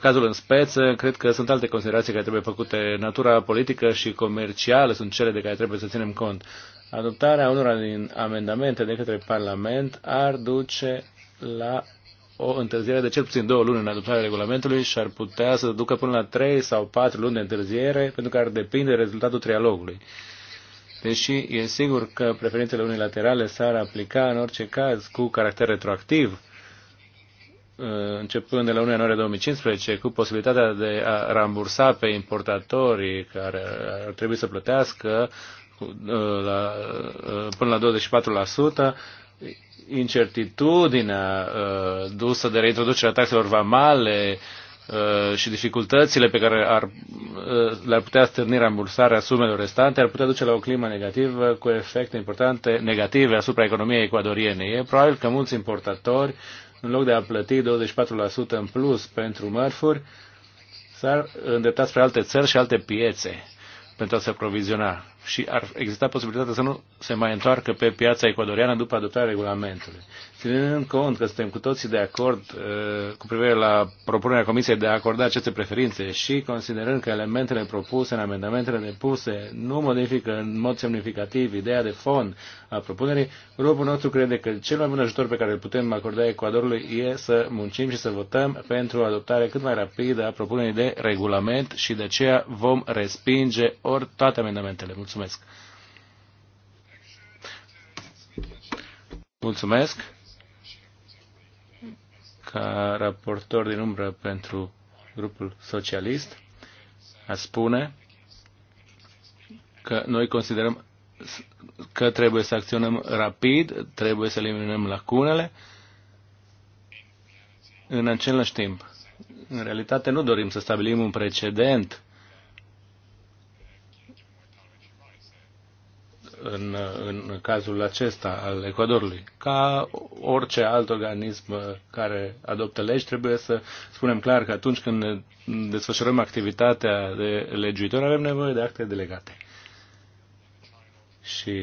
cazul în speță, cred că sunt alte considerații care trebuie făcute. Natura politică și comercială sunt cele de care trebuie să ținem cont. Adoptarea unora din amendamente de către Parlament ar duce la o întârziere de cel puțin două luni în adoptarea regulamentului și ar putea să ducă până la trei sau patru luni de întârziere, pentru că ar depinde rezultatul trialogului. Deși e sigur că preferințele unilaterale s-ar aplica în orice caz cu caracter retroactiv, uh, începând de la 1 ianuarie 2015, cu posibilitatea de a rambursa pe importatorii care ar trebui să plătească uh, la, uh, până la 24%, incertitudinea uh, dusă de reintroducerea taxelor vamale uh, și dificultățile pe care ar, uh, le-ar putea stârni rambursarea sumelor restante ar putea duce la o climă negativă cu efecte importante negative asupra economiei ecuadoriene. E probabil că mulți importatori, în loc de a plăti 24% în plus pentru mărfuri, s-ar îndrepta spre alte țări și alte piețe pentru a se aproviziona și ar exista posibilitatea să nu se mai întoarcă pe piața ecuadoriană după adoptarea regulamentului. Ținând cont că suntem cu toții de acord uh, cu privire la propunerea Comisiei de a acorda aceste preferințe și considerând că elementele propuse în amendamentele depuse nu modifică în mod semnificativ ideea de fond a propunerii, grupul nostru crede că cel mai bun ajutor pe care îl putem acorda Ecuadorului e să muncim și să votăm pentru o adoptare cât mai rapidă a propunerii de regulament și de aceea vom respinge ori toate amendamentele. Mulțumesc! Mulțumesc! Mulțumesc! Ca raportor din umbră pentru grupul socialist, a spune că noi considerăm că trebuie să acționăm rapid, trebuie să eliminăm lacunele. În același timp, în realitate nu dorim să stabilim un precedent în, în cazul acesta al Ecuadorului. Ca orice alt organism care adoptă legi, trebuie să spunem clar că atunci când ne desfășurăm activitatea de legiuitor, avem nevoie de acte delegate. Și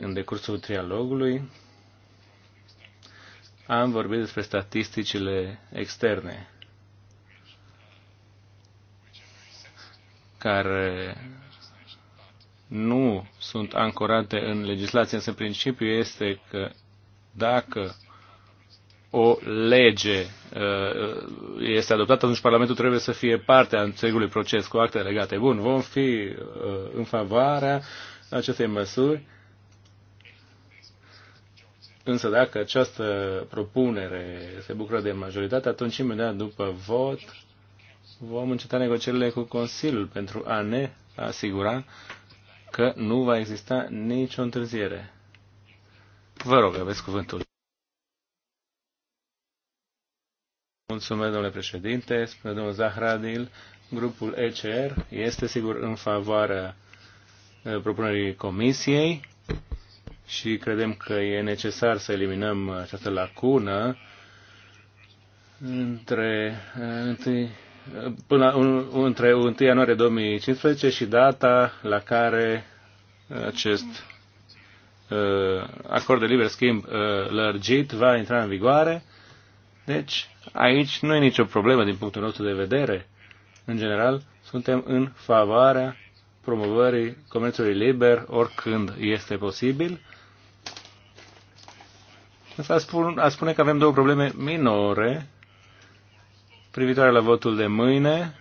în decursul trialogului am vorbit despre statisticile externe care nu sunt ancorate în legislație, însă principiul este că dacă o lege uh, este adoptată, atunci Parlamentul trebuie să fie parte a întregului proces cu acte legate. Bun, vom fi uh, în favoarea acestei măsuri, însă dacă această propunere se bucură de majoritate, atunci imediat după vot vom înceta negocierile cu Consiliul pentru a ne asigura că nu va exista nicio întârziere. Vă rog, aveți cuvântul. Mulțumesc, domnule președinte, spune domnul Zahradil. Grupul ECR este, sigur, în favoarea uh, propunerii comisiei și credem că e necesar să eliminăm uh, această lacună între uh, întâi până între 1 ianuarie 2015 și data la care uh, acest uh, acord de liber schimb uh, lărgit va intra în vigoare. Deci, aici nu e nicio problemă din punctul nostru de vedere. În general, suntem în favoarea promovării comerțului liber oricând este posibil. Însă a spune că avem două probleme minore privitoare la votul de mâine.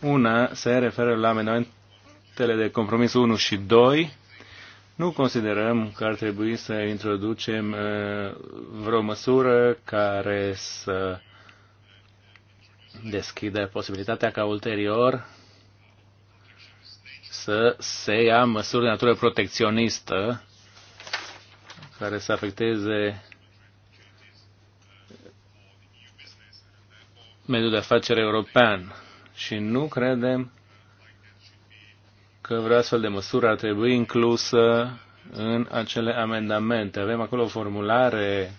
Una se referă la amendamentele de compromis 1 și 2. Nu considerăm că ar trebui să introducem uh, vreo măsură care să deschidă posibilitatea ca ulterior să se ia măsuri de natură protecționistă care să afecteze mediul de afaceri european și nu credem că vreo astfel de măsură ar trebui inclusă în acele amendamente. Avem acolo o formulare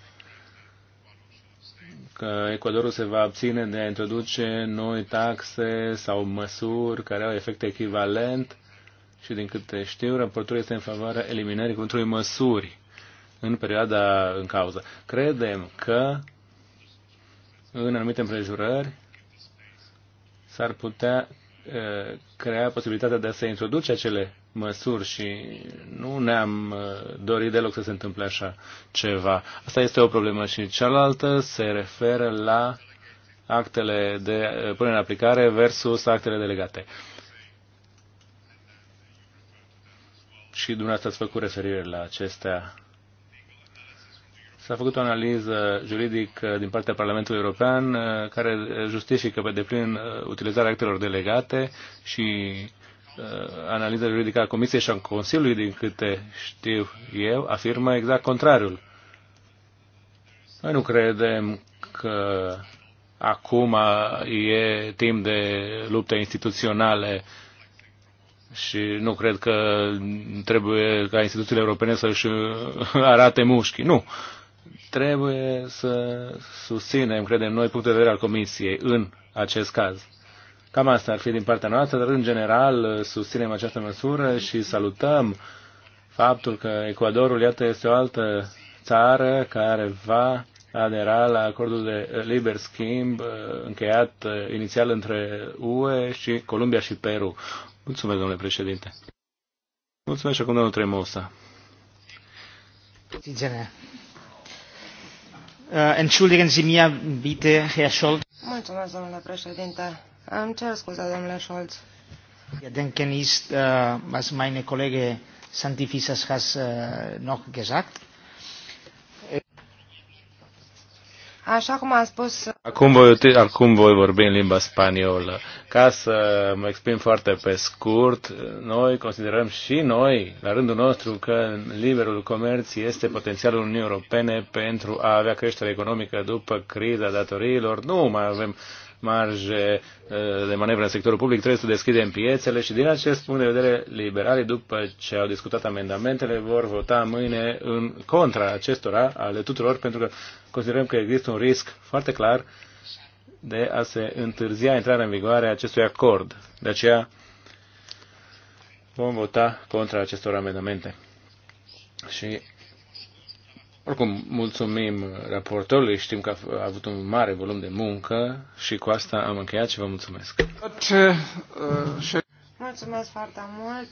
că Ecuadorul se va abține de a introduce noi taxe sau măsuri care au efect echivalent și din câte știu, raportul este în favoarea eliminării controlului măsuri în perioada în cauză. Credem că în anumite împrejurări s-ar putea crea posibilitatea de a se introduce acele măsuri și nu ne-am dorit deloc să se întâmple așa ceva. Asta este o problemă și cealaltă se referă la actele de punere în aplicare versus actele delegate. Și dumneavoastră ați făcut referire la acestea S-a făcut o analiză juridică din partea Parlamentului European uh, care justifică pe deplin uh, utilizarea actelor delegate și uh, analiza juridică a Comisiei și a Consiliului, din câte știu eu, afirmă exact contrariul. Noi nu credem că acum e timp de lupte instituționale și nu cred că trebuie ca instituțiile europene să-și arate mușchi. Nu trebuie să susținem, credem noi, punctul de vedere al Comisiei în acest caz. Cam asta ar fi din partea noastră, dar în general uh, susținem această măsură și salutăm faptul că Ecuadorul, iată, este o altă țară care va adera la acordul de liber schimb uh, încheiat uh, inițial între UE și Columbia și Peru. Mulțumesc, domnule președinte. Mulțumesc și acum domnul Tremosa. Uh, entschuldigen Sie mir bitte, Herr Scholz. Mulțumesc, domnule președinte. Îmi cer scuze, domnule Scholz. Ja, denken ist, äh, was meine Kollege Santifisas has äh, noch gesagt. Așa cum am spus... Acum voi, acum voi vorbi în limba spaniolă. Ca să mă exprim foarte pe scurt, noi considerăm și noi, la rândul nostru, că liberul comerț este potențialul Uniunii Europene pentru a avea creștere economică după criza datoriilor. Nu mai avem marje eh, de manevră în sectorul public, trebuie să deschidem piețele și din acest punct de vedere, liberalii, după ce au discutat amendamentele, vor vota mâine în contra acestora, ale tuturor, pentru că considerăm că există un risc foarte clar de a se întârzia intrarea în vigoare a acestui acord. De aceea vom vota contra acestor amendamente. Și oricum, mulțumim raportorului, știm că a avut un mare volum de muncă și cu asta am încheiat și vă mulțumesc. Mulțumesc foarte mult.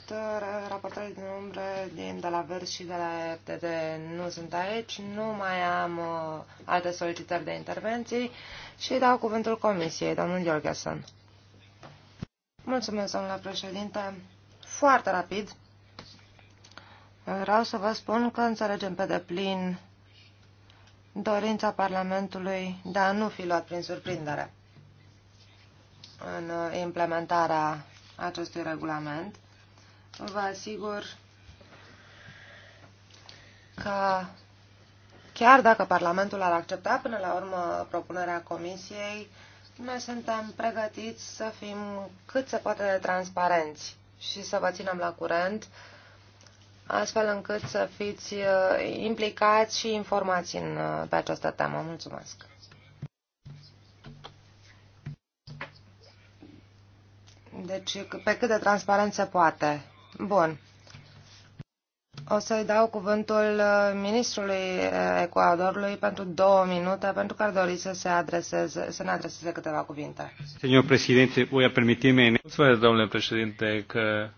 Raportorii din umbre din de la Vers și de la FTD nu sunt aici. Nu mai am uh, alte solicitări de intervenții și dau cuvântul Comisiei, domnul Jorgensen. Mulțumesc, domnule președinte. Foarte rapid. Vreau să vă spun că înțelegem pe deplin dorința Parlamentului de a nu fi luat prin surprindere în uh, implementarea acestui regulament. Vă asigur că chiar dacă Parlamentul ar accepta până la urmă propunerea Comisiei, noi suntem pregătiți să fim cât se poate de transparenți și să vă ținem la curent uh, astfel încât să fiți uh, implicați și informați în, uh, pe această temă. Mulțumesc! Deci, pe cât de transparent se poate. Bun. O să-i dau cuvântul uh, ministrului Ecuadorului pentru două minute, pentru că ar dori să, se adreseze, să ne adreseze câteva cuvinte. Domnule președinte, voi permite-mi. Mulțumesc, domnule președinte, că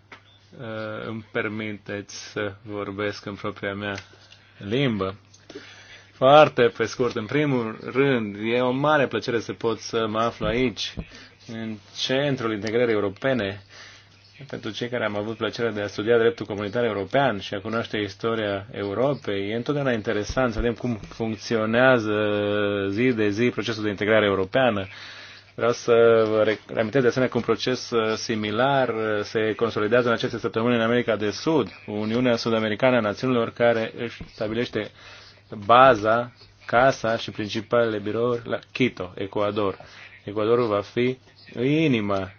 Uh, îmi permiteți să vorbesc în propria mea limbă. Foarte pe scurt, în primul rând, e o mare plăcere să pot să mă aflu aici, în centrul integrării europene, pentru cei care am avut plăcerea de a studia dreptul comunitar european și a cunoaște istoria Europei, e întotdeauna interesant să vedem cum funcționează zi de zi procesul de integrare europeană Vreau să vă reamintesc de asemenea că un proces uh, similar uh, se consolidează în aceste săptămâni în America de Sud, Uniunea Sud-Americană a Națiunilor, care își stabilește baza, casa și principalele birouri la Quito, Ecuador. Ecuadorul va fi inima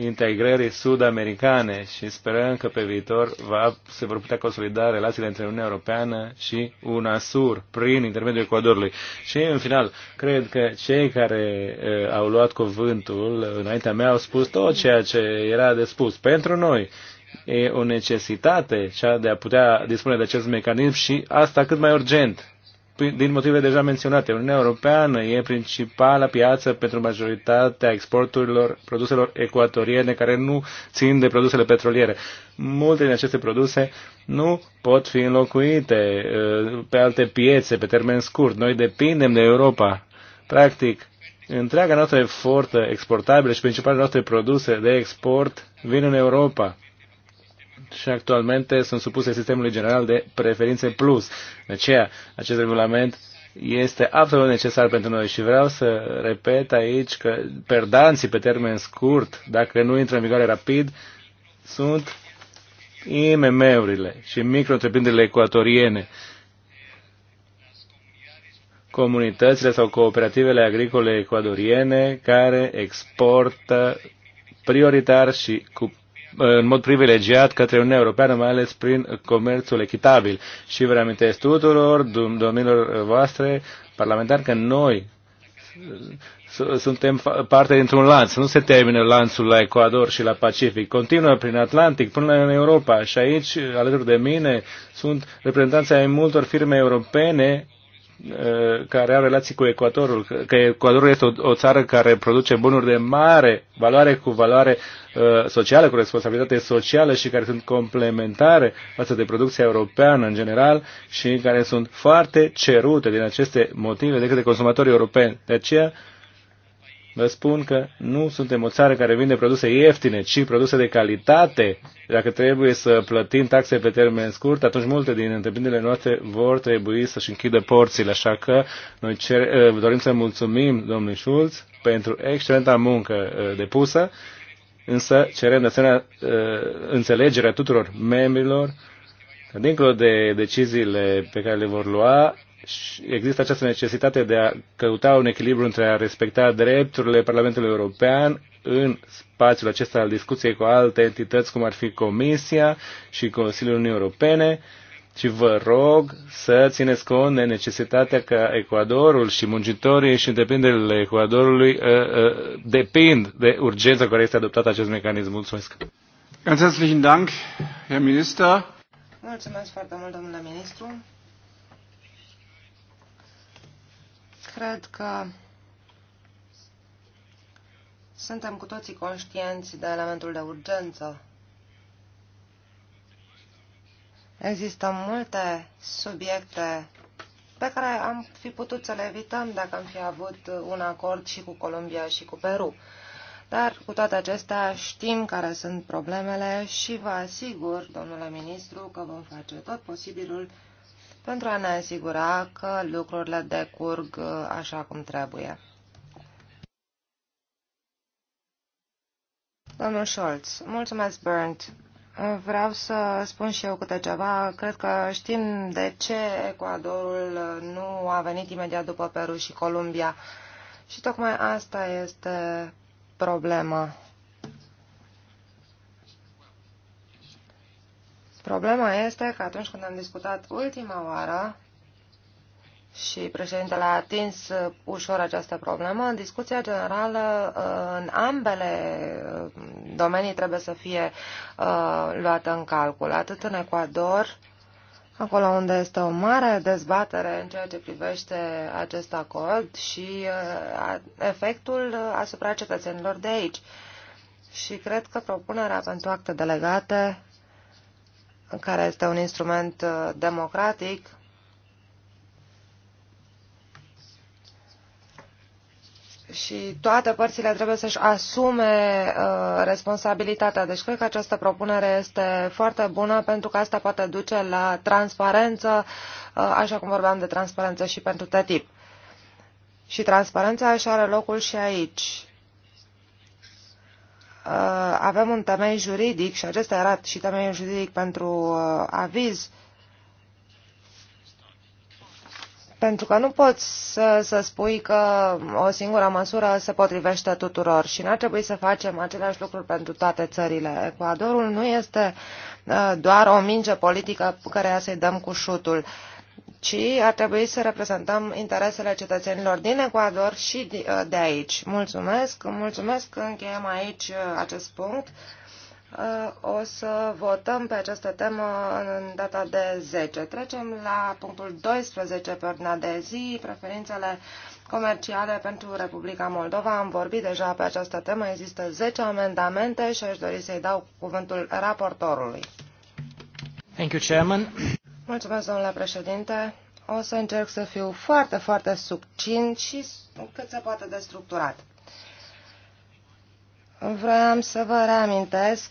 integrării sud-americane și sperăm că pe viitor va, se vor putea consolida relațiile între Uniunea Europeană și UNASUR prin intermediul Ecuadorului. Și în final, cred că cei care uh, au luat cuvântul înaintea mea au spus tot ceea ce era de spus pentru noi. E o necesitate cea de a putea dispune de acest mecanism și asta cât mai urgent Păi, din motive deja menționate, Uniunea Europeană e principala piață pentru majoritatea exporturilor produselor ecuatoriene care nu țin de produsele petroliere. Multe din aceste produse nu pot fi înlocuite uh, pe alte piețe pe termen scurt. Noi depindem de Europa. Practic, întreaga noastră efortă exportabilă și principalele noastre produse de export vin în Europa și actualmente sunt supuse sistemului general de preferințe plus. De aceea, acest regulament este absolut necesar pentru noi și vreau să repet aici că perdanții pe termen scurt, dacă nu intră în vigoare rapid, sunt IMM-urile și micro ecuatoriene comunitățile sau cooperativele agricole ecuadoriene care exportă prioritar și cu în mod privilegiat către Uniunea Europeană, mai ales prin comerțul echitabil. Și vă reamintesc tuturor, domnilor voastre parlamentari, că noi suntem parte dintr-un lanț. Nu se termină lanțul la Ecuador și la Pacific. Continuă prin Atlantic până în Europa. Și aici, alături de mine, sunt reprezentanții ai multor firme europene Uh, care au relații cu Ecuadorul, că Ecuadorul este o, o țară care produce bunuri de mare valoare cu valoare uh, socială, cu responsabilitate socială și care sunt complementare față de producția europeană în general și care sunt foarte cerute din aceste motive de către consumatorii europeni. De aceea, uh, vă spun că nu suntem o țară care vinde produse ieftine, ci produse de calitate. Dacă trebuie să plătim taxe pe termen scurt, atunci multe din întreprinderile noastre vor trebui să-și închidă porțile. Așa că noi cer, eh, dorim să mulțumim domnului Schulz pentru excelenta muncă eh, depusă, însă cerem de asemenea eh, înțelegerea tuturor membrilor dincolo de deciziile pe care le vor lua, există această necesitate de a căuta un echilibru între a respecta drepturile Parlamentului European în spațiul acesta al discuției cu alte entități, cum ar fi Comisia și Consiliul Uniunii Europene, și vă rog să țineți cont de necesitatea ca Ecuadorul și muncitorii și întreprinderile Ecuadorului uh, uh, depind de urgența cu care este adoptat acest mecanism. Mulțumesc! Mulțumesc foarte mult, domnule ministru. cred că suntem cu toții conștienți de elementul de urgență. Există multe subiecte pe care am fi putut să le evităm dacă am fi avut un acord și cu Columbia și cu Peru. Dar, cu toate acestea, știm care sunt problemele și vă asigur, domnule ministru, că vom face tot posibilul pentru a ne asigura că lucrurile decurg uh, așa cum trebuie. Domnul Scholz, mulțumesc, Bernd. Vreau să spun și eu câte ceva. Cred că știm de ce Ecuadorul uh, nu a venit imediat după Peru și Columbia. Și tocmai asta este problema. Problema este că atunci când am discutat ultima oară și președintele a atins ușor această problemă, discuția generală uh, în ambele uh, domenii trebuie să fie uh, luată în calcul, atât în Ecuador, acolo unde este o mare dezbatere în ceea ce privește acest acord și efectul asupra cetățenilor de aici. Și cred că propunerea pentru acte delegate care este un instrument uh, democratic, și toate părțile trebuie să-și asume uh, responsabilitatea. Deci cred că această propunere este foarte bună pentru că asta poate duce la transparență, uh, așa cum vorbeam de transparență și pentru TTIP. Și transparența așa are locul și aici. Uh, avem un temei juridic și acesta era și temeiul juridic pentru uh, aviz, pentru că nu poți să, să spui că o singură măsură se potrivește tuturor și n-ar trebui să facem aceleași lucruri pentru toate țările. Ecuadorul nu este uh, doar o minge politică care să-i dăm cu șutul. Uh, ci ar trebui să reprezentăm interesele cetățenilor din Ecuador și uh, de aici. Mulțumesc, mulțumesc că încheiem aici uh, acest punct. Uh, o să votăm pe această temă în data de 10. Trecem la punctul 12 pe ordinea de zi, preferințele comerciale pentru Republica Moldova. Am vorbit deja pe această temă, există 10 amendamente și aș dori să-i dau cuvântul raportorului. Thank you, Chairman. Mulțumesc, domnule președinte. O să încerc să fiu foarte, foarte succint și cât se poate de structurat. Vreau să vă reamintesc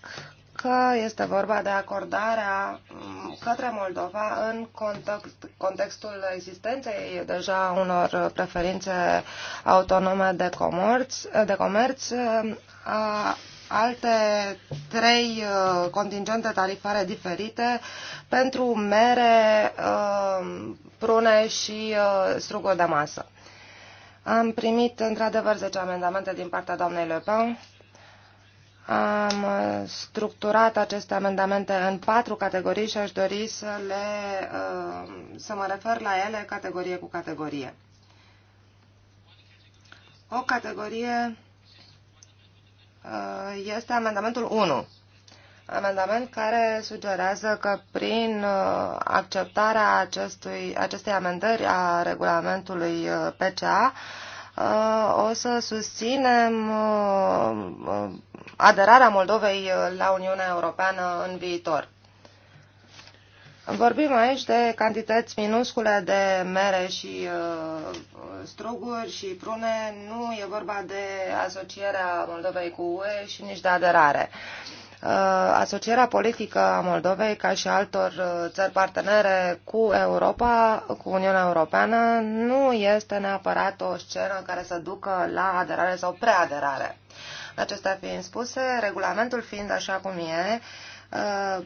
că este vorba de acordarea mm, către Moldova în context, contextul existenței deja unor preferințe autonome de comerț, de comerț a alte trei uh, contingente tarifare diferite pentru mere, uh, prune și uh, struguri de masă. Am primit într-adevăr 10 amendamente din partea doamnei Le Pen. Am structurat aceste amendamente în patru categorii și aș dori să, le, să mă refer la ele categorie cu categorie. O categorie Uh, este amendamentul 1. Amendament care sugerează că prin uh, acceptarea acestui, acestei amendări a regulamentului uh, PCA o să susținem aderarea Moldovei la Uniunea Europeană în viitor. Vorbim aici de cantități minuscule de mere și uh, struguri și prune. Nu e vorba de asocierea Moldovei cu UE și nici de aderare. Uh, asocierea politică a Moldovei ca și altor uh, țări partenere cu Europa, cu Uniunea Europeană, nu este neapărat o scenă care să ducă la aderare sau preaderare. Acestea fiind spuse, regulamentul fiind așa cum e, uh, Uh,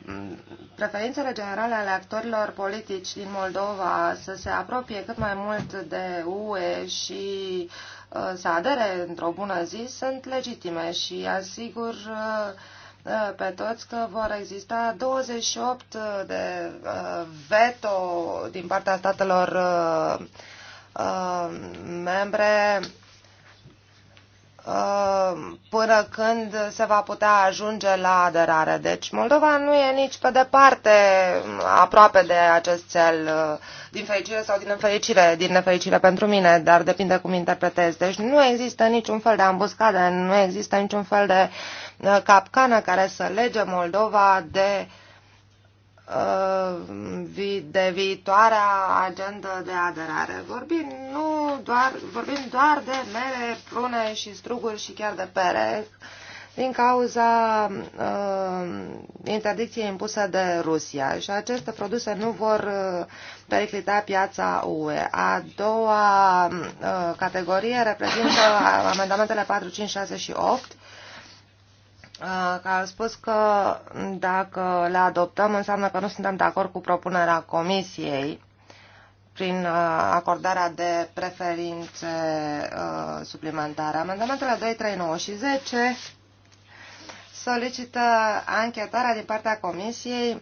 preferințele generale ale actorilor politici din Moldova să se apropie cât mai mult de UE și uh, să adere într-o bună zi sunt legitime și asigur uh, pe toți că vor exista 28 de veto din partea statelor membre Uh, până când se va putea ajunge la aderare. Deci Moldova nu e nici pe departe mm, aproape de acest cel, uh, din fericire sau din nefericire, din nefericire pentru mine, dar depinde cum interpretez. Deci nu există niciun fel de ambuscadă, nu există niciun fel de uh, capcană care să lege Moldova de uh, Uh, de viitoarea agendă de aderare. Vorbim, nu doar, vorbim doar de mere, prune și struguri și chiar de pere din cauza uh, interdicției impuse de Rusia și aceste produse nu vor uh, periclita piața UE. A doua uh, categorie reprezintă amendamentele 4, 5, 6 și 8 Ah, că a spus că dacă le adoptăm înseamnă că nu suntem de acord cu propunerea Comisiei prin ah, acordarea de preferințe ah, suplimentare. Amendamentele 2, 3, 9 și 10 solicită anchetarea din partea Comisiei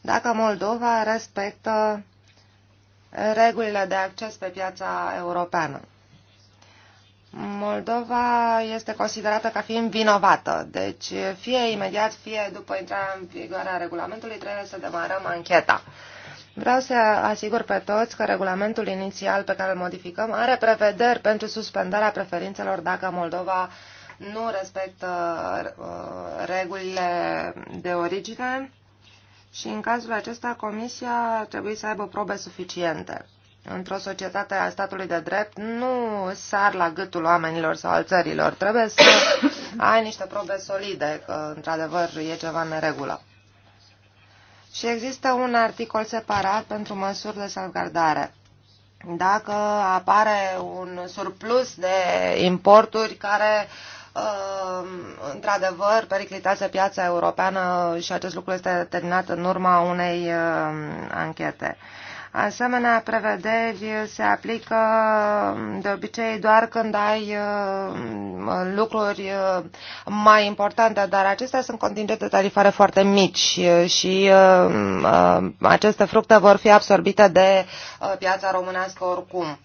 dacă Moldova respectă regulile de acces pe piața europeană. Moldova este considerată ca fiind vinovată, deci fie imediat, fie după intrarea în vigoare a regulamentului trebuie să demarăm ancheta. Vreau să asigur pe toți că regulamentul inițial pe care îl modificăm are prevederi pentru suspendarea preferințelor dacă Moldova nu respectă uh, regulile de origine și în cazul acesta Comisia trebuie să aibă probe suficiente într-o societate a statului de drept, nu sar la gâtul oamenilor sau al țărilor. Trebuie să ai niște probe solide că, într-adevăr, e ceva în regulă. Și există un articol separat pentru măsuri de salvgardare. Dacă apare un surplus de importuri care uh, într-adevăr, periclitează piața europeană și acest lucru este determinat în urma unei uh, anchete. Asemenea, prevederi se aplică mm, de obicei doar când ai mm, lucruri mm, mai importante, dar acestea sunt contingente tarifare foarte mici și aceste fructe vor fi absorbite de piața românească oricum.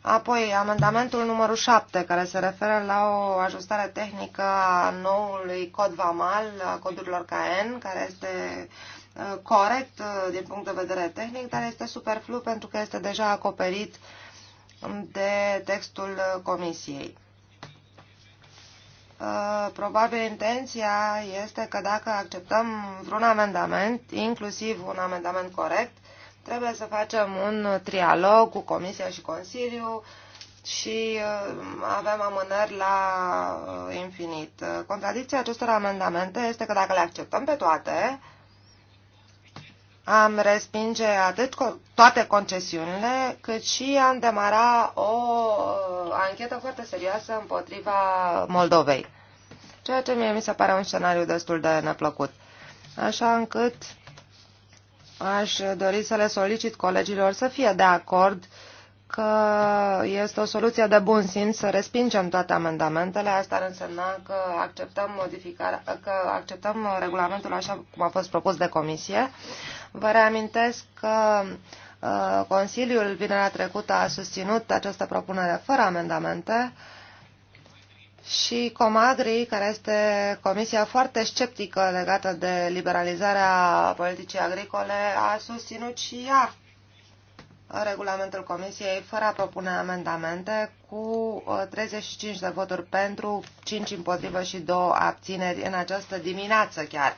Apoi, amendamentul numărul 7, care se referă la o ajustare tehnică a noului cod VAMAL, a codurilor KN, care este Uh, corect uh, din punct de vedere tehnic, dar este superflu pentru că este deja acoperit de textul comisiei. Uh, probabil intenția este că dacă acceptăm vreun amendament, inclusiv un amendament corect, trebuie să facem un trialog cu Comisia și Consiliu și avem amânări la infinit. Contradicția acestor amendamente este că dacă le acceptăm pe toate, am respinge atât toate concesiunile, cât și am demara o uh, anchetă foarte serioasă împotriva Moldovei. Ceea ce mie mi se pare un scenariu destul de neplăcut. Așa încât aș dori să le solicit colegilor să fie de acord că este o soluție de bun simț să respingem toate amendamentele. Asta ar însemna că acceptăm, modificarea, că acceptăm regulamentul așa cum a fost propus de comisie, Vă reamintesc că uh, Consiliul vinerea trecută a susținut această propunere fără amendamente și Comagri, care este comisia foarte sceptică legată de liberalizarea politicii agricole, a susținut și ea regulamentul Comisiei fără a propune amendamente cu 35 uh, de voturi pentru, 5 împotrivă și 2 abțineri în această dimineață chiar.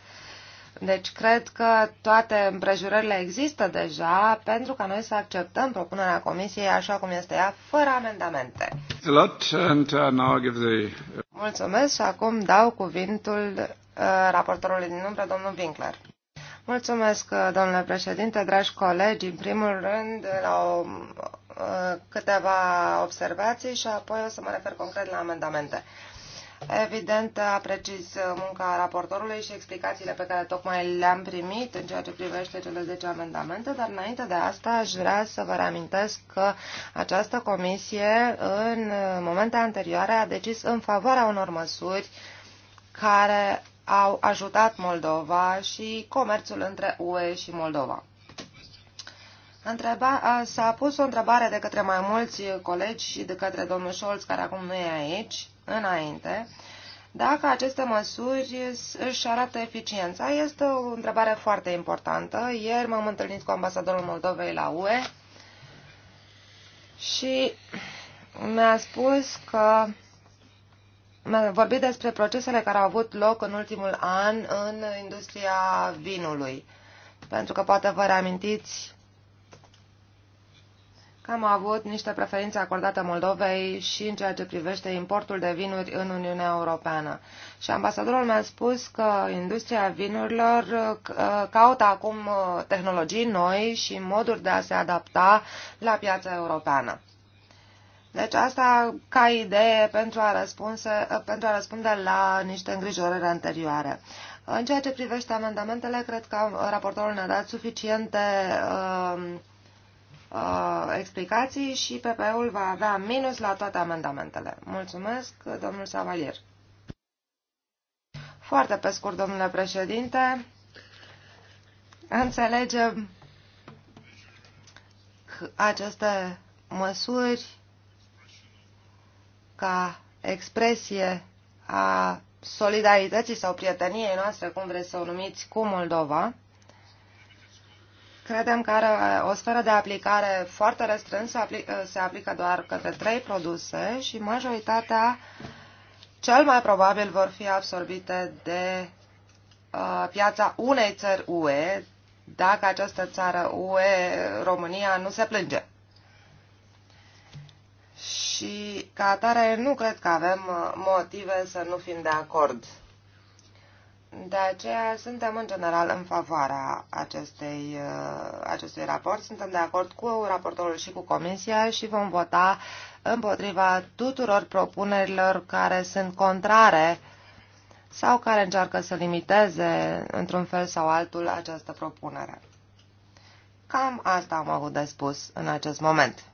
Deci cred că toate împrejurările există deja pentru ca noi să acceptăm propunerea Comisiei așa cum este ea, fără amendamente. Uh, Mulțumesc și acum dau cuvintul uh, raportorului din umbră, domnul Winkler. Mulțumesc, uh, domnule președinte, dragi colegi. În primul rând, la o, câteva observații și apoi o să mă refer concret la amendamente. Evident, apreciez munca raportorului și explicațiile pe care tocmai le-am primit în ceea ce privește cele 10 amendamente, dar înainte de asta aș vrea să vă reamintesc că această comisie în momente anterioare a decis în favoarea unor măsuri care au ajutat Moldova și comerțul între UE și Moldova. S-a pus o întrebare de către mai mulți colegi și de către domnul Scholz, care acum nu e aici, înainte, dacă aceste măsuri își arată eficiența, este o întrebare foarte importantă. Ieri m-am întâlnit cu ambasadorul Moldovei la UE și mi-a spus că mi-a vorbit despre procesele care au avut loc în ultimul an în industria vinului. Pentru că poate vă reamintiți am avut niște preferințe acordate Moldovei și în ceea ce privește importul de vinuri în Uniunea Europeană. Și ambasadorul mi-a spus că industria vinurilor uh, caută acum uh, tehnologii noi și moduri de a se adapta la piața europeană. Deci asta ca idee pentru a, răspunse, uh, pentru a răspunde la niște îngrijorări anterioare. În ceea ce privește amendamentele, cred că raportorul ne-a dat suficiente uh, uh, explicații și PPE-ul va avea minus la toate amendamentele. Mulțumesc, domnul Savalier. Foarte pe scurt, domnule președinte, înțelegem aceste măsuri ca expresie a solidarității sau prieteniei noastre, cum vreți să o numiți, cu Moldova. Credem că are o sferă de aplicare foarte restrânsă, uh, se aplică doar către trei produse și majoritatea cel mai probabil vor fi absorbite de uh, piața unei țări UE, dacă această țară UE, România, nu se plânge. Și ca atare nu cred că avem uh, motive să nu fim de acord de aceea suntem în general în favoarea acestei, uh, acestui raport. Suntem de acord cu raportorul și cu Comisia și vom vota împotriva tuturor propunerilor care sunt contrare sau care încearcă să limiteze într-un fel sau altul această propunere. Cam asta am avut de spus în acest moment.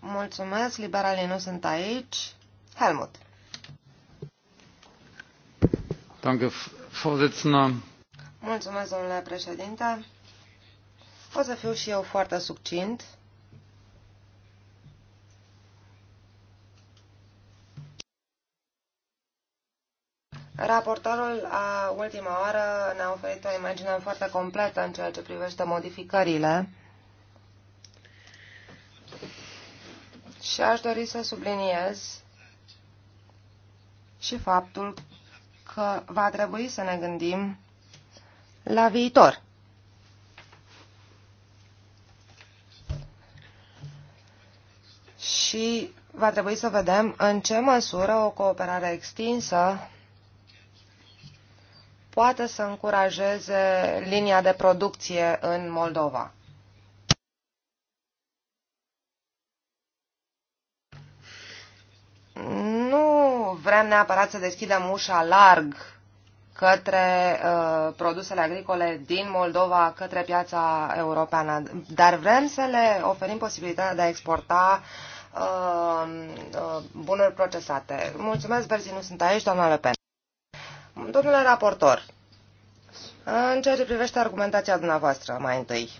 Mulțumesc, liberalii nu sunt aici. Helmut. Mulțumesc, domnule președinte. O să fiu și eu foarte succint. Raportorul a ultima oară ne-a oferit o imagine foarte completă în ceea ce privește modificările. Și aș dori să subliniez și faptul că va trebui să ne gândim la viitor. Și va trebui să vedem în ce măsură o cooperare extinsă poate să încurajeze linia de producție în Moldova. vrem neapărat să deschidem ușa larg către uh, produsele agricole din Moldova, către piața europeană, dar vrem să le oferim posibilitatea de a exporta uh, uh, bunuri procesate. Mulțumesc, Berzi, nu sunt aici, doamna Le Pen. Domnule raportor, în ceea ce privește argumentația dumneavoastră, mai întâi,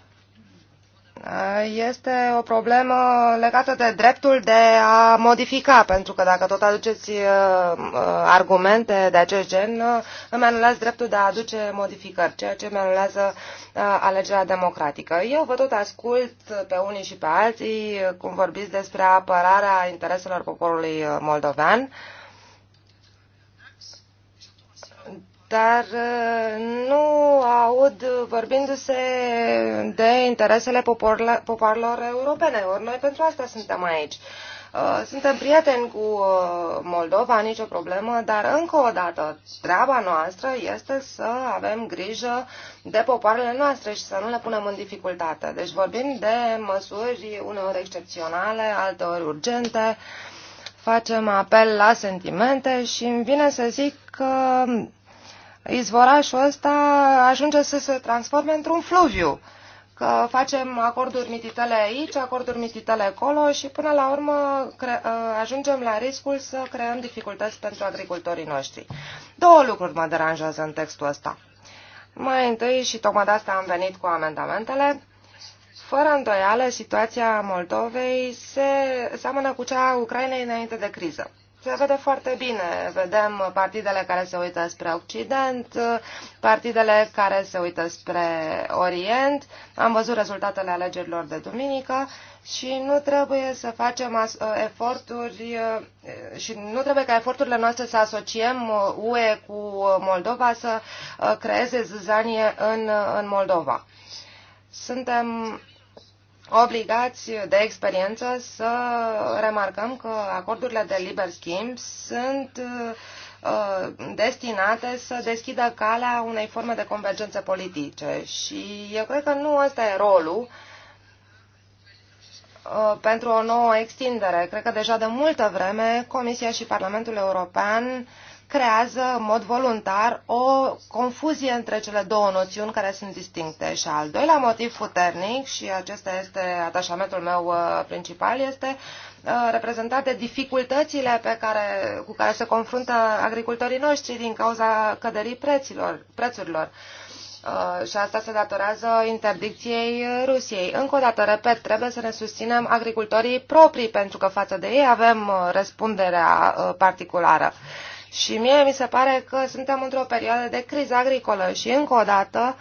este o problemă legată de dreptul de a modifica, pentru că dacă tot aduceți uh, uh, argumente de acest gen, uh, îmi anulează dreptul de a aduce modificări, ceea ce îmi anulează alegerea democratică. Eu vă tot ascult pe unii și pe alții cum vorbiți despre apărarea intereselor poporului moldovean dar uh, nu aud vorbindu-se de interesele popoarelor europene. Ori noi pentru asta suntem aici. Uh, suntem prieteni cu uh, Moldova, nicio problemă, dar încă o dată treaba noastră este să avem grijă de popoarele noastre și să nu le punem în dificultate. Deci vorbim de măsuri uneori excepționale, alteori urgente, facem apel la sentimente și îmi vine să zic că izvorașul ăsta ajunge să se transforme într-un fluviu. Că facem acorduri mititele aici, acorduri mititele acolo și până la urmă ă, ajungem la riscul să creăm dificultăți pentru agricultorii noștri. Două lucruri mă deranjează în textul ăsta. Mai întâi, și tocmai de asta am venit cu amendamentele, fără îndoială, situația Moldovei se seamănă cu cea a Ucrainei înainte de criză se vede foarte bine. Vedem partidele care se uită spre Occident, partidele care se uită spre Orient. Am văzut rezultatele alegerilor de duminică și nu trebuie să facem eforturi eh, și nu trebuie ca eforturile noastre să asociem eh, UE cu Moldova să eh, creeze zizanie în, în Moldova. Suntem obligați de experiență să remarcăm că acordurile de liber schimb sunt uh, destinate să deschidă calea unei forme de convergență politice și eu cred că nu ăsta e rolul uh, pentru o nouă extindere. Cred că deja de multă vreme Comisia și Parlamentul European creează în mod voluntar o confuzie între cele două noțiuni care sunt distincte. Și al doilea motiv puternic, și acesta este atașamentul meu uh, principal, este uh, reprezentat de dificultățile pe care, cu care se confruntă agricultorii noștri din cauza căderii preților, prețurilor uh, și asta se datorează interdicției Rusiei. Încă o dată, repet, trebuie să ne susținem agricultorii proprii, pentru că față de ei avem răspunderea particulară. Și mie mi se pare că suntem într-o perioadă de criză agricolă și încă o dată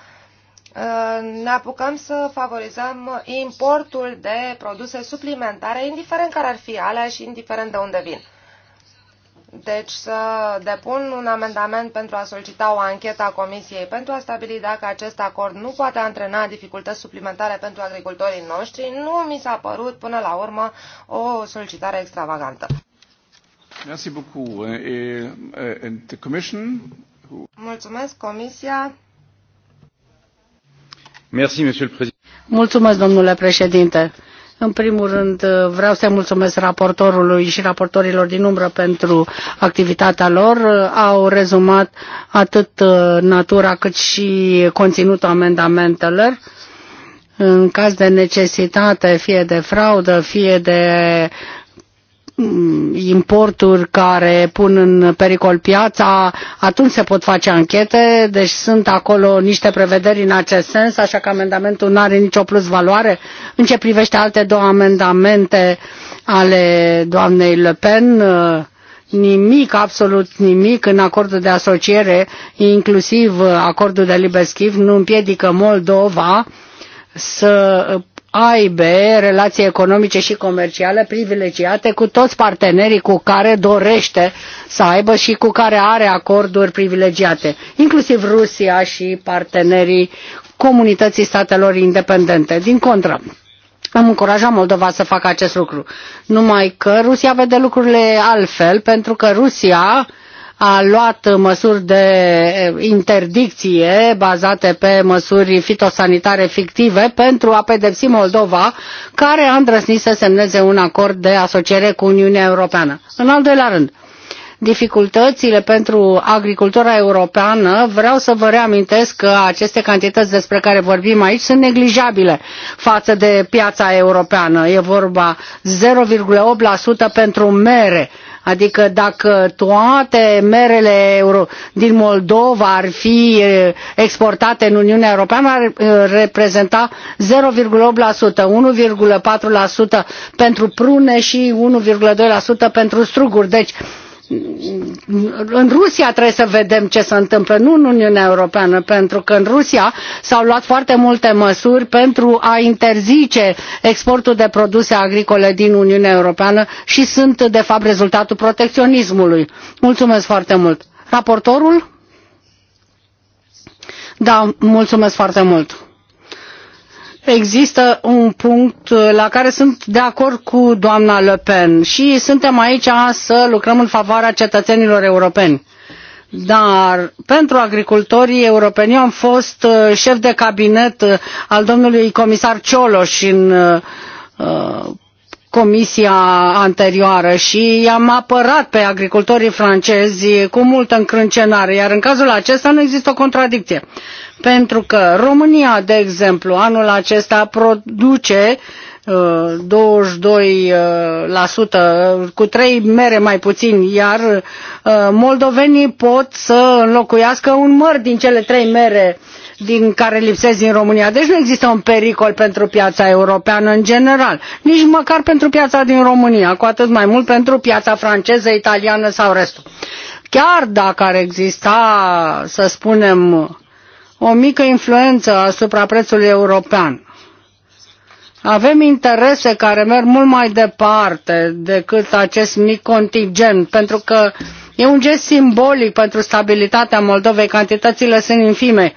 uh, ne apucăm să favorizăm importul de produse suplimentare, indiferent care ar fi alea și indiferent de unde vin. Deci să depun un amendament pentru a solicita o anchetă a Comisiei pentru a stabili dacă acest acord nu poate antrena dificultăți suplimentare pentru agricultorii noștri, nu mi s-a părut până la urmă o solicitare extravagantă. Euh, mulțumesc, Comisia. Mulțumesc, domnule președinte. În primul rând, uh, vreau să mulțumesc raportorului și raportorilor din umbră pentru activitatea lor. Uh, au rezumat atât uh, natura cât și conținutul amendamentelor. În caz de necesitate, fie de fraudă, fie de Mm, importuri care pun în pericol piața, atunci se pot face anchete, deci sunt acolo niște prevederi în acest sens, așa că amendamentul nu are nicio plus valoare. În ce privește alte două amendamente ale doamnei Le Pen, uh, nimic, absolut nimic în acordul de asociere, inclusiv uh, acordul de liber schimb, nu împiedică Moldova să aibă relații economice și comerciale privilegiate cu toți partenerii cu care dorește să aibă și cu care are acorduri privilegiate, inclusiv Rusia și partenerii comunității statelor independente. Din contră, am încurajat Moldova să facă acest lucru. Numai că Rusia vede lucrurile altfel, pentru că Rusia uh, a luat măsuri de eh, interdicție bazate pe măsuri fitosanitare fictive pentru a pedepsi Moldova, care a îndrăznit să semneze un acord de asociere cu Uniunea Europeană. În al doilea rând, dificultățile pentru agricultura europeană, vreau să vă reamintesc că aceste cantități despre care vorbim aici sunt neglijabile față de piața europeană. E vorba 0,8% pentru mere, Adică dacă toate merele din Moldova ar fi exportate în Uniunea Europeană, ar reprezenta 0,8%, 1,4% pentru prune și 1,2% pentru struguri. Deci în Rusia trebuie să vedem ce se întâmplă, nu în Uniunea Europeană, pentru că în Rusia s-au luat foarte multe măsuri pentru a interzice exportul de produse agricole din Uniunea Europeană și sunt, de fapt, rezultatul protecționismului. Mulțumesc foarte mult. Raportorul? Da, mulțumesc foarte mult există un punct la care sunt de acord cu doamna Le Pen și suntem aici să lucrăm în favoarea cetățenilor europeni. Dar pentru agricultorii europeni eu am fost uh, șef de cabinet uh, al domnului comisar Cioloș în uh, comisia anterioară și i-am apărat pe agricultorii francezi cu multă încrâncenare, iar în cazul acesta nu există o contradicție. Pentru că România, de exemplu, anul acesta produce 22% uh, uh, cu trei mere mai puțin, iar uh, moldovenii pot să înlocuiască un măr din cele trei mere din care lipsesc din România. Deci nu există un pericol pentru piața europeană în general, nici măcar pentru piața din România, cu atât mai mult pentru piața franceză, italiană sau restul. Chiar dacă ar exista, să spunem, o mică influență asupra prețului european, avem interese care merg mult mai departe decât acest mic contingent, pentru că e un gest simbolic pentru stabilitatea Moldovei, cantitățile sunt infime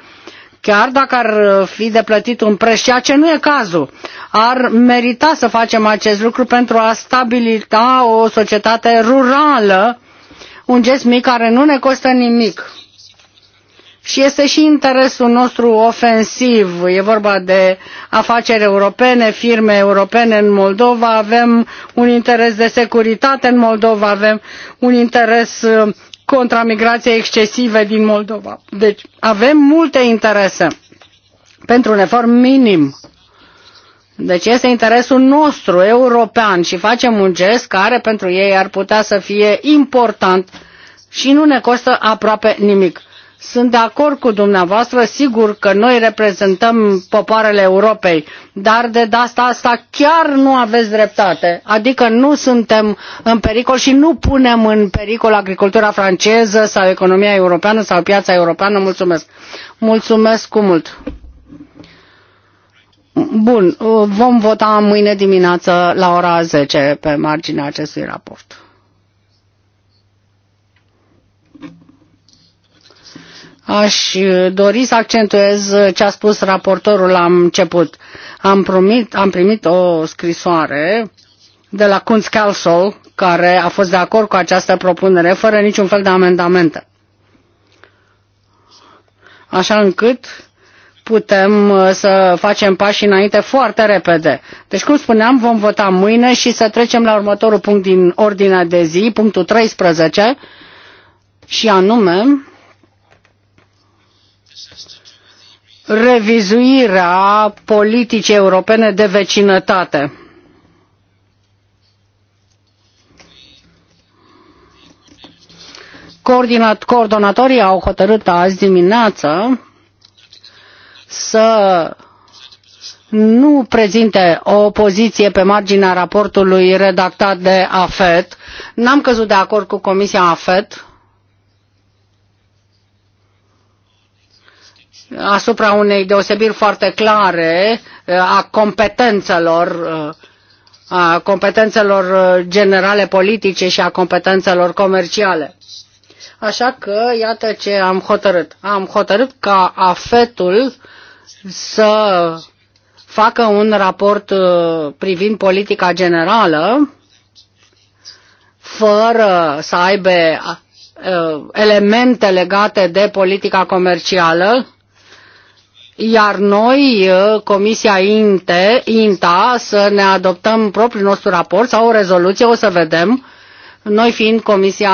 chiar dacă ar uh, fi de plătit un preț, ceea ce nu e cazul. Ar merita să facem acest lucru pentru a stabilita o societate rurală, un gest mic care nu ne costă nimic. Și este și interesul nostru ofensiv. E vorba de afaceri europene, firme europene în Moldova, avem un interes de securitate în Moldova, avem un interes uh, contra migrației excesive din Moldova. Deci avem multe interese pentru un efort minim. Deci este interesul nostru european și facem un gest care pentru ei ar putea să fie important și nu ne costă aproape nimic. Sunt de acord cu dumneavoastră, sigur că noi reprezentăm popoarele Europei, dar de data asta chiar nu aveți dreptate. Adică nu suntem în pericol și nu punem în pericol agricultura franceză sau economia europeană sau piața europeană. Mulțumesc. Mulțumesc cu mult. Bun, vom vota mâine dimineață la ora 10 pe marginea acestui raport. Aș uh, dori să accentuez uh, ce a spus raportorul la început. Am, promit, am primit o scrisoare de la Kunz Council, care a fost de acord cu această propunere, fără niciun fel de amendamente. Așa încât putem uh, să facem pași înainte foarte repede. Deci, cum spuneam, vom vota mâine și să trecem la următorul punct din ordinea de zi, punctul 13, și anume revizuirea politicii europene de vecinătate. Coordinat, coordonatorii au hotărât azi dimineață să nu prezinte o poziție pe marginea raportului redactat de AFET. N-am căzut de acord cu Comisia AFET asupra unei deosebiri foarte clare uh, a competențelor uh, a competențelor uh, generale politice și a competențelor comerciale. Așa că iată ce am hotărât. Am hotărât ca afetul să facă un raport privind politica generală fără să aibă elemente legate de politica comercială iar noi, uh, Comisia INTE, INTA, să ne adoptăm propriul nostru raport sau o rezoluție, o să vedem. Noi fiind Comisia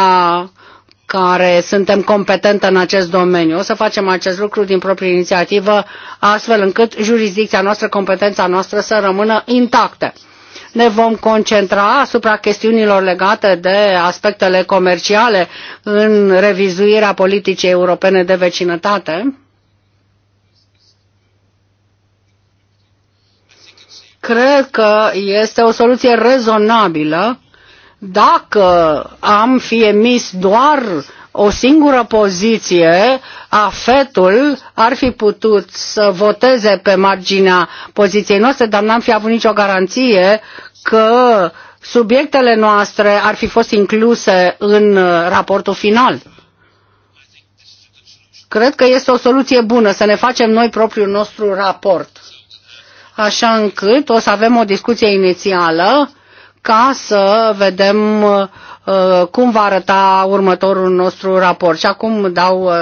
care suntem competentă în acest domeniu. O să facem acest lucru din proprie inițiativă, astfel încât jurisdicția noastră, competența noastră să rămână intactă. Ne vom concentra asupra chestiunilor legate de aspectele comerciale în revizuirea politicii europene de vecinătate Cred că este o soluție rezonabilă dacă am fi emis doar o singură poziție, a fetul ar fi putut să voteze pe marginea poziției noastre, dar n-am fi avut nicio garanție că subiectele noastre ar fi fost incluse în uh, raportul final. Cred că este o soluție bună să ne facem noi propriul nostru raport așa încât o să avem o discuție inițială ca să vedem uh, cum va arăta următorul nostru raport. Și acum dau uh,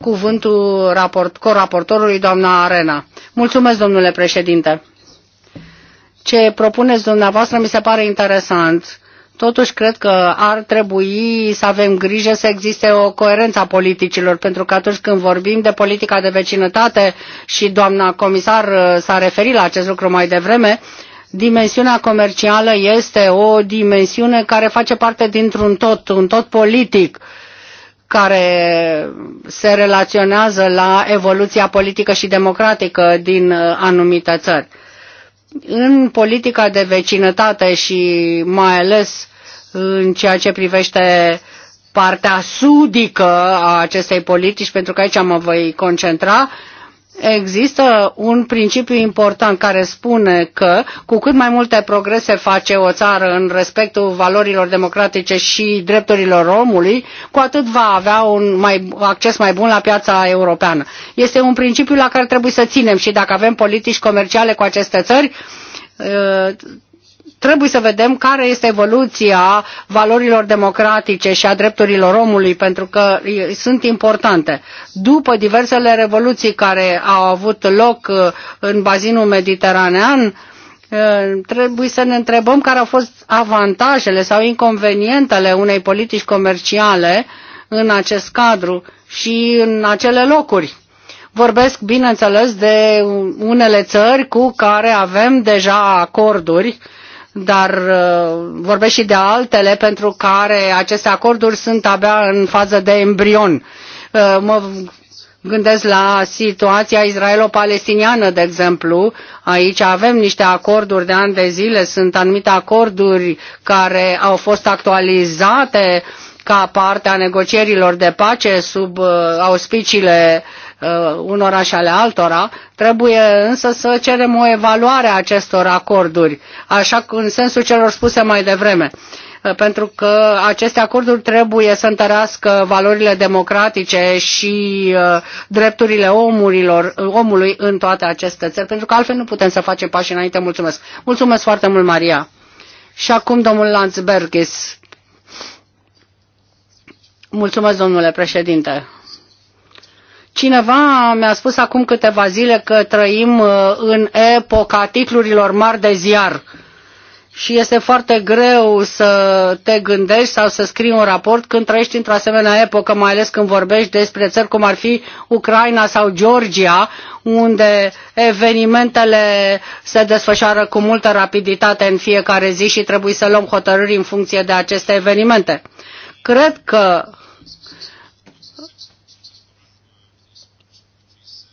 cuvântul raport, coraportorului, doamna Arena. Mulțumesc, domnule președinte. Ce propuneți dumneavoastră mi se pare interesant Totuși, cred că ar trebui să avem grijă să existe o coerență a politicilor, pentru că atunci când vorbim de politica de vecinătate și doamna comisar uh, s-a referit la acest lucru mai devreme, dimensiunea comercială este o dimensiune care face parte dintr-un tot, un tot politic care se relaționează la evoluția politică și democratică din uh, anumite țări în politica de vecinătate și mai ales în ceea ce privește partea sudică a acestei politici, pentru că aici mă voi concentra, Există un principiu important care spune că cu cât mai multe progrese face o țară în respectul valorilor democratice și drepturilor omului, cu atât va avea un mai, acces mai bun la piața europeană. Este un principiu la care trebuie să ținem și dacă avem politici comerciale cu aceste țări, trebuie să vedem care este evoluția valorilor democratice și a drepturilor omului, pentru că sunt importante. După diversele revoluții care au avut loc uh, în bazinul mediteranean, uh, trebuie să ne întrebăm care au fost avantajele sau inconvenientele unei politici comerciale în acest cadru și în acele locuri. Vorbesc, bineînțeles, de unele țări cu care avem deja acorduri dar uh, vorbesc și de altele pentru care aceste acorduri sunt abia în fază de embrion. Uh, mă gândesc la situația israelo-palestiniană, de exemplu. Aici avem niște acorduri de ani de zile, sunt anumite acorduri care au fost actualizate ca parte a negocierilor de pace sub uh, auspiciile uh, uh, unora și ale altora, trebuie însă să cerem o evaluare a acestor acorduri, așa în sensul celor spuse mai devreme uh, pentru că aceste acorduri trebuie să întărească valorile democratice și uh, drepturile omurilor, omului în toate aceste țări, pentru că altfel nu putem să facem pași înainte. Mulțumesc! Mulțumesc foarte mult, Maria! Și acum, domnul Lanzbergis. Mulțumesc, domnule președinte. Cineva mi-a spus acum câteva zile că trăim uh, în epoca titlurilor mari de ziar și este foarte greu să te gândești sau să scrii un raport când trăiești într-o asemenea epocă, mai ales când vorbești despre țări cum ar fi Ucraina sau Georgia, unde evenimentele se desfășoară cu multă rapiditate în fiecare zi și trebuie să luăm hotărâri în funcție de aceste evenimente. Cred că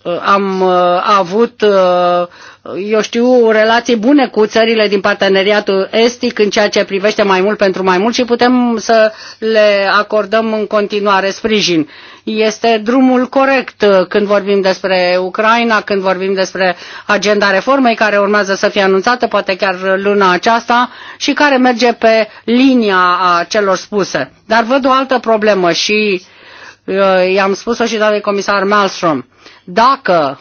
Uh, am uh, avut, uh, eu știu, relații bune cu țările din parteneriatul estic în ceea ce privește mai mult pentru mai mult și putem să le acordăm în continuare sprijin. Este drumul corect când vorbim despre Ucraina, când vorbim despre agenda reformei care urmează să fie anunțată, poate chiar luna aceasta, și care merge pe linia a celor spuse. Dar văd o altă problemă și i-am spus-o și doamnei comisar Malmström dacă,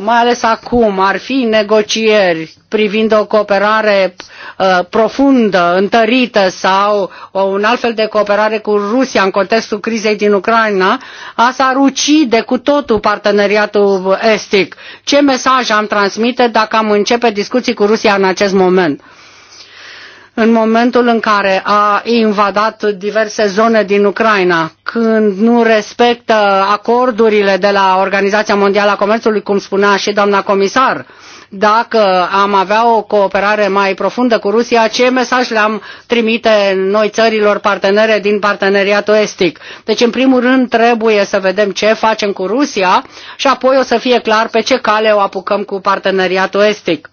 mai ales acum, ar fi negocieri privind o cooperare uh, profundă, întărită sau o, un alt fel de cooperare cu Rusia în contextul crizei din Ucraina, asta ar ucide cu totul parteneriatul estic. Ce mesaj am transmite dacă am începe discuții cu Rusia în acest moment? în momentul în care a invadat diverse zone din Ucraina, când nu respectă acordurile de la Organizația Mondială a Comerțului, cum spunea și doamna comisar, dacă am avea o cooperare mai profundă cu Rusia, ce mesaj le-am trimite noi țărilor partenere din parteneriatul estic. Deci, în primul rând, trebuie să vedem ce facem cu Rusia și apoi o să fie clar pe ce cale o apucăm cu parteneriatul estic.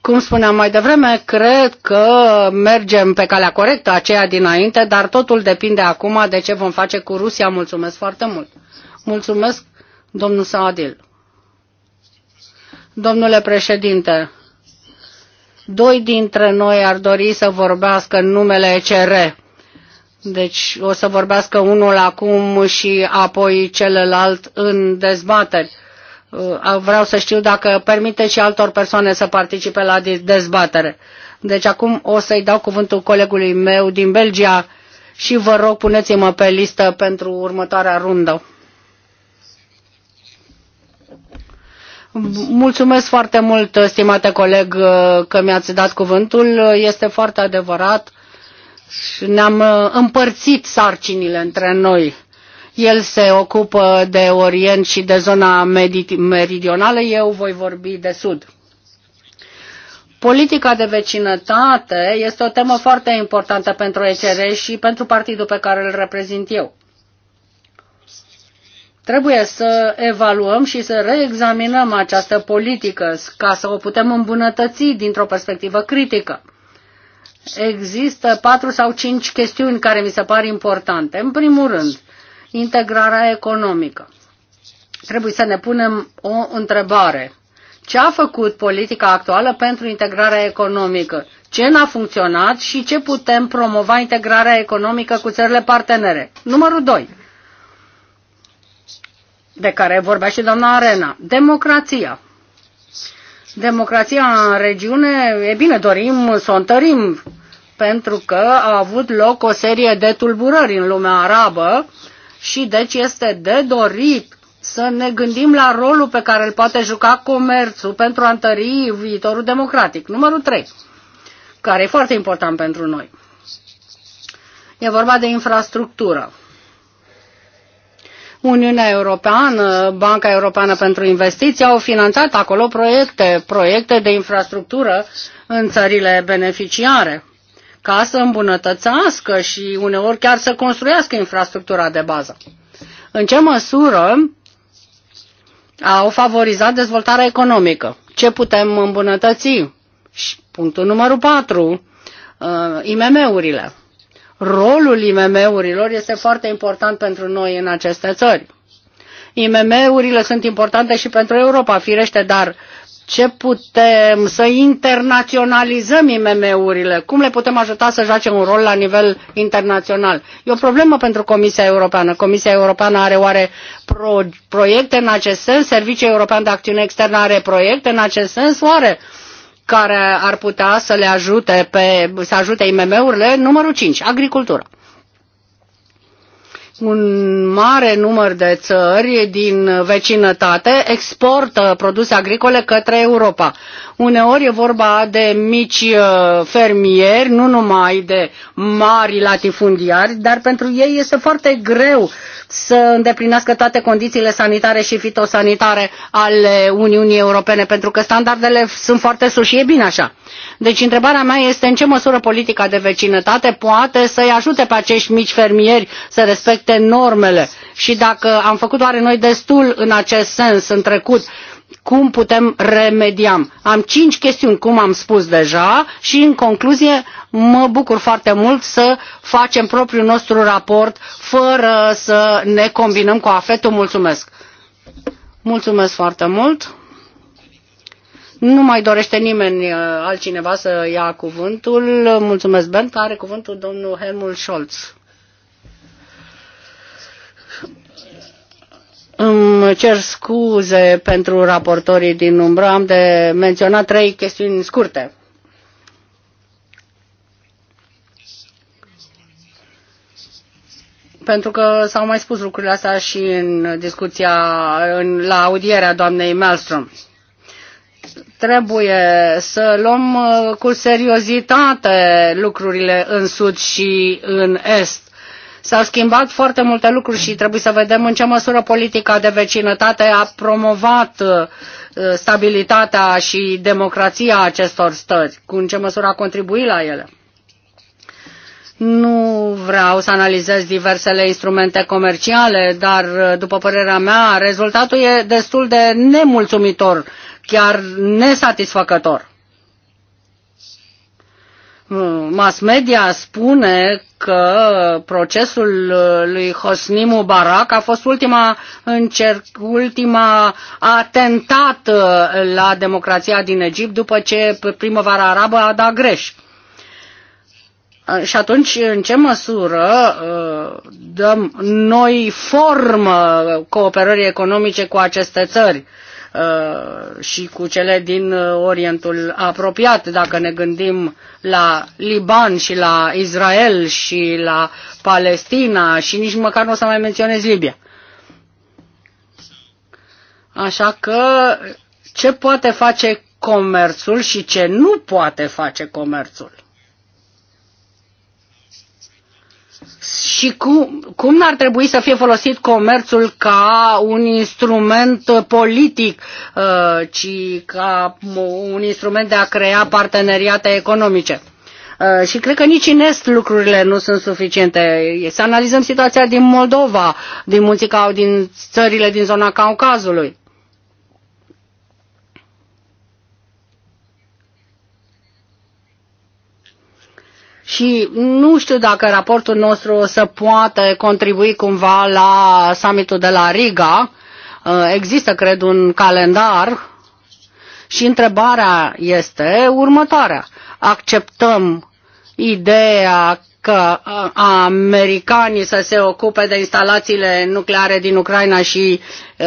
Cum spuneam mai devreme, cred că mergem pe calea corectă, aceea dinainte, dar totul depinde acum de ce vom face cu Rusia. Mulțumesc foarte mult. Mulțumesc, domnul Saadil. Domnule președinte, doi dintre noi ar dori să vorbească în numele ECR. Deci o să vorbească unul acum și apoi celălalt în dezbateri. Uh, uh, vreau să știu dacă permite și altor persoane să participe la dezbatere. Deci acum o să-i dau cuvântul colegului meu din Belgia și vă rog, puneți-mă pe listă pentru următoarea rundă. Mulțumesc foarte mult, stimate coleg, uh, că mi-ați dat cuvântul. Este foarte adevărat și ne-am împărțit sarcinile între noi el se ocupă de Orient și de zona meridională, eu voi vorbi de Sud. Politica de vecinătate este o temă foarte importantă pentru ECR și pentru partidul pe care îl reprezint eu. Trebuie să evaluăm și să reexaminăm această politică ca să o putem îmbunătăți dintr-o perspectivă critică. Există patru sau cinci chestiuni care mi se par importante. În primul rând, integrarea economică. Trebuie să ne punem o întrebare. Ce a făcut politica actuală pentru integrarea economică? Ce n-a funcționat și ce putem promova integrarea economică cu țările partenere? Numărul 2 de care vorbea și doamna Arena. Democrația. Democrația în regiune, e bine, dorim să o întărim, pentru că a avut loc o serie de tulburări în lumea arabă și deci este de dorit să ne gândim la rolul pe care îl poate juca comerțul pentru a întări viitorul democratic. Numărul 3, care e foarte important pentru noi. E vorba de infrastructură. Uniunea Europeană, Banca Europeană pentru Investiții au finanțat acolo proiecte, proiecte de infrastructură în țările beneficiare ca să îmbunătățească și uneori chiar să construiască infrastructura de bază. În ce măsură au favorizat dezvoltarea economică? Ce putem îmbunătăți? Și punctul numărul 4, uh, IMM-urile. Rolul IMM-urilor este foarte important pentru noi în aceste țări. IMM-urile sunt importante și pentru Europa, firește, dar ce putem să internaționalizăm IMM-urile, cum le putem ajuta să joace un rol la nivel internațional. E o problemă pentru Comisia Europeană. Comisia Europeană are oare pro- proiecte în acest sens? Serviciul European de Acțiune Externă are proiecte în acest sens? Oare care ar putea să le ajute pe, să ajute IMM-urile? Numărul 5, agricultura un mare număr de țări din vecinătate exportă produse agricole către Europa. Uneori e vorba de mici uh, fermieri, nu numai de mari latifundiari, dar pentru ei este foarte greu să îndeplinească toate condițiile sanitare și fitosanitare ale Uniunii Europene, pentru că standardele sunt foarte sus și e bine așa. Deci întrebarea mea este în ce măsură politica de vecinătate poate să-i ajute pe acești mici fermieri să respecte respecte normele și dacă am făcut oare noi destul în acest sens în trecut, cum putem remedia. Am cinci chestiuni, cum am spus deja, și în concluzie mă bucur foarte mult să facem propriul nostru raport fără să ne combinăm cu afetul. Mulțumesc! Mulțumesc foarte mult! Nu mai dorește nimeni uh, altcineva să ia cuvântul. Mulțumesc, Ben, care are cuvântul domnul Helmut Scholz. Îmi cer scuze pentru raportorii din umbră. Am de menționat trei chestiuni scurte. Pentru că s-au mai spus lucrurile astea și în discuția în, la audierea doamnei Malmström. Trebuie să luăm uh, cu seriozitate lucrurile în sud și în est S-au schimbat foarte multe lucruri și trebuie să vedem în ce măsură politica de vecinătate a promovat uh, stabilitatea și democrația acestor stări, cu în ce măsură a contribuit la ele. Nu vreau să analizez diversele instrumente comerciale, dar, uh, după părerea mea, rezultatul e destul de nemulțumitor, chiar nesatisfăcător. Hmm, mass media spune că procesul uh, lui Hosni Mubarak a fost ultima, încerc, ultima atentat uh, la democrația din Egipt după ce primăvara arabă a dat greș. Și atunci, în ce măsură uh, dăm noi formă cooperării economice cu aceste țări? Uh, și cu cele din uh, Orientul apropiat, dacă ne gândim la Liban și la Israel și la Palestina și nici măcar nu o să mai menționez Libia. Așa că ce poate face comerțul și ce nu poate face comerțul? și cum, cum ar trebui să fie folosit comerțul ca un instrument uh, politic, uh, ci ca un instrument de a crea parteneriate economice. Uh, și cred că nici în Est lucrurile nu sunt suficiente. Să analizăm situația din Moldova, din munții Cau, din țările din zona Caucazului. și nu știu dacă raportul nostru o să poată contribui cumva la summitul de la Riga. Uh, există, cred, un calendar și întrebarea este următoarea. Acceptăm ideea că uh, americanii să se ocupe de instalațiile nucleare din Ucraina și uh,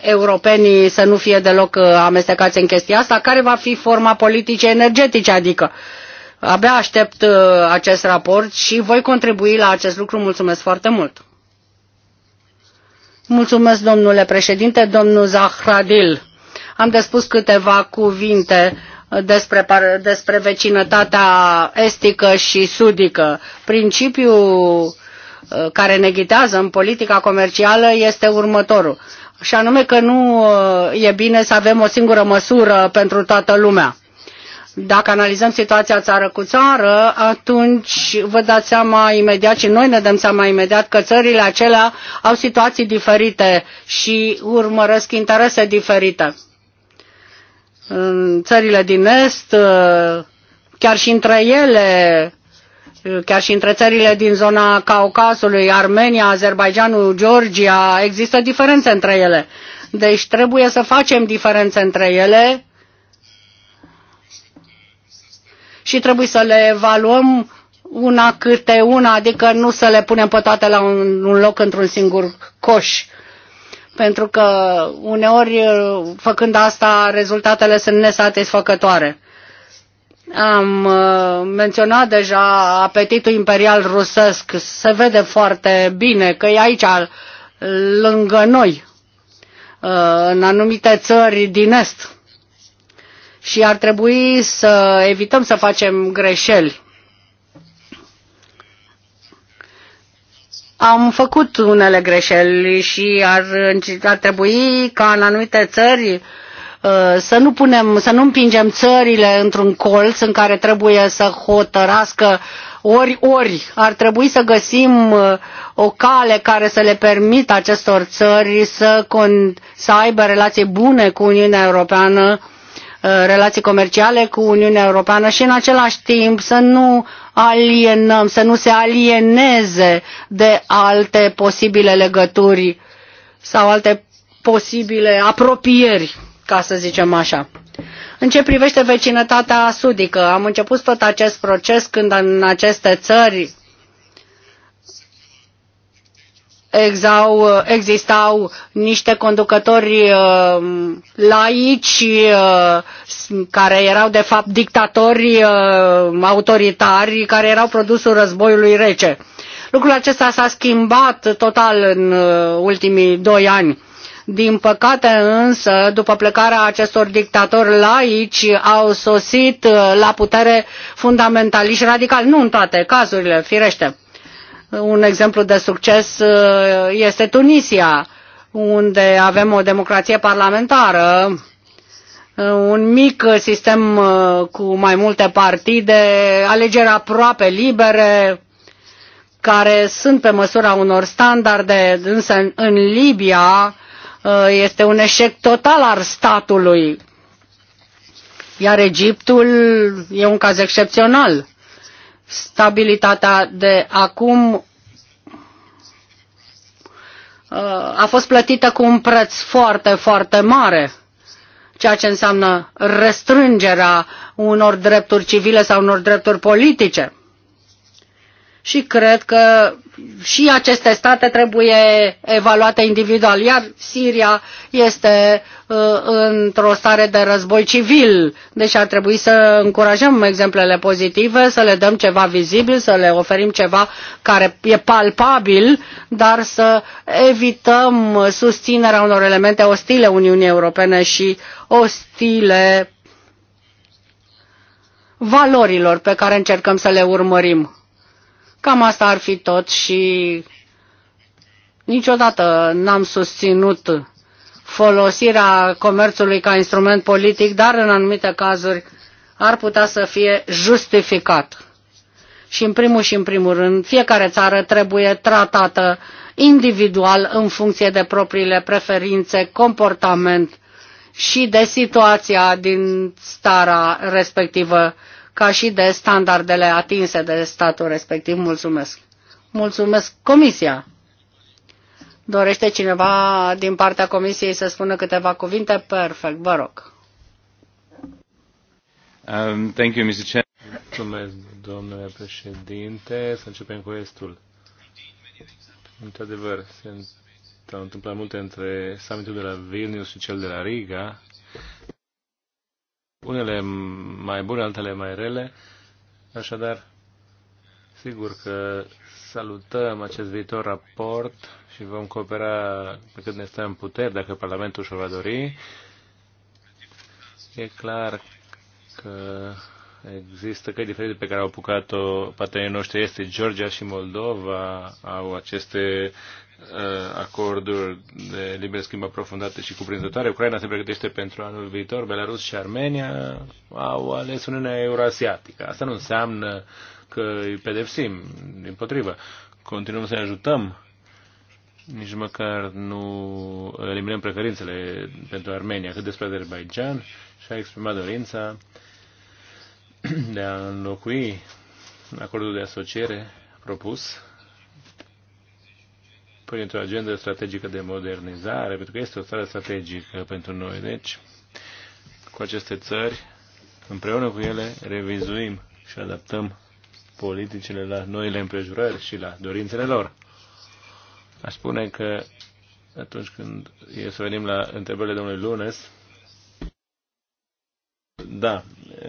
europenii să nu fie deloc uh, amestecați în chestia asta, care va fi forma politice energetice, adică uh, Abia aștept uh, acest raport și voi contribui la acest lucru. Mulțumesc foarte mult! Mulțumesc, domnule președinte, domnul Zahradil. Am de spus câteva cuvinte despre, despre vecinătatea estică și sudică. Principiul uh, care ne ghidează în politica comercială este următorul, și anume că nu uh, e bine să avem o singură măsură pentru toată lumea dacă analizăm situația țară cu țară, atunci vă dați seama imediat și noi ne dăm seama imediat că țările acelea au situații diferite și urmăresc interese diferite. În țările din Est, chiar și între ele, chiar și între țările din zona Caucasului, Armenia, Azerbaijanul, Georgia, există diferențe între ele. Deci trebuie să facem diferențe între ele și trebuie să le evaluăm una câte una, adică nu să le punem pe toate la un, un loc într-un singur coș. Pentru că uneori, făcând asta, rezultatele sunt nesatisfăcătoare. Am uh, menționat deja apetitul imperial rusesc. Se vede foarte bine că e aici, lângă noi, uh, în anumite țări din Est și ar trebui să evităm să facem greșeli. Am făcut unele greșeli și ar, ar trebui ca în anumite țări uh, să nu, punem, să nu împingem țările într-un colț în care trebuie să hotărască ori, ori. Ar trebui să găsim uh, o cale care să le permită acestor țări să, con, să aibă relații bune cu Uniunea Europeană Uh, relații comerciale cu Uniunea Europeană și în același timp să nu alienăm, să nu se alieneze de alte posibile legături sau alte posibile apropieri, ca să zicem așa. În ce privește vecinătatea sudică, am început tot acest proces când în aceste țări exau, existau niște conducători uh, laici uh, care erau de fapt dictatori uh, autoritari care erau produsul războiului rece. Lucrul acesta s-a schimbat total în uh, ultimii doi ani. Din păcate însă, după plecarea acestor dictatori laici, au sosit uh, la putere fundamentaliști radicali, nu în toate cazurile, firește un exemplu de succes uh, este Tunisia, unde avem o democrație parlamentară, uh, un mic sistem uh, cu mai multe partide, alegeri aproape libere, care sunt pe măsura unor standarde, însă în, în Libia este un eșec total al statului. Iar Egiptul e un caz excepțional. Stabilitatea de acum uh, a fost plătită cu un preț foarte, foarte mare, ceea ce înseamnă restrângerea unor drepturi civile sau unor drepturi politice. Și cred că și aceste state trebuie evaluate individual, iar Siria este uh, într-o stare de război civil, deci ar trebui să încurajăm exemplele pozitive, să le dăm ceva vizibil, să le oferim ceva care e palpabil, dar să evităm susținerea unor elemente ostile Uniunii Europene și ostile valorilor pe care încercăm să le urmărim Cam asta ar fi tot și niciodată n-am susținut folosirea comerțului ca instrument politic, dar în anumite cazuri ar putea să fie justificat. Și în primul și în primul rând, fiecare țară trebuie tratată individual în funcție de propriile preferințe, comportament și de situația din stara respectivă ca și de standardele atinse de statul respectiv. Mulțumesc. Mulțumesc Comisia. Dorește cineva din partea Comisiei să spună câteva cuvinte? Perfect, vă rog. Um, thank you, Mr. Chair. Mulțumesc, domnule președinte. Să începem cu estul. Într-adevăr, se au întâmplat multe între summitul de la Vilnius și cel de la Riga unele mai bune, altele mai rele. Așadar, sigur că salutăm acest viitor raport și vom coopera pe cât ne stă în putere, dacă Parlamentul și-o va dori. E clar că există căi diferite pe care au apucat-o partenerii noștri este Georgia și Moldova, au aceste Uh, acorduri de liber schimb aprofundate și cuprinzătoare. Ucraina se pregătește pentru anul viitor. Belarus și Armenia au ales Uniunea Eurasiatică. Asta nu înseamnă că îi pedepsim, din potrivă. Continuăm să-i ajutăm. Nici măcar nu eliminăm preferințele pentru Armenia, cât despre Azerbaijan și a exprimat dorința de a înlocui acordul de asociere propus pune într-o agendă strategică de modernizare, pentru că este o țară strategică pentru noi. Deci, cu aceste țări, împreună cu ele, revizuim și adaptăm politicile la noile împrejurări și la dorințele lor. Aș spune că atunci când e să venim la întrebările domnului Lunes, da,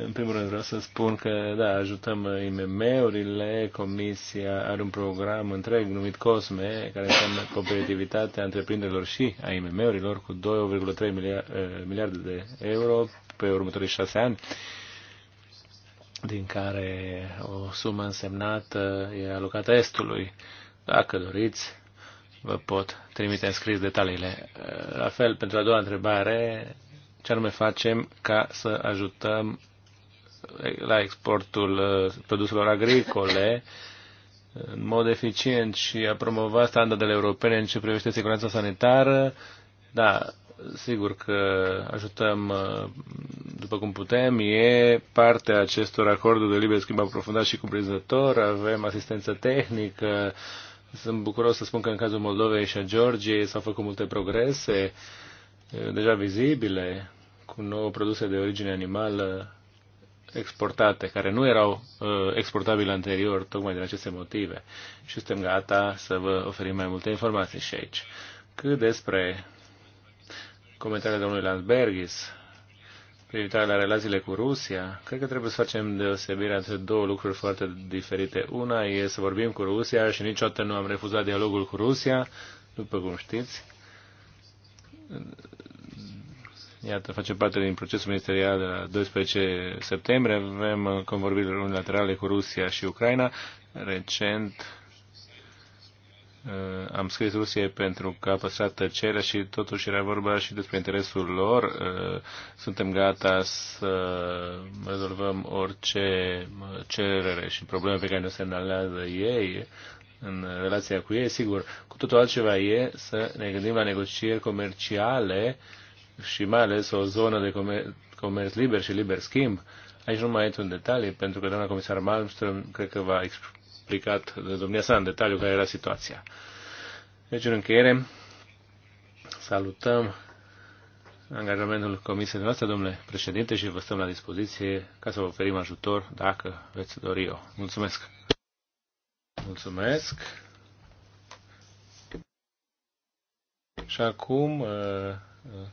în primul rând vreau să spun că, da, ajutăm IMM-urile, Comisia are un program întreg numit COSME, care înseamnă competitivitatea întreprinderilor și a IMM-urilor cu 2,3 eh, miliarde de euro pe următorii șase ani din care o sumă însemnată e alocată Estului. Dacă doriți, vă pot trimite în scris detaliile. Eh, la fel, pentru a doua întrebare, ce anume facem ca să ajutăm la exportul uh, produselor agricole în mod eficient și a promova standardele europene în ce privește siguranța sanitară. Da, sigur că ajutăm uh, după cum putem. E parte a acestor acorduri de liber schimb aprofundat și cuprinzător. Avem asistență tehnică. Sunt bucuros să spun că în cazul Moldovei și a Georgiei s-au făcut multe progrese uh, deja vizibile cu nouă produse de origine animală exportate, care nu erau uh, exportabile anterior, tocmai din aceste motive. Și suntem gata să vă oferim mai multe informații și aici. Cât despre comentariile domnului Landsbergis privitoare la relațiile cu Rusia, cred că trebuie să facem deosebire între două lucruri foarte diferite. Una e să vorbim cu Rusia și niciodată nu am refuzat dialogul cu Rusia, după cum știți Iată, face parte din procesul ministerial de la 12 septembrie. Avem uh, convorbiri unilaterale cu Rusia și Ucraina. Recent uh, am scris Rusie pentru că a păstrat tăcerea și totuși era vorba și despre interesul lor. Uh, suntem gata să rezolvăm orice cerere și probleme pe care ne semnalează ei în relația cu ei. Sigur, cu totul altceva e să ne gândim la negocieri comerciale uh, și mai ales o zonă de comer comerț liber și liber schimb. Aici nu mai intru în detalii, pentru că doamna comisar Malmström cred că va explicat de domnia sa în detaliu care era situația. Deci, în încheiere, salutăm angajamentul comisiei noastre, domnule președinte, și vă stăm la dispoziție ca să vă oferim ajutor dacă veți dori eu. Mulțumesc! Mulțumesc! Și acum uh, uh,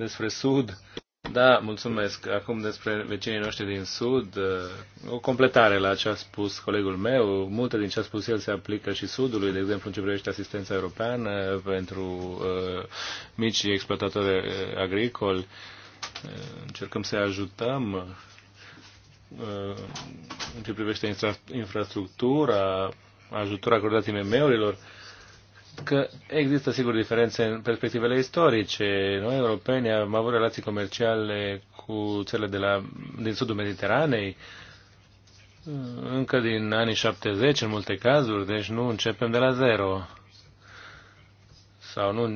despre Sud. Da, mulțumesc. Acum despre vecinii noștri din Sud, uh, o completare la ce a spus colegul meu. Multe din ce a spus el se aplică și Sudului, de exemplu în ce privește asistența europeană pentru uh, mici exploatatori uh, agricoli. Uh, încercăm să ajutăm în ce privește infrastructura, ajutor acordat IMM-urilor. Uh, că există, sigur, diferențe în perspectivele istorice. Noi, europeni, am avut relații comerciale cu țările de la, din sudul Mediteranei, încă din anii 70 în multe cazuri, deci nu începem de la zero. Sau nu,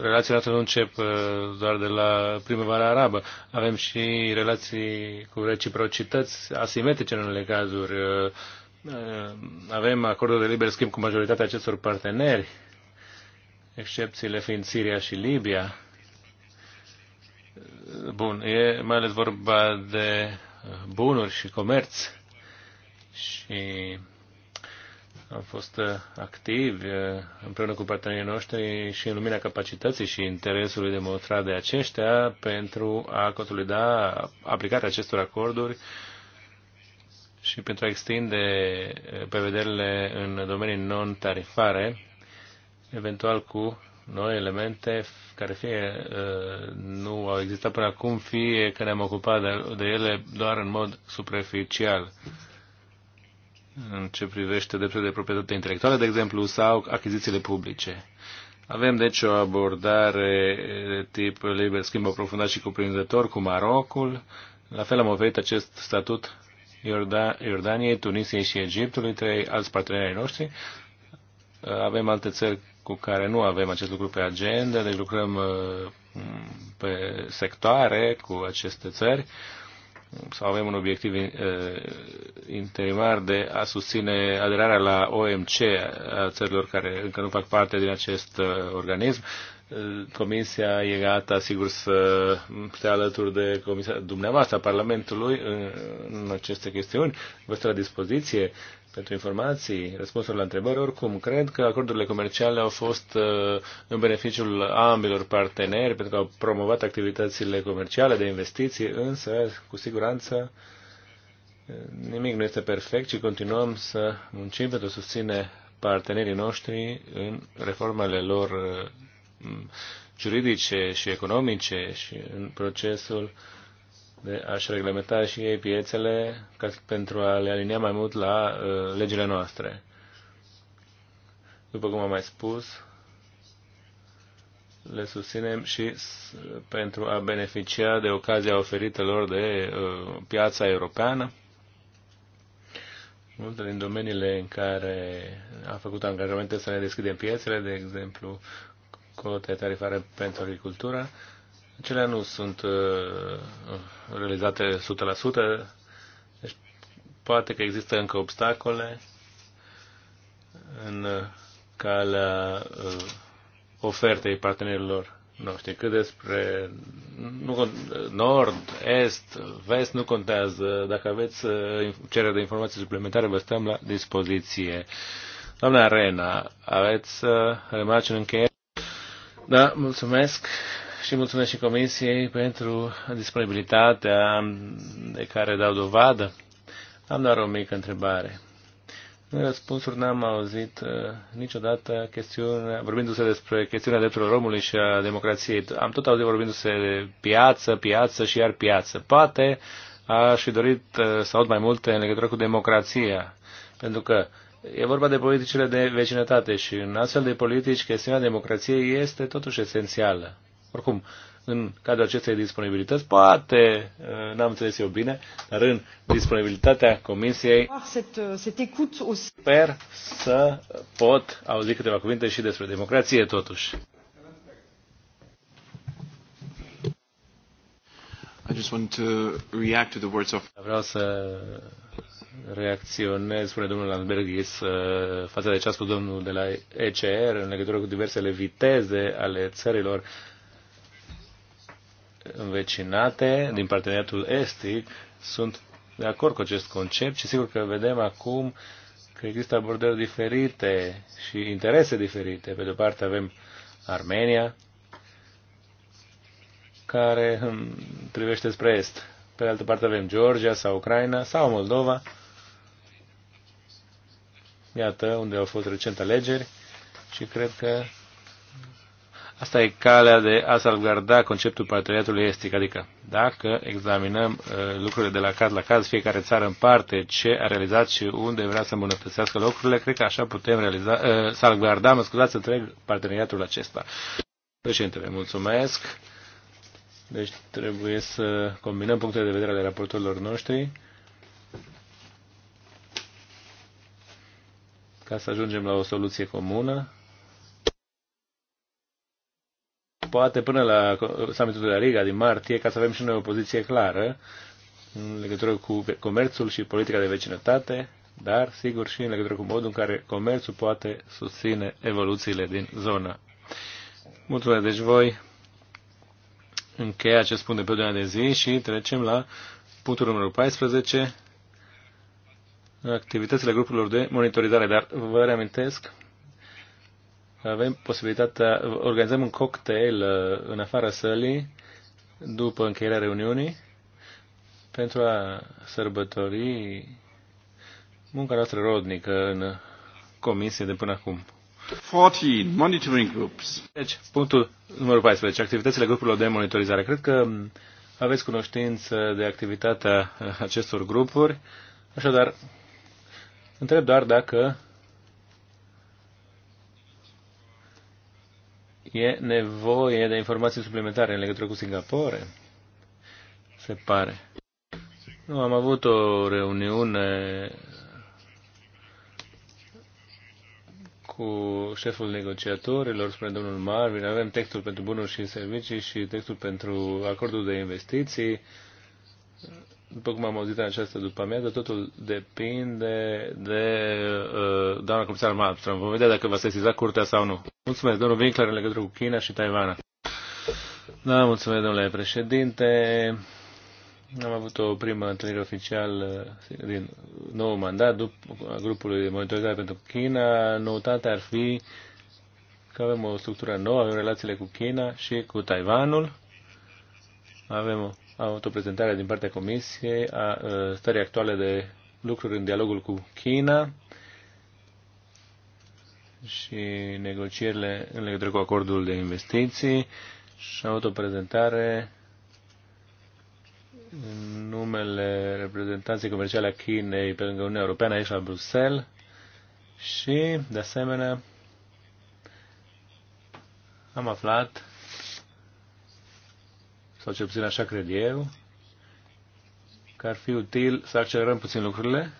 relațiile noastre nu încep uh, doar de la primăvara arabă. Avem și relații cu reciprocități asimetrice în unele cazuri uh, Eh, avem acordul de liber schimb cu majoritatea acestor parteneri, excepțiile fiind Siria și Libia. Bun, e mai ales vorba de bunuri și comerț și am fost activi eh, împreună cu partenerii noștri și în lumina capacității și interesului demonstrat de aceștia pentru a consolida aplicarea acestor acorduri și pentru a extinde eh, prevederile în domenii non-tarifare, eventual cu noi elemente care fie eh, nu au existat până acum, fie că ne-am ocupat de ele doar în mod superficial în ce privește drepturile de proprietate intelectuală, de exemplu, sau achizițiile publice. Avem deci o abordare de tip liber schimb aprofundat și cuprinzător cu Marocul. La fel am oferit acest statut Iordan Iordaniei, Tunisiei și Egiptului, trei alți partenerii noștri. Avem alte țări cu care nu avem acest lucru pe agenda, deci lucrăm uh, pe sectoare cu aceste țări sau avem un obiectiv uh, interimar de a susține aderarea la OMC a țărilor care încă nu fac parte din acest uh, organism. Comisia e gata, sigur, să stea alături de comisia dumneavoastră a Parlamentului în, în aceste chestiuni. Vă stă la dispoziție pentru informații, răspunsuri la întrebări. Oricum, cred că acordurile comerciale au fost uh, în beneficiul ambilor parteneri pentru că au promovat activitățile comerciale de investiții, însă, cu siguranță, nimic nu este perfect și continuăm să muncim pentru a susține partenerii noștri în reformele lor uh, juridice și economice și în procesul de a-și reglementa și ei piețele ca pentru a le alinia mai mult la uh, legile noastre. După cum am mai spus, le susținem și pentru a beneficia de ocazia oferită lor de uh, piața europeană. Multe din domeniile în care am făcut angajamente să ne deschidem piețele, de exemplu, cote tarifare pentru agricultură. Acelea nu sunt uh, realizate 100%, deci poate că există încă obstacole în uh, calea uh, ofertei partenerilor noștri. Cât despre nu, nord, est, vest, nu contează. Dacă aveți cerere de informații suplimentare, vă stăm la dispoziție. Doamna Arena, aveți remarci în încheiere? Da, mulțumesc și mulțumesc și Comisiei pentru disponibilitatea de care dau dovadă. Am doar o mică întrebare. În răspunsuri n-am auzit uh, niciodată chestiunea, vorbindu-se despre chestiunea drepturilor omului și a democrației. Am tot auzit vorbindu-se de piață, piață și iar piață. Poate aș fi dorit uh, să aud mai multe în legătură cu democrația, pentru că uh, E vorba de politicile de vecinătate și în astfel de politici chestiunea democrației este totuși esențială. Oricum, în cadrul acestei disponibilități, poate, uh, n-am înțeles eu bine, dar în disponibilitatea Comisiei euh, sper să pot auzi câteva cuvinte și despre democrație totuși. I just want to react to the words of... Vreau să reacționez, spune domnul Landberghis, uh, față de ce a spus domnul de la ECR în legătură cu diversele viteze ale țărilor învecinate din parteneriatul estic, sunt de acord cu acest concept și sigur că vedem acum că există abordări diferite și interese diferite. Pe de o parte avem Armenia, care hmm, privește spre est. Pe de altă parte avem Georgia sau Ucraina sau Moldova, Iată unde au fost recent alegeri și cred că asta e calea de a salvgarda conceptul parteneriatului estic, adică dacă examinăm uh, lucrurile de la caz la caz, fiecare țară în parte, ce a realizat și unde vrea să îmbunătățească lucrurile, cred că așa putem realiza, uh, salvgarda, mă scuzați, întreg parteneriatul acesta. Președintele, mulțumesc. Deci trebuie să combinăm punctele de vedere ale raportorilor noștri. ca să ajungem la o soluție comună. Poate până la summitul de la Riga din martie, ca să avem și noi o poziție clară în legătură cu comerțul și politica de vecinătate, dar sigur și în legătură cu modul în care comerțul poate susține evoluțiile din zona. Mulțumesc, deci voi încheia acest punct de pe de zi și trecem la punctul numărul 14, activitățile grupurilor de monitorizare, dar vă reamintesc avem posibilitatea, organizăm un cocktail uh, în afara sălii după încheierea reuniunii pentru a sărbători munca noastră rodnică în comisie de până acum. 14. Monitoring groups. Deci, punctul numărul 14. Activitățile grupurilor de monitorizare. Cred că aveți cunoștință de activitatea acestor grupuri. Așadar, Întreb doar dacă e nevoie de informații suplimentare în legătură cu Singapore. Se pare. Nu, am avut o reuniune cu șeful negociatorilor, spre domnul Marvin, avem textul pentru bunuri și servicii și textul pentru acordul de investiții după cum am auzit în această după amiază, totul depinde de uh, doamna comisar Malmström. Vom vedea dacă va sesiza curtea sau nu. Mulțumesc, domnul Winkler, în legătură cu China și Taiwan. Da, mulțumesc, domnule președinte. Am avut o primă întâlnire oficială uh, din nou mandat a grupului de monitorizare pentru China. Noutatea ar fi că avem o structură nouă, avem relațiile cu China și cu Taiwanul. Avem o a avut o prezentare din partea Comisiei a stării actuale de lucruri în dialogul cu China și negocierile în legătură cu acordul de investiții și a avut o prezentare în numele reprezentanței comerciale a Chinei pe lângă Uniunea Europeană aici la Bruxelles și, de asemenea, am aflat sau cel puțin așa cred eu, că ar fi util să accelerăm puțin lucrurile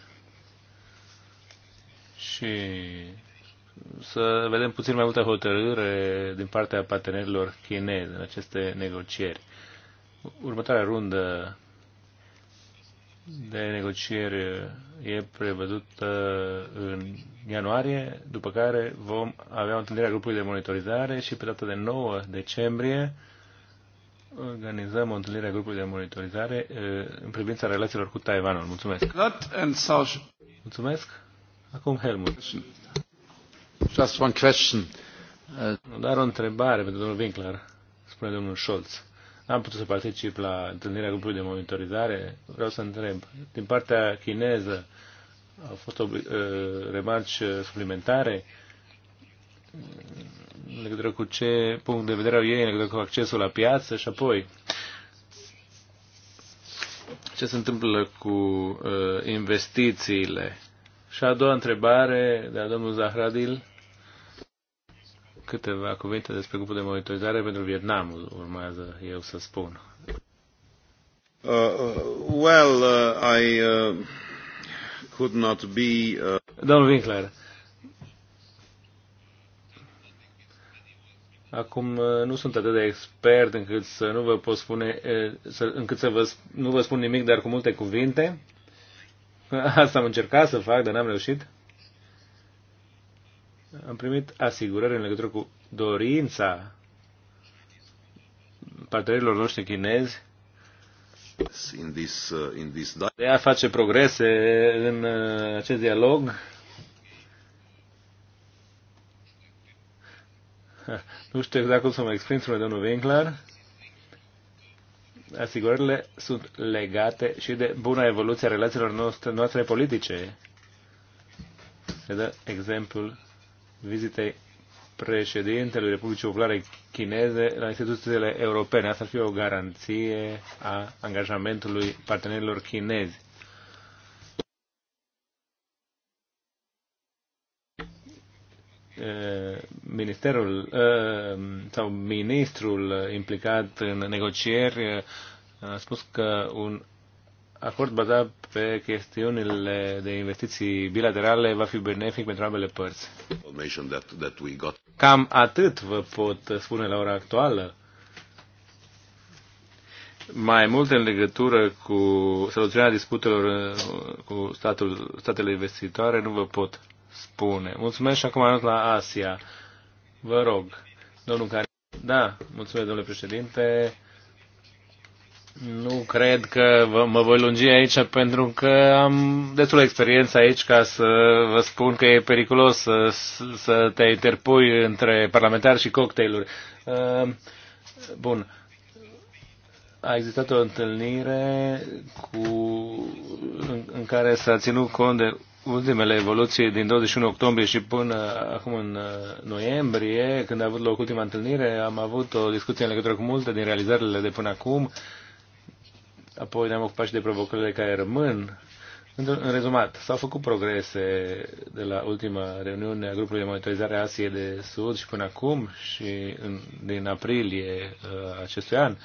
și să vedem puțin mai multă hotărâre din partea partenerilor chinezi în aceste negocieri. Următoarea rundă de negocieri e prevăzută în ianuarie, după care vom avea o întâlnire a grupului de monitorizare și pe data de 9 decembrie organizăm o întâlnire a grupului de monitorizare în privința relațiilor cu Taiwanul. Mulțumesc. Mulțumesc. Acum Helmut. Just one question. Dar o întrebare pentru domnul Winkler, spune domnul Scholz. am putut să particip la întâlnirea grupului de monitorizare. Vreau să întreb. Din partea chineză au fost remarci suplimentare? în legătură cu ce punct de vedere au ei în legătură cu accesul la piață și apoi ce se întâmplă cu uh, investițiile. Și a doua întrebare de la domnul Zahradil, câteva cuvinte despre grupul de monitorizare pentru Vietnamul, urmează eu să spun. Uh, uh, well, uh, I uh, could not be... Uh... Domnul Winkler, uh, Acum uh, nu sunt atât de expert încât să nu vă pot spune, uh, să, încât să vă, nu vă spun nimic, dar cu multe cuvinte. Asta am încercat să fac, dar n-am reușit. Am primit asigurări în legătură cu dorința partenerilor noștri chinezi uh, de a face progrese în acest dialog Nu știu exact cum să mă exprim, spune domnul Winkler. Asigurările sunt legate și de buna evoluție a relațiilor noastre, noastre politice. Se dă exemplul vizitei președintelui Republicii Populare Chineze la instituțiile europene. Asta ar fi o garanție a angajamentului partenerilor chinezi. Eh, ministerul eh, sau ministrul implicat în negocieri eh, a spus că un acord bazat pe chestiunile de investiții bilaterale va fi benefic pentru ambele părți. Cam atât vă pot spune la ora actuală. Mai mult în legătură cu soluționarea disputelor cu statul, statele investitoare nu vă pot spune. Mulțumesc și acum am la Asia. Vă rog, domnul care... Da, mulțumesc, domnule președinte. Nu cred că vă, mă voi lungi aici pentru că am destul experiență aici ca să vă spun că e periculos să, să te interpui între parlamentari și cocktailuri. Uh, bun. A existat o întâlnire cu, în, în care s-a ținut cont de ultimele evoluții din 21 octombrie și până acum în uh, noiembrie, când a avut loc ultima întâlnire, am avut o discuție în legătură cu multe din realizările de până acum, apoi ne-am ocupat și de provocările care rămân. În rezumat, s-au făcut progrese de la ultima reuniune a grupului de monitorizare a Asiei de Sud și până acum și în, din aprilie uh, acestui an.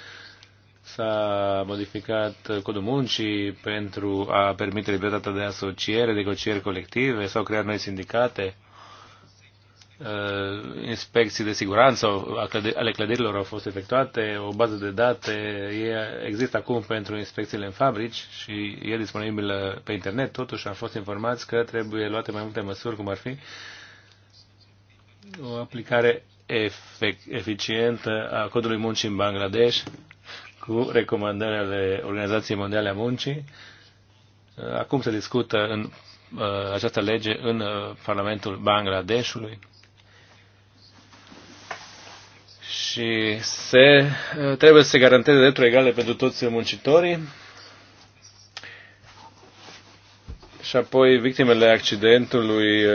S-a modificat codul muncii pentru a permite libertatea de asociere, de negocieri colective, s-au creat noi sindicate, uh, inspecții de siguranță ale clădirilor au fost efectuate, o bază de date există acum pentru inspecțiile în fabrici și e disponibilă pe internet, totuși am fost informați că trebuie luate mai multe măsuri, cum ar fi o aplicare efic eficientă a codului muncii în Bangladesh, cu recomandările Organizației Mondiale a Muncii. Uh, acum se discută în uh, această lege în uh, Parlamentul Bangladeshului și se, trebuie să se garanteze drepturi egale pentru toți muncitorii și apoi victimele accidentului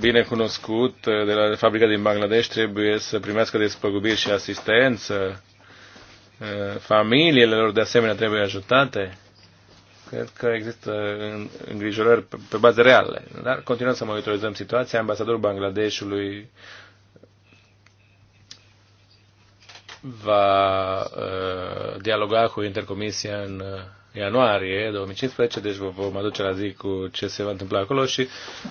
bine cunoscut de la fabrica din Bangladesh trebuie să primească despăgubiri și asistență Eh, familiile lor de asemenea trebuie ajutate. Cred că există îngrijorări pe baze reale. Dar continuăm să monitorizăm situația. Ambasadorul Bangladeshului va uh, dialoga cu Intercomisia în eh, ianuarie 2015, deci vă vom aduce la zi cu ce se va întâmpla acolo și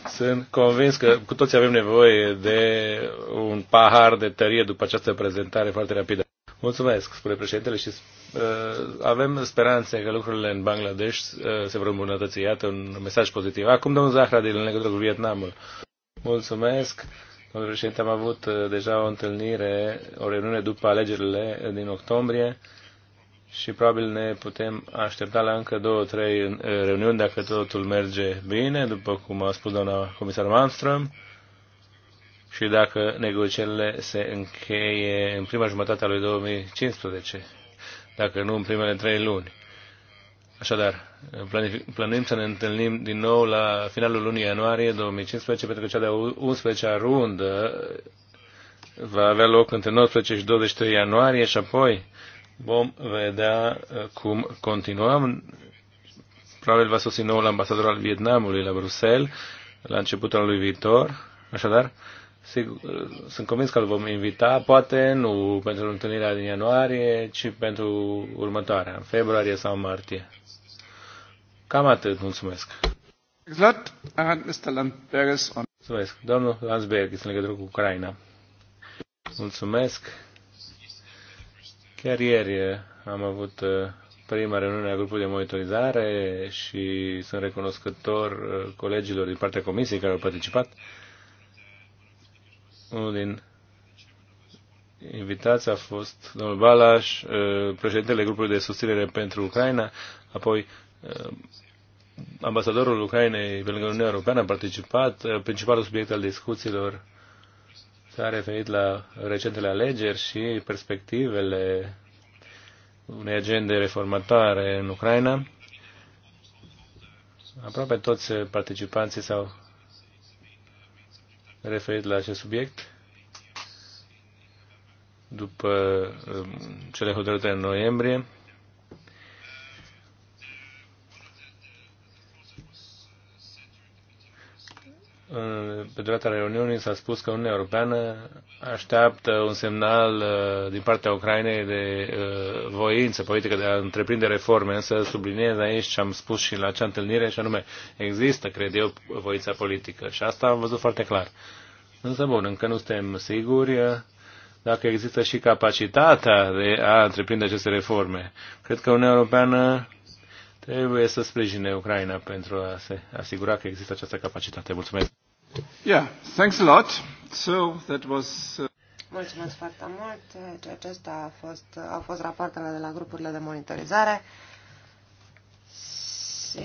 sunt convins că cu toți avem nevoie de un pahar de tărie după această prezentare foarte rapidă. Mulțumesc, spune președintele, și uh, avem speranțe că lucrurile în Bangladesh uh, se vor îmbunătăți. Iată un mesaj pozitiv. Acum, domnul Zahra, din legătură cu Vietnamul. Mulțumesc. Domnul președinte, am avut uh, deja o întâlnire, o reuniune după alegerile din octombrie și probabil ne putem aștepta la încă două, trei uh, reuniuni dacă totul merge bine, după cum a spus doamna comisar Malmström și dacă negocierile se încheie în prima jumătate a lui 2015, dacă nu în primele trei luni. Așadar, planuim să ne întâlnim din nou la finalul lunii ianuarie 2015, pentru că cea de-a 11-a rundă va avea loc între 19 și 23 ianuarie și apoi vom vedea uh, cum continuăm. Probabil va sosi noul ambasador al Vietnamului la Bruxelles la începutul lui viitor. Așadar, Sigur, sunt convins că îl vom invita, poate nu pentru întâlnirea din ianuarie, ci pentru următoarea, în februarie sau martie. Cam atât, mulțumesc. Mulțumesc. Domnul Landsberg, în legătură cu Ucraina. Mulțumesc. Chiar ieri eh, am avut eh, prima reuniune a grupului de monitorizare și sunt recunoscător eh, colegilor din partea comisiei care au participat. Unul din invitați a fost domnul Balas, uh, președintele grupului de susținere pentru Ucraina, apoi uh, ambasadorul Ucrainei pe lângă Uniunea Europeană a participat. Uh, principalul subiect al discuțiilor s-a referit la recentele alegeri și perspectivele unei agende reformatoare în Ucraina. Aproape toți participanții s-au referit la acest subiect după um, cele hotărâte în noiembrie. pe durata reuniunii s-a spus că Uniunea Europeană așteaptă un semnal uh, din partea Ucrainei de uh, voință politică de a întreprinde reforme, însă subliniez aici ce am spus și la acea întâlnire, și anume, există, cred eu, voința politică și asta am văzut foarte clar. Însă, bun, încă nu suntem siguri uh, dacă există și capacitatea de a întreprinde aceste reforme. Cred că Uniunea Europeană trebuie să sprijine Ucraina pentru a se asigura că există această capacitate. Mulțumesc! Yeah, thanks a lot. So that was uh... Mulțumesc foarte mult. Deci, Acesta a fost, au fost rapoartele de la grupurile de monitorizare.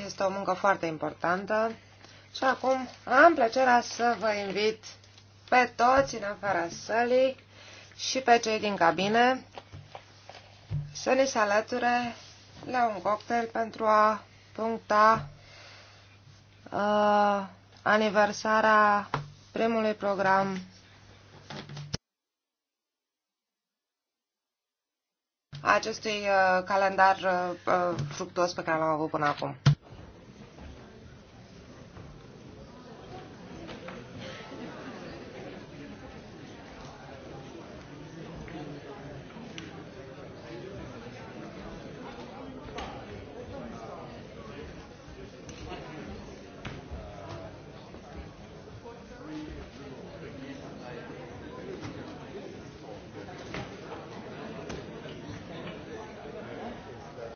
Este o muncă foarte importantă. Și acum am plăcerea să vă invit pe toți în afara sălii și pe cei din cabine să ni se alăture la un cocktail pentru a puncta uh, aniversarea primului program acestui uh, calendar uh, uh, fructuos pe care l-am avut până acum.